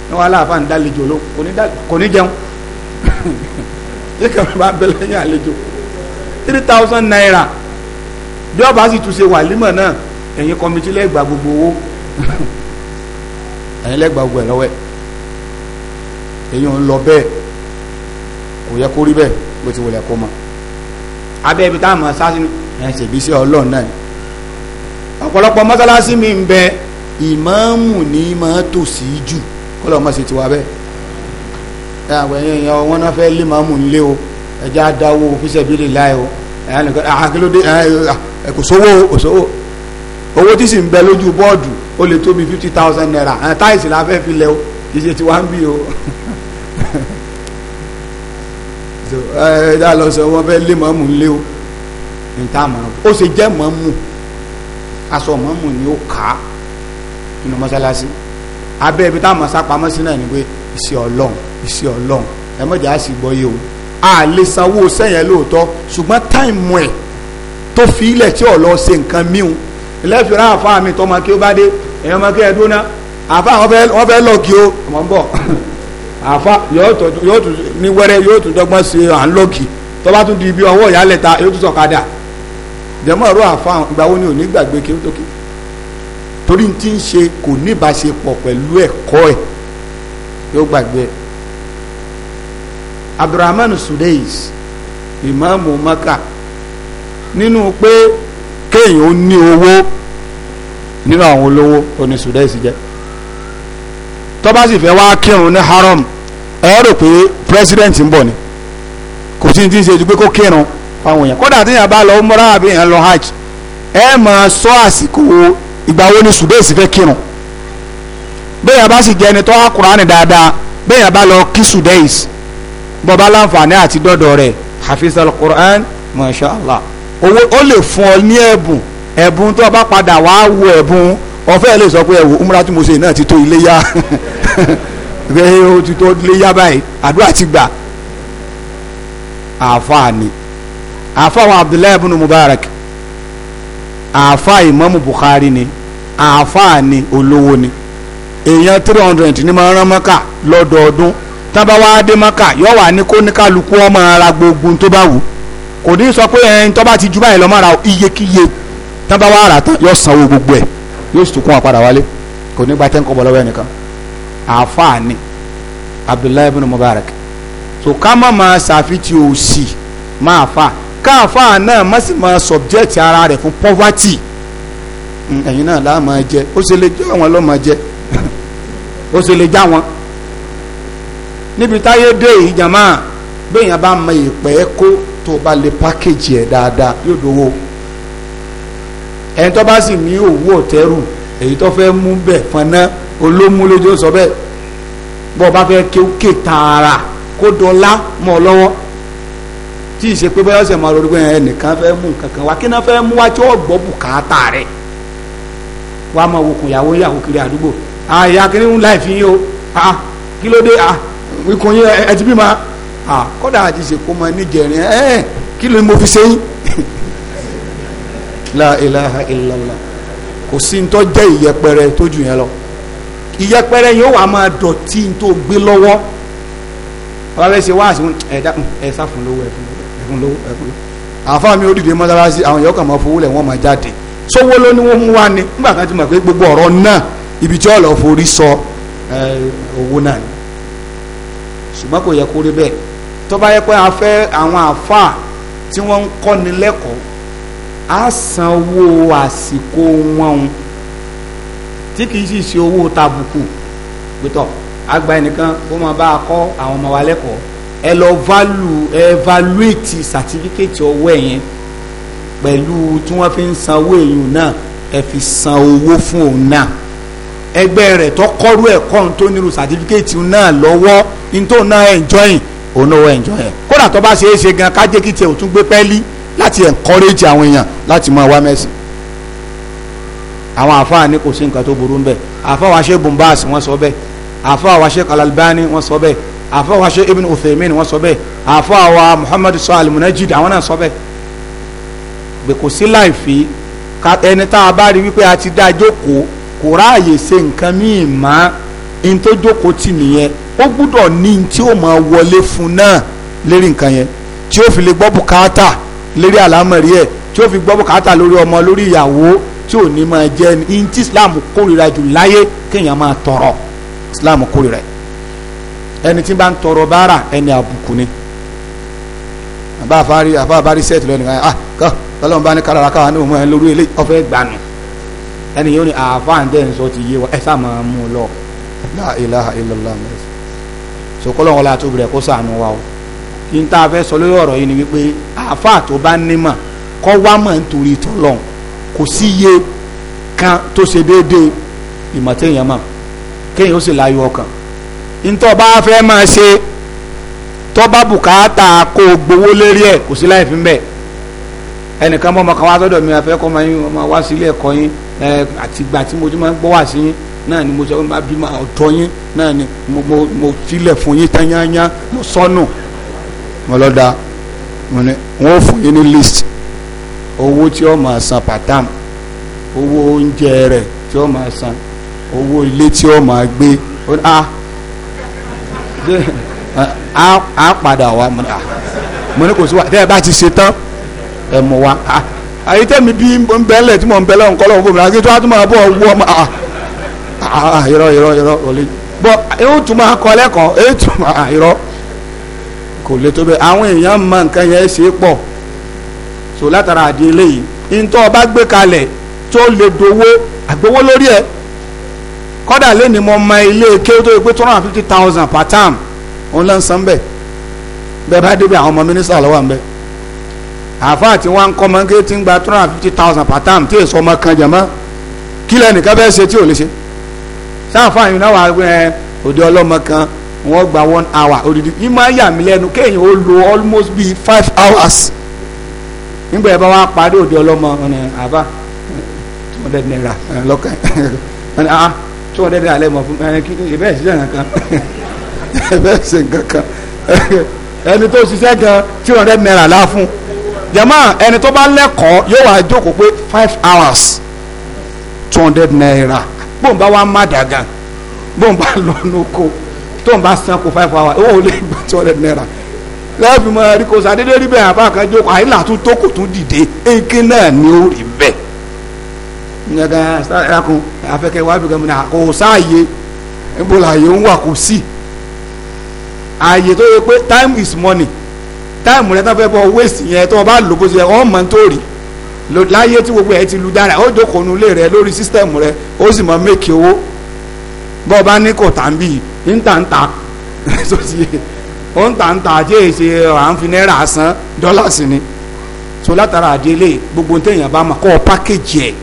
ní wàhálà àfa ń dálejò ló kò ní jẹun yìí kan bá bẹ̀rẹ̀ ní àlejò three thousand naira bí ọba sì tún ṣe wàlímọ̀ náà ẹ̀yin kọ́mítì lẹ́gbàá gbogbo owó ẹ̀yin lẹ́gbàá gbogbo ẹ̀ lọ́wọ́ ẹ̀ èyí ń lọ bẹ́ẹ̀ kò yẹ kó rí bẹ́ẹ̀ bó ti wọlé kó mọ abẹ́ ibi táwọn máa sá sínú ẹ̀ ṣèbí sí ọlọ́run náà ni ọ̀pọ̀lọpọ̀ mọ́sálásí mi ń bẹ ìmáàmù ní máa tòsí jù kọ́lọ̀ ọmọ sì ti wá bẹ́ẹ̀ àwọn èèyàn èèyàn wọn náà fẹ́ lé màmù ńlé o ẹ̀jẹ̀ adáwó fíṣẹ̀bílì láì o ẹ̀yà nìkan àkílódé ah, ah, ah, kò sówó kò sówó owó tí sì ń bẹ lójú bọ́ọ̀dù ó lè tóbi fifty thousand naira táìsì la fẹ́ fi lẹ o kì í ṣe tiwa ń bì o ẹ̀ẹ́dá lọ sọ wọn fẹ́ lé màmù ńlé o ní aṣọ mọ́mù ni ó kà á nínú mọ́sálásí abẹ́ ibi táwọn mọ̀sá pamọ́ sí náà ni pé iṣẹ́ ọlọ́run iṣẹ́ ọlọ́run ẹ mọ̀jà á sì gbọ́ yìí o a lè sanwó sẹ́yìn lóòótọ́ ṣùgbọ́n táìmù ẹ̀ tó fi ilẹ̀ tí ọ̀lọ́ ṣe nǹkan míhun ẹlẹ́fìrá àfa mi tọmọ kí ó bá dé ẹ̀yọ́ ọmọ kí ẹ dúná àfa wọn fẹ́ lọ kí ó mọ̀ ń bọ̀ àfa yóò tún ní wẹ́rẹ́ yóò tún dọ́gbọ́n ṣe à ń lọ kí tọ́ba tún di ibi ọwọ́ ìyálẹ̀ta yóò tún sọ̀kadà jẹmọ ọ̀rọ̀ àfahàn ìgbà wo ni ò ní gbàgbé kí ó tó kí torí ti ń ṣe kò níbàṣepọ̀ pẹ̀lú ẹ̀kọ́ ẹ̀ yóò gbàgbé ẹ̀ abdulrahman sudais ìmáàmù maka nínú pé kéèyàn ó ní owó nínú àwọn olówó oní sudais jẹ tó sì fẹ́ wá kírun ní haram ẹ rò pé president ń bọ̀ ni kò sí ní ti ń ṣe ju pé kó kírun fáwọn èèyàn kódà téèyàn bá lọ múra àbí èèyàn lọ hajj ẹ máa sọ àsìkò ìgbà wo ni sùdéèsì fẹ́ kírun béèyàn bá sì jẹ́ ẹni tó há kùránì dáadáa béèyàn bá lọ kí sùdéèsì bọ́ba láǹfààní àti dọ́dọ̀ rẹ̀ hafiz al-Qur'an masha allah owó ó lè fún ọ ní ẹ̀bùn ẹ̀bùn tó o bá padà wàá wo ẹ̀bùn ọ̀fẹ́ lè sọ pé ẹ̀wò umra tí mo ṣe náà ti tó iléyá bẹ́ẹ̀ ó ti tó iléyá báyìí àdúrà ti gbà àfààní Afa wa abdullahi ibn mubarak Afa Imamu bukhari ni Afa ni olówó ni èèyàn three hundred ní máa rán mọ́kà lọ́dọọdún tábà wá dé mọ́kà yóò wà ní kó ní kálukú ọmọ ara gbogbo tó bá wù kò ní sọ pé ẹni tó bá ti ju báyìí lọ máa ra iyekíye tábà wá rà tán yóò sanwó gbogbo ẹ̀ yóò sì tún wálé kò ní gba tẹ́ńkọ́ bọ́lọ́wọ́ ẹnìkan àfà ni abdullahi ibn mubarak so ká má máa ṣàfitì òsì máa fà káàfáà náà má sì máa subject ara rẹ̀ fún poverty mm, ẹ̀yin náà láà máa jẹ ó ṣe lè jẹ́ àwọn lọ́ọ́ máa jẹ ó ṣe lè já wọn níbi táyé dé ìjàmá béèyàn bá mọ ìpẹ́ kó tó bá lè pákéjì ẹ̀ dáadáa yóò dówó ẹni tó bá sì ní òwú ọ̀tẹ́rù èyí tó fẹ́ mú bẹ̀ fọnà olómúlójó sọ bẹ́ẹ̀ bọ́ọ̀ bá fẹ́ kí tààrà kó dọ́lá mọ́ ọ lọ́wọ́ tí ì ṣe pé báyọ̀ ṣe máa ro gbẹ́ ẹnìkan fẹ́ mú kankan wá kí náà fẹ́ mú wá tí ó gbọ́ bùkátà rẹ̀ wá máa wo kò yàwó yàwó kiri àdúgbò àyà kiri ń láì fi yín o ah kí ló dé ah ikùn yín ẹ ti bí ma ah kódà àti ṣèkó máa níjẹrin ẹ ẹ kí ló ní mo fi ṣe yín la ilaha illallah kò sí ní tó jẹ́ ìyẹpẹrẹ tó jù yẹn lọ ìyẹpẹrẹ yóò wá máa dọ̀tí ní tó gbé lọ́wọ́ ọlọ́fẹ́ ṣe wá àṣìwọ̀n ẹkùn lówó ẹkùn àfa mi ó dìde mọ́sálásí àwọn yòókù àmọ́ fowó lẹ̀ wọ́n máa jáde sówó ló ní wọ́n mú wá ni nígbà kan ti mọ̀ pé gbogbo ọ̀rọ̀ náà ibi tí ọ̀lọ́ forí sọ owó náà ni ṣùgbọ́n kò yẹ kó rí bẹ́ẹ̀ tó bá yẹ pé a fẹ́ àwọn àfa tí wọ́n ń kọ́ni lẹ́kọ̀ọ́ á san owó àsìkò wọn tí kì í sì ṣe owó tàbùkù gbẹtọ̀ àgbà ẹnìkan kó máa bá a kọ́ àwọn ọmọ wa lẹ́kọ̀ọ́ ẹ lọ value evaluate certificate ọwọ́ ẹ̀ yẹn pẹ̀lú tí wọ́n fi ń san owó èèyàn náà ẹ fi san owó fún òun náà ẹgbẹ́ rẹ̀ tó kọ́rú ẹ̀kọ́ ohun tó nílò certificate náà lọ́wọ́ ní tó náà enjoy òun náà enjoy ẹ̀ kódà tó bá ṣe é ṣe gan kájẹ́kì tiẹ̀ ò tún gbé pẹ́ẹ́lí láti encourage àwọn èèyàn láti máa wá mẹ́sìn àwọn àfáà ní kò sí nǹkan tó burú ń bẹ̀ àfáà wa Sheikh Bumbas wọ́n sọ bẹ́ẹ̀ àfáà wa Sheikh Al-Albani sọ bẹ́ẹ̀ àfọwọ́ aṣọ ibn Uthaymin wọ́n sọ bẹ́ẹ̀ àfọwọ́ Muhammad Salih Munajid àwọn náà sọ bẹ́ẹ̀ pé kò sí láìfi ẹni tá a bá rí wípé a ti dá jókòó kò ráàyè ṣe nǹkan míì mọ́ ẹni tó jókòó tì nìyẹn ó gbúdọ̀ ní tí ó máa wọlé fún náà lérí nǹkan yẹn tí ó fi lè gbọ́ bùkátà lérí àlámọ̀rí ẹ̀ tí ó fi gbọ́ bùkátà lórí ọmọ lórí ìyàwó tí ò ní máa jẹ́ ní tí Islam kórìíra jù láyé kéèyàn máa tọrọ Islam kórìíra ẹ̀ ẹni tí bá ń tọrọ báárà ẹni àbùkù ni àbá àfárí àbá àbárí sẹ́ẹ̀tì lọ́nà ẹ̀ ah kọ́ ọlọ́run bá ní kárára káwa ní òun ẹ̀ lórí ilé ọ̀fẹ́ gbanu ẹni yóò ní àfáǹdẹ̀ ń sọ ti yé wa ẹ sáà máa mú un lọ la ilaha illallah mẹ́sì sọkọlọ́wọ́n la tóbi rẹ̀ kó sànù wa o kí n tá a fẹ́ sọ lórí ọ̀rọ̀ yìí ni wípé àfa tó bá nímọ̀ kọ́ wá mọ̀ nítorí tọ́lọ́n kò sí iye kan tó ṣe déédéé ìmọ̀tẹ́yẹmọ̀ kéèyàn ó sì láyọ̀ ọkàn ntọ́ bá fẹ́ máa ṣe tọ́ bá bùkátà kó o gbowó lérí ẹ̀ kò sí láì fi ń bẹ̀ ẹnìkan bọ́ ọmọ wá sọ́dọ̀ mi afẹ́ máa yín ọmọ wá sí ẹ̀kọ́ yín àtìgbà tí mo ti máa ń gbọ́ wá sí yín náà ni mo sọ ma bí ma ọ̀tọ̀ yín náà ni mo mo mo filẹ̀ fún yín tányányá mo sọnù mo lọ da mo ní wọn fún yín ní list owó tí ó máa san pàtàm owó oúnjẹ rẹ̀ tí ó máa owó ilé tí ó máa ah á padà wá mo ní à ah, mo ní kò sí wa tẹ́ ẹ bá ti ṣe tán ẹ mú wa ah, à àyítẹ́mi bí n bẹ́lẹ̀ tí mo ń bẹ́lẹ̀ nǹkan lọ́wọ́ fún mi àti tí wọ́n á tún máa bọ̀ wọ́ ọmọ à ah, à irọ́ irọ́ irọ́ òlé bọ́ yóò tún máa kọ́ lẹ́kọ̀ọ́ yóò tún máa irọ́ kò lè tó bẹ́ẹ̀ àwọn èèyàn mọ nǹkan yẹn ṣe pọ̀ so látara àdé eléyìí ntọ́ ọba gbé kalẹ̀ tó lè dowó àgbowó lórí ẹ̀ kọ́dà lẹ́ni mo mọ ilé kéwú tó yẹ pé two hundred and fifty thousand per term òun ló ń san bẹ́ẹ̀ bẹ́ẹ̀ bá débi àwọn ọmọ mínísítà lọ́wọ́ ń bẹ́ẹ̀ àfáà tí wọ́n ń kọ́ mọ́ké tí ń gba two hundred and fifty thousand per term tí èso ọmọ kan jẹ̀mọ́ kí lẹ́nu ká bẹ́ẹ̀ ṣe tí ò lè ṣe sáfàá yìí náà wà ẹ òde ọlọ́mọ kan wọ́n gba one hour odidi yìí máa yà mí lẹ́nu kéèyàn ó lo almost bíi five hours nígbà yẹn bá wà parí òde ọlọ́mọ ọ̀nà àbá two hundred naira lọ́kàn ọ̀nà ah two hundred naira lẹ́mọ̀ fún ẹ kí ẹ bẹ́ẹ̀ ṣiṣẹ́ nǹkan. ẹ̀fẹ́ ṣe nǹkan kan ẹni tó ṣiṣẹ́ gan two hundred naira la fún jama ẹni tó bá lẹ́kọ̀ọ́ yóò wá jókòó pé five hours two hundred naira bóun bá wá má dàgà bóun bá lọ n'oko tóun bá san kó five hours ó lè gba two hundred naira lẹ́ẹ̀fì mọ ẹ̀rí kò sàdédé rí bẹ́ẹ̀ àbá kan jókòó àyílà tún tókò tún dìde èké náà ni ó rí bẹ́ẹ̀ nyẹ́gà ẹ̀rákùn afẹ́kẹ́ wàá bìkan mi náà kò sáàyè ńbọ̀là yìí ń wà kò sí. ààyè tó yẹ time is money time rẹ tán fẹ́ bọ́ waste yẹn tó o bá lò bó ṣe yẹ ọ́ tó rí láyé gbogbo ẹ̀ ti lu dára ó jókòó nulẹ̀ rẹ lórí system rẹ ó sì mọ̀ make owó bọ́ bá ní kò tà ń náírà san dọ́là sí ni so látara àdélé gbogbo téèyàn bá mọ̀ kọ́ ọ package ẹ̀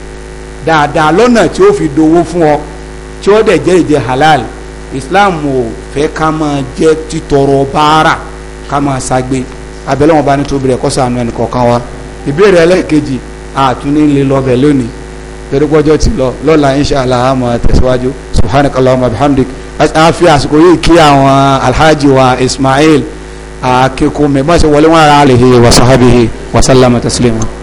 dáadáa lọ́nà tí ó fi dowó fún ọ tí ó dẹ̀ halal islam ò fẹ́ ká máa jẹ́ títọrọ báárà ká máa ṣagbe abẹ́lẹ́ wọn bá ní tóbi rẹ̀ kọ́ sànú ẹnì kọ̀ọ̀kan wa ìbéèrè ẹlẹ́ẹ̀kejì àtúní lè lọ bẹ̀ lónìí torí pọ́jọ́ ti lọ lọ́la inṣàlá a máa tẹ̀síwájú subhanakallahumma bihamdik a fi àsìkò yìí kí àwọn alhaji wa ismail akẹ́kọ̀ọ́ mẹ́gbọ́n ṣe wọlé wọn ara àlehi wa sahabihi wa